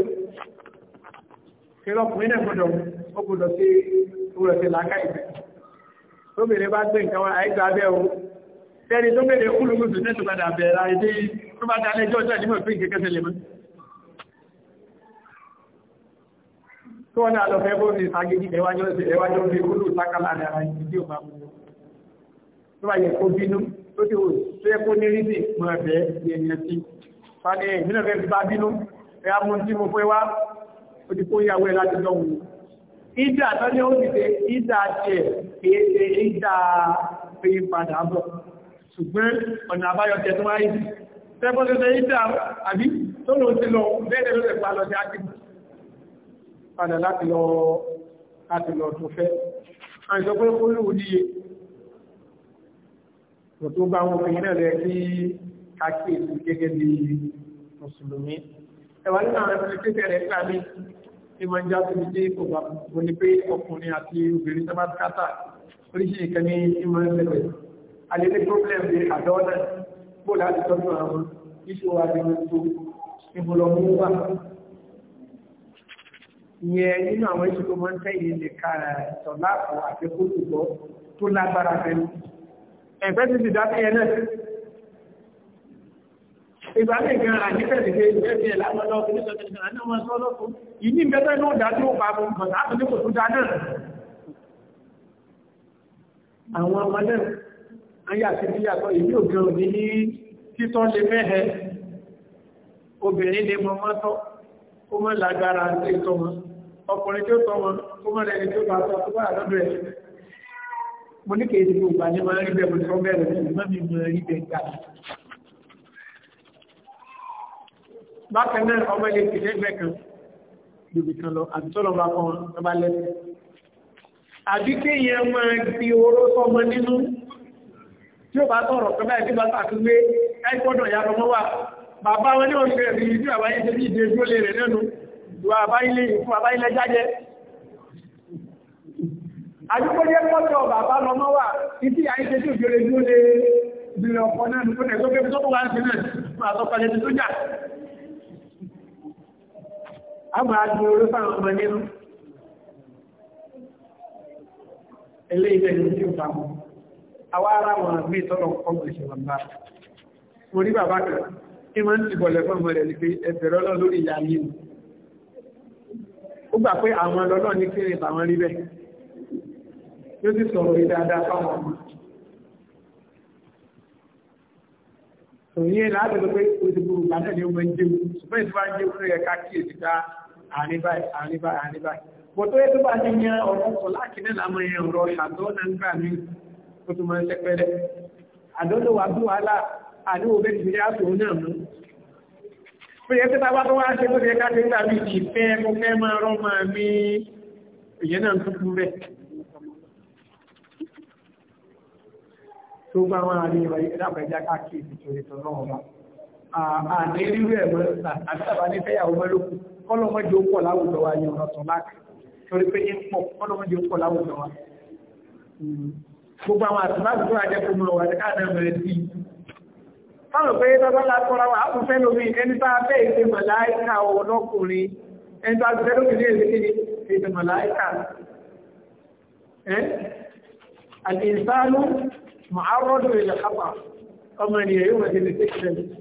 ìrọkùnrin náà gbọ́dọ̀ ó gbọ́dọ̀ sí owó ẹ̀sẹ̀ làákà ìgbẹ́ tóbìnrin bá gbé nǹkan àìgbà bẹ́ẹ̀ o tẹ́ni tó bẹ̀rẹ̀ olùgbùsù tẹ́tù padà bẹ̀rẹ̀ àìdí tó bá dá lẹ́jọ́ ọjọ́ ìdímọ̀ fún ìkẹ́kẹ́ tẹ́lẹ̀ mọ́ tó wọ́n náà lọ fẹ́ bó ní ìsàgéjì ẹwájọ́ bí olù sákàlà àdára ìdí òpá gbogbo tó bá yẹ kó bínú tó tí ó yẹ ní rí fani ìmìnà rẹ̀ ti bá bínú ẹ̀yà mú tí mo fẹ́ wá ó ti kó ìyàwó ẹ̀ láti lọ wù ìdá tó ní ó ti ṣe ìdá tiẹ̀ kìí ṣe ìdá fi padà bọ̀ ṣùgbọ́n ọ̀nà àbáyọ tẹ̀ tó wáyé tẹ́gbọ́n tó ṣe ìdá àbí tó lòun ti lọ bẹ́ẹ̀ ló lè pa lọ sí ákì padà láti lọ láti lọ tó fẹ́ àìsọ pé kó lóun níye tó bá wọn fi náà lẹ kàkíyèsí gẹ́gẹ́ bí mùsùlùmí ẹwà nínú àwọn ẹ̀fẹ́lẹ́kẹ́tẹ̀ rẹ̀ gbà mí ní ma ń já sí ilé kò bá mo ní pé ọkùnrin àti obìnrin tó bá kátà oríṣi ìkan ní ìmọ̀ ẹ̀fẹ́lẹ́ alẹ́lẹ́ problem bí àdọ́ọ̀nà bó láti tọ́jú àwọn iṣu wa ní gbogbo ìbùlọ̀mú wà ìyẹn nínú àwọn iṣu tó máa ń tẹ̀yìn lè kára ẹ̀tọ́ láàpọ̀ àti kó tó lágbára fẹ́ ẹ̀fẹ́ ti ti dá ìgbà ní ìgbà àníkẹ́sì pé ìgbẹ́sì ẹ̀ láwọn ọlọ́pù ní sọ́jọ́ ìgbà náà wọ́n sọ́lọ́pù ìní ìgbẹ́sẹ̀ náà dájú ó pa mọ́ láti ní kò tó dá náà àwọn ọmọdé ayé àti bí àtọ́ ìlú ògùn òní ní títọ́ lè mẹ́hẹ obìnrin lè mọ mọ́tọ́ ó mọ́ lágbára àti ìtọ́mọ ọkùnrin tí ó tọ́mọ ó mọ́ lẹ́ni tó bá tọ́ tó bá lọ́dọ̀ ẹ̀ mo ní kèé gbogbo àjẹmọ́ rí bẹ́ẹ̀ bákan náà ọmọ ilé ìpìlẹ̀ ẹgbẹ́ kan lòbì kan lọ àti tó lọ́wọ́ akọ́ wọn tó bá lẹ́sẹ̀. àbí kéèyàn máa di oró sọmọ nínú tí ó bá tọrọ pẹ́ báyìí tí bá sàtúgbé ẹgbọ́dọ̀ ya lọ́mọ wà bàbá wọn ní oṣù rẹ̀ yìí tí àbáyé ṣe bí ìdè dúró lè rẹ̀ lẹ́nu ìwà àbáyé fún àbáyé jáde. àdúgbò jẹ́ pọ́tọ̀ bàbá lọ́mọ wà títí àyè ṣe tí òjò lè dúró lè bí ọkọ̀ náà nípínlẹ̀ tó àbá àti olófà ọmọ nínú ilé ilẹ̀ ìlú tí ó bá mọ́ àwọn ará wọn àgbé tọ́lọ̀ kọ́gbọ̀n ṣe wọn bá mo rí bàbá kan tí wọ́n ti bọ̀lẹ̀ fún ọmọ rẹ̀ ní pé ẹ̀bẹ̀rẹ̀ ọlọ́ lórí ìyá yìí nù ó gbà pé àwọn ọlọ́lọ́ ní kéré bàwọn rí bẹ́ẹ̀ yóò òṣèlú bàtà ni ó máa ń jẹun ṣùgbọ́n ìtura jẹun lórí ẹ̀ka kí àárín báyìí àárín báyìí àárín báyìí bọ̀tó yẹ́ tó bá ti yan ọ̀rọ̀ sọ láti náà lámọ̀ yẹn ọ̀rọ̀ àdọ́nà ń gbà mí ó tún máa ń sẹ́pẹ́rẹ́ àdọ́nà wà bí wàhálà àdúgbò bẹ́ẹ̀ ti rí àpò náà mú pé yẹ́ tó bá tó wá ṣe tó yẹ ká ṣe gbà mí kì í fẹ́ mo fẹ́ máa rọ́ máa mí ìyẹn ìdábẹ̀já káàkiri ìtòrítọ̀ náà wà àní rírú ẹ̀mọ́ àti àbánífẹ́yàwó mẹ́lòkù kọ́lọ́mọdé ó pọ̀ láwùjọ wa yẹn ọ̀rọ̀ tán láti torí pé ní pọ̀ kọ́lọ́mọdé ó pọ̀ láwùjọ wa. gbogbo àwọn àtúntàbí tó ajẹ́ kó múlò wà ní káàdà mẹ́rẹ̀ sí i. fáwọn pé tọ́tọ́ la tọ́ra wa á kún fẹ́ lómi ẹni tá a fẹ́ màláìka ọlọ́kùnrin ẹni tá a fẹ́ lómi ní ètè màláìka. àti ìsánú mọ̀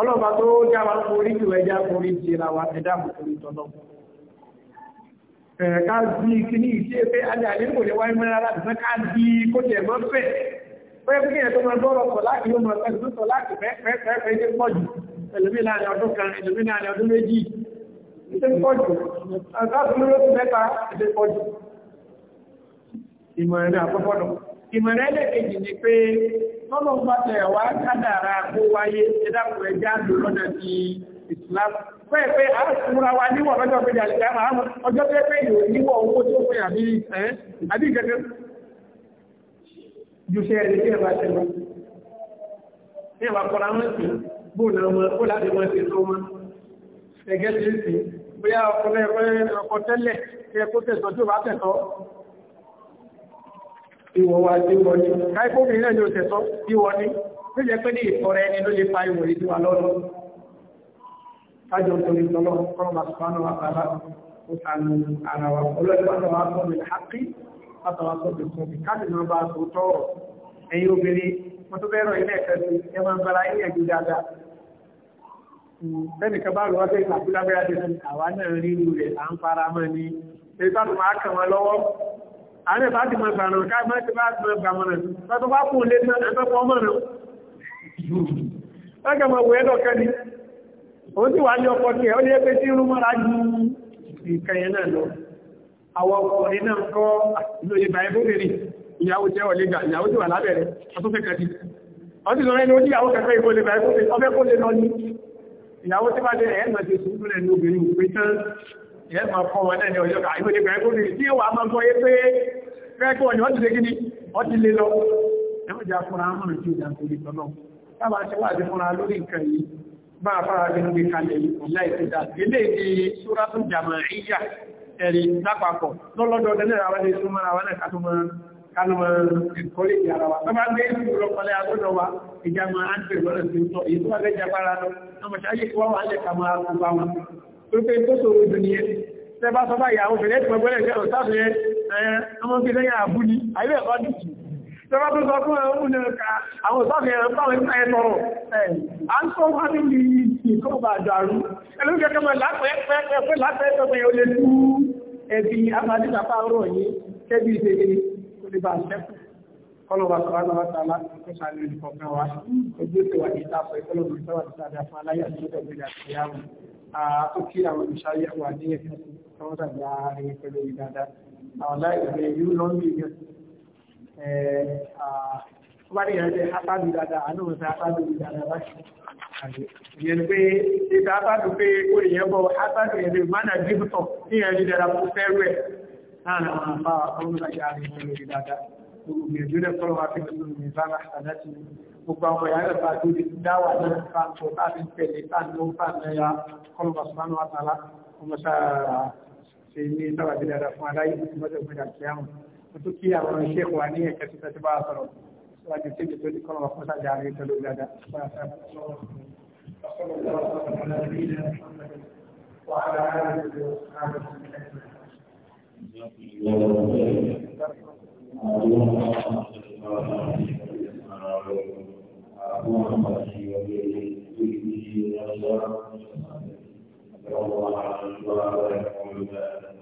ọlọ́ba tó já wa forí jù ẹja forí jìra wa ẹ̀dá mọ̀tòrí tọ́lọ́ ká bí kíní ìṣe pé alẹ́ àlẹ́ kò lè wáyé mẹ́rin aláàbí fẹ́ ká bí kó tiẹ̀ mọ́ fẹ́ pé kí ẹ̀ tó máa gbọ́rọ̀ kọ̀ láti yóò máa fẹ́ tó tọ̀ láti fẹ́ fẹ́ fẹ́ fẹ́ dé pọ̀ jù ẹlòmí láàrin ọdún kan ẹlòmí láàrin ọdún méjì ìmọ̀rẹ́ lẹ́kẹ̀ẹ́jì ni pé tọ́lọ̀ pàtẹ̀ wá kádàrà kó wáyé ẹ̀dàkùn ẹja lò lọ́nà ti Islam pẹ́ pé àásùnmúra wa níwọ̀ lọ́jọ́ pé jàlẹ̀ àmọ́ ọjọ́ pé pé ìwò níwọ̀ owó tó fún àbí ẹ́ àbí gẹ́gẹ́ ju ṣe ẹ̀rẹ́ bí ẹ̀bá ṣe lọ ní ẹ̀bá kọ́ra wọn sí bóòlù ọmọ ó láti wọn ṣe tó wọn ẹ̀gẹ́ ti sí ìwọ̀ wa tí wọ́n ní káìkóbi náà ni ó tẹ̀sọ́ tí wọ́n ní ló jẹ́ pé ní ìtọrẹ ẹni ló lè fa ìwọ̀ yìí tí wà lọ́rọ̀ kájọ torí tọ́lọ́ kọ́rọ̀ bá sùpánù wa bàbá ó sànù ara wa ọlọ́dún bá wà sọ mi hápí látọwà sọ mi sọ mi káàdì náà bá tó tọ́rọ̀ ẹ̀yin obìnrin mo tó bẹ́rọ̀ ilé ẹ̀kẹ́ sí ẹ máa ààrẹ bá ti máa gbàmọ̀nà ká máa ti bá ti máa gbàmọ̀nà tọ́tọ́ bá kún lé náà ẹ̀tọ́pọ̀ ọmọ náà lọ́gẹ̀ mọ̀ wẹ́ lọ́kẹ́ ni ó ti wà ní ọkọ̀ tí ẹ̀ ó ní ẹgbẹ́ tí irú mọ́ra ju ìkẹyẹ náà lọ àwọn ọkùnrin náà kọ́ ah, ìlú ìbà ẹgbẹ́rin ìyàwó jẹ́ ọ̀lẹ́gà ìyàwó ti wà lábẹ̀rẹ̀ ọtúnfẹ́ kẹtì wọ́n ti sọ̀rọ̀ ẹni ó díyàwó kẹfẹ́ ìbò lè bá ẹgbẹ́ ọbẹ̀ kó lè lọ ní ìyàwó tí bá jẹ́ ẹ̀ẹ́nà ti sùúrù lẹ́nu obìnrin òpin tán ìyẹn máa kọ́ wọn lẹ́ni ọjọ́ ká ìwé ìgbà ẹgbẹ́ tí ó wà máa gbọ́ yé pé fẹ́ẹ́kọ́ ọ̀nà ọdún lé gíní ọdún lé lọ ẹmọ́ jẹ́ afúnra hàn tí ó dá nítorí tọ́lọ́ tábà tí wà ti fúnra lórí nǹkan yìí bá a fara gbé níbi kalẹ̀ ìpínlẹ̀ ìpínlẹ̀ ilé ìdí súrátù jàmáíyà ẹ̀rí lápapọ̀ lọ́lọ́dọọdẹ náà wọ́n lè súnmọ́ ara wọn náà kátùmọ́ kálùmọ́ ìkọ́lé ìdí ara wa bábá gbé ìrọ̀pọ̀lẹ́ agbọ́dọ̀ wa ìjàmọ̀ àǹtẹ̀ lọ́rẹ̀ sí ń tọ́ èyí tó wà lẹ́jà bára lọ ọmọ ṣáyé kí wọ́n wà lẹ́ka máa kú bá wọn pé tó sọ̀rọ̀ jù nìyẹn tẹ́bá sọ́bá ìyàwó fẹ̀lẹ́ ìpẹ̀gbẹ́lẹ̀ ìṣẹ́lọ̀ sáàtù yẹn ọmọ fi lẹ́yìn àbú ni àìlẹ́ ẹ̀kọ́ dìtì tẹ́bá tó sọ fún ẹ̀mú ní ọkà àwọn sáàtù yẹn báwọn ń tẹ́ tọrọ à ń sọ wá ní ìsìn kó bá dàrú ẹlú kẹkẹ mọ lápẹ́ẹ́pẹ́ lápẹ́ẹ́pẹ́ ó lè tú ẹbí abadíjàpá ọ̀rọ̀ yìí kẹ́bí ìṣèlè kó lè bá ṣẹ́kù kọlọba sọlá wa sàlá kó sàlẹ̀ olùkọ́ fẹ́ wa ojú ìwà ìta fẹ́ kọlọba sọlá wa sàlẹ̀ àfọláyà tó dọ̀gbẹ̀dà sí yàrá ó kí àwọn ìṣáyé wà ní ẹ̀sìn tí wọ́n dàgbà rẹ̀ pẹ̀lú ìdáadáa àwọn láìpẹ́ yóò lọ ní ìyẹn ó bá nìyẹn jẹ́ apádù dáadáa àánú ọ̀sẹ̀ apádù dáadáa láti ìyẹn pé ìta apádù pé ó ìyẹn bọ̀ apádù yẹn lè mánà gíbùtọ̀ ní ìyẹn lè dára fún fẹ́rù ẹ̀ láàrín àwọn àbá ọmọ ìdájá rẹ̀ pẹ̀lú ìdáadáa gbogbo ìgbìyànjú gbogbo àwọn ẹ̀yà rẹ̀ bá dúró dáwà náà káàkó láti kalau táàdó fàánẹ́yà ya. kalau sùmánù àtàlá ọmọ sára ṣe ní sábàbí dada fún aláyé ìmọ̀jọ̀ gbẹ̀dà kíámù tuntun kí àwọn iṣẹ́ wa ní ẹ̀kẹ́ kalau tẹ́tí bá sọ̀rọ̀ síwájú tí ètò ìdí kọlùmọ̀ fún sájà àrí pẹ̀lú dada Thank you.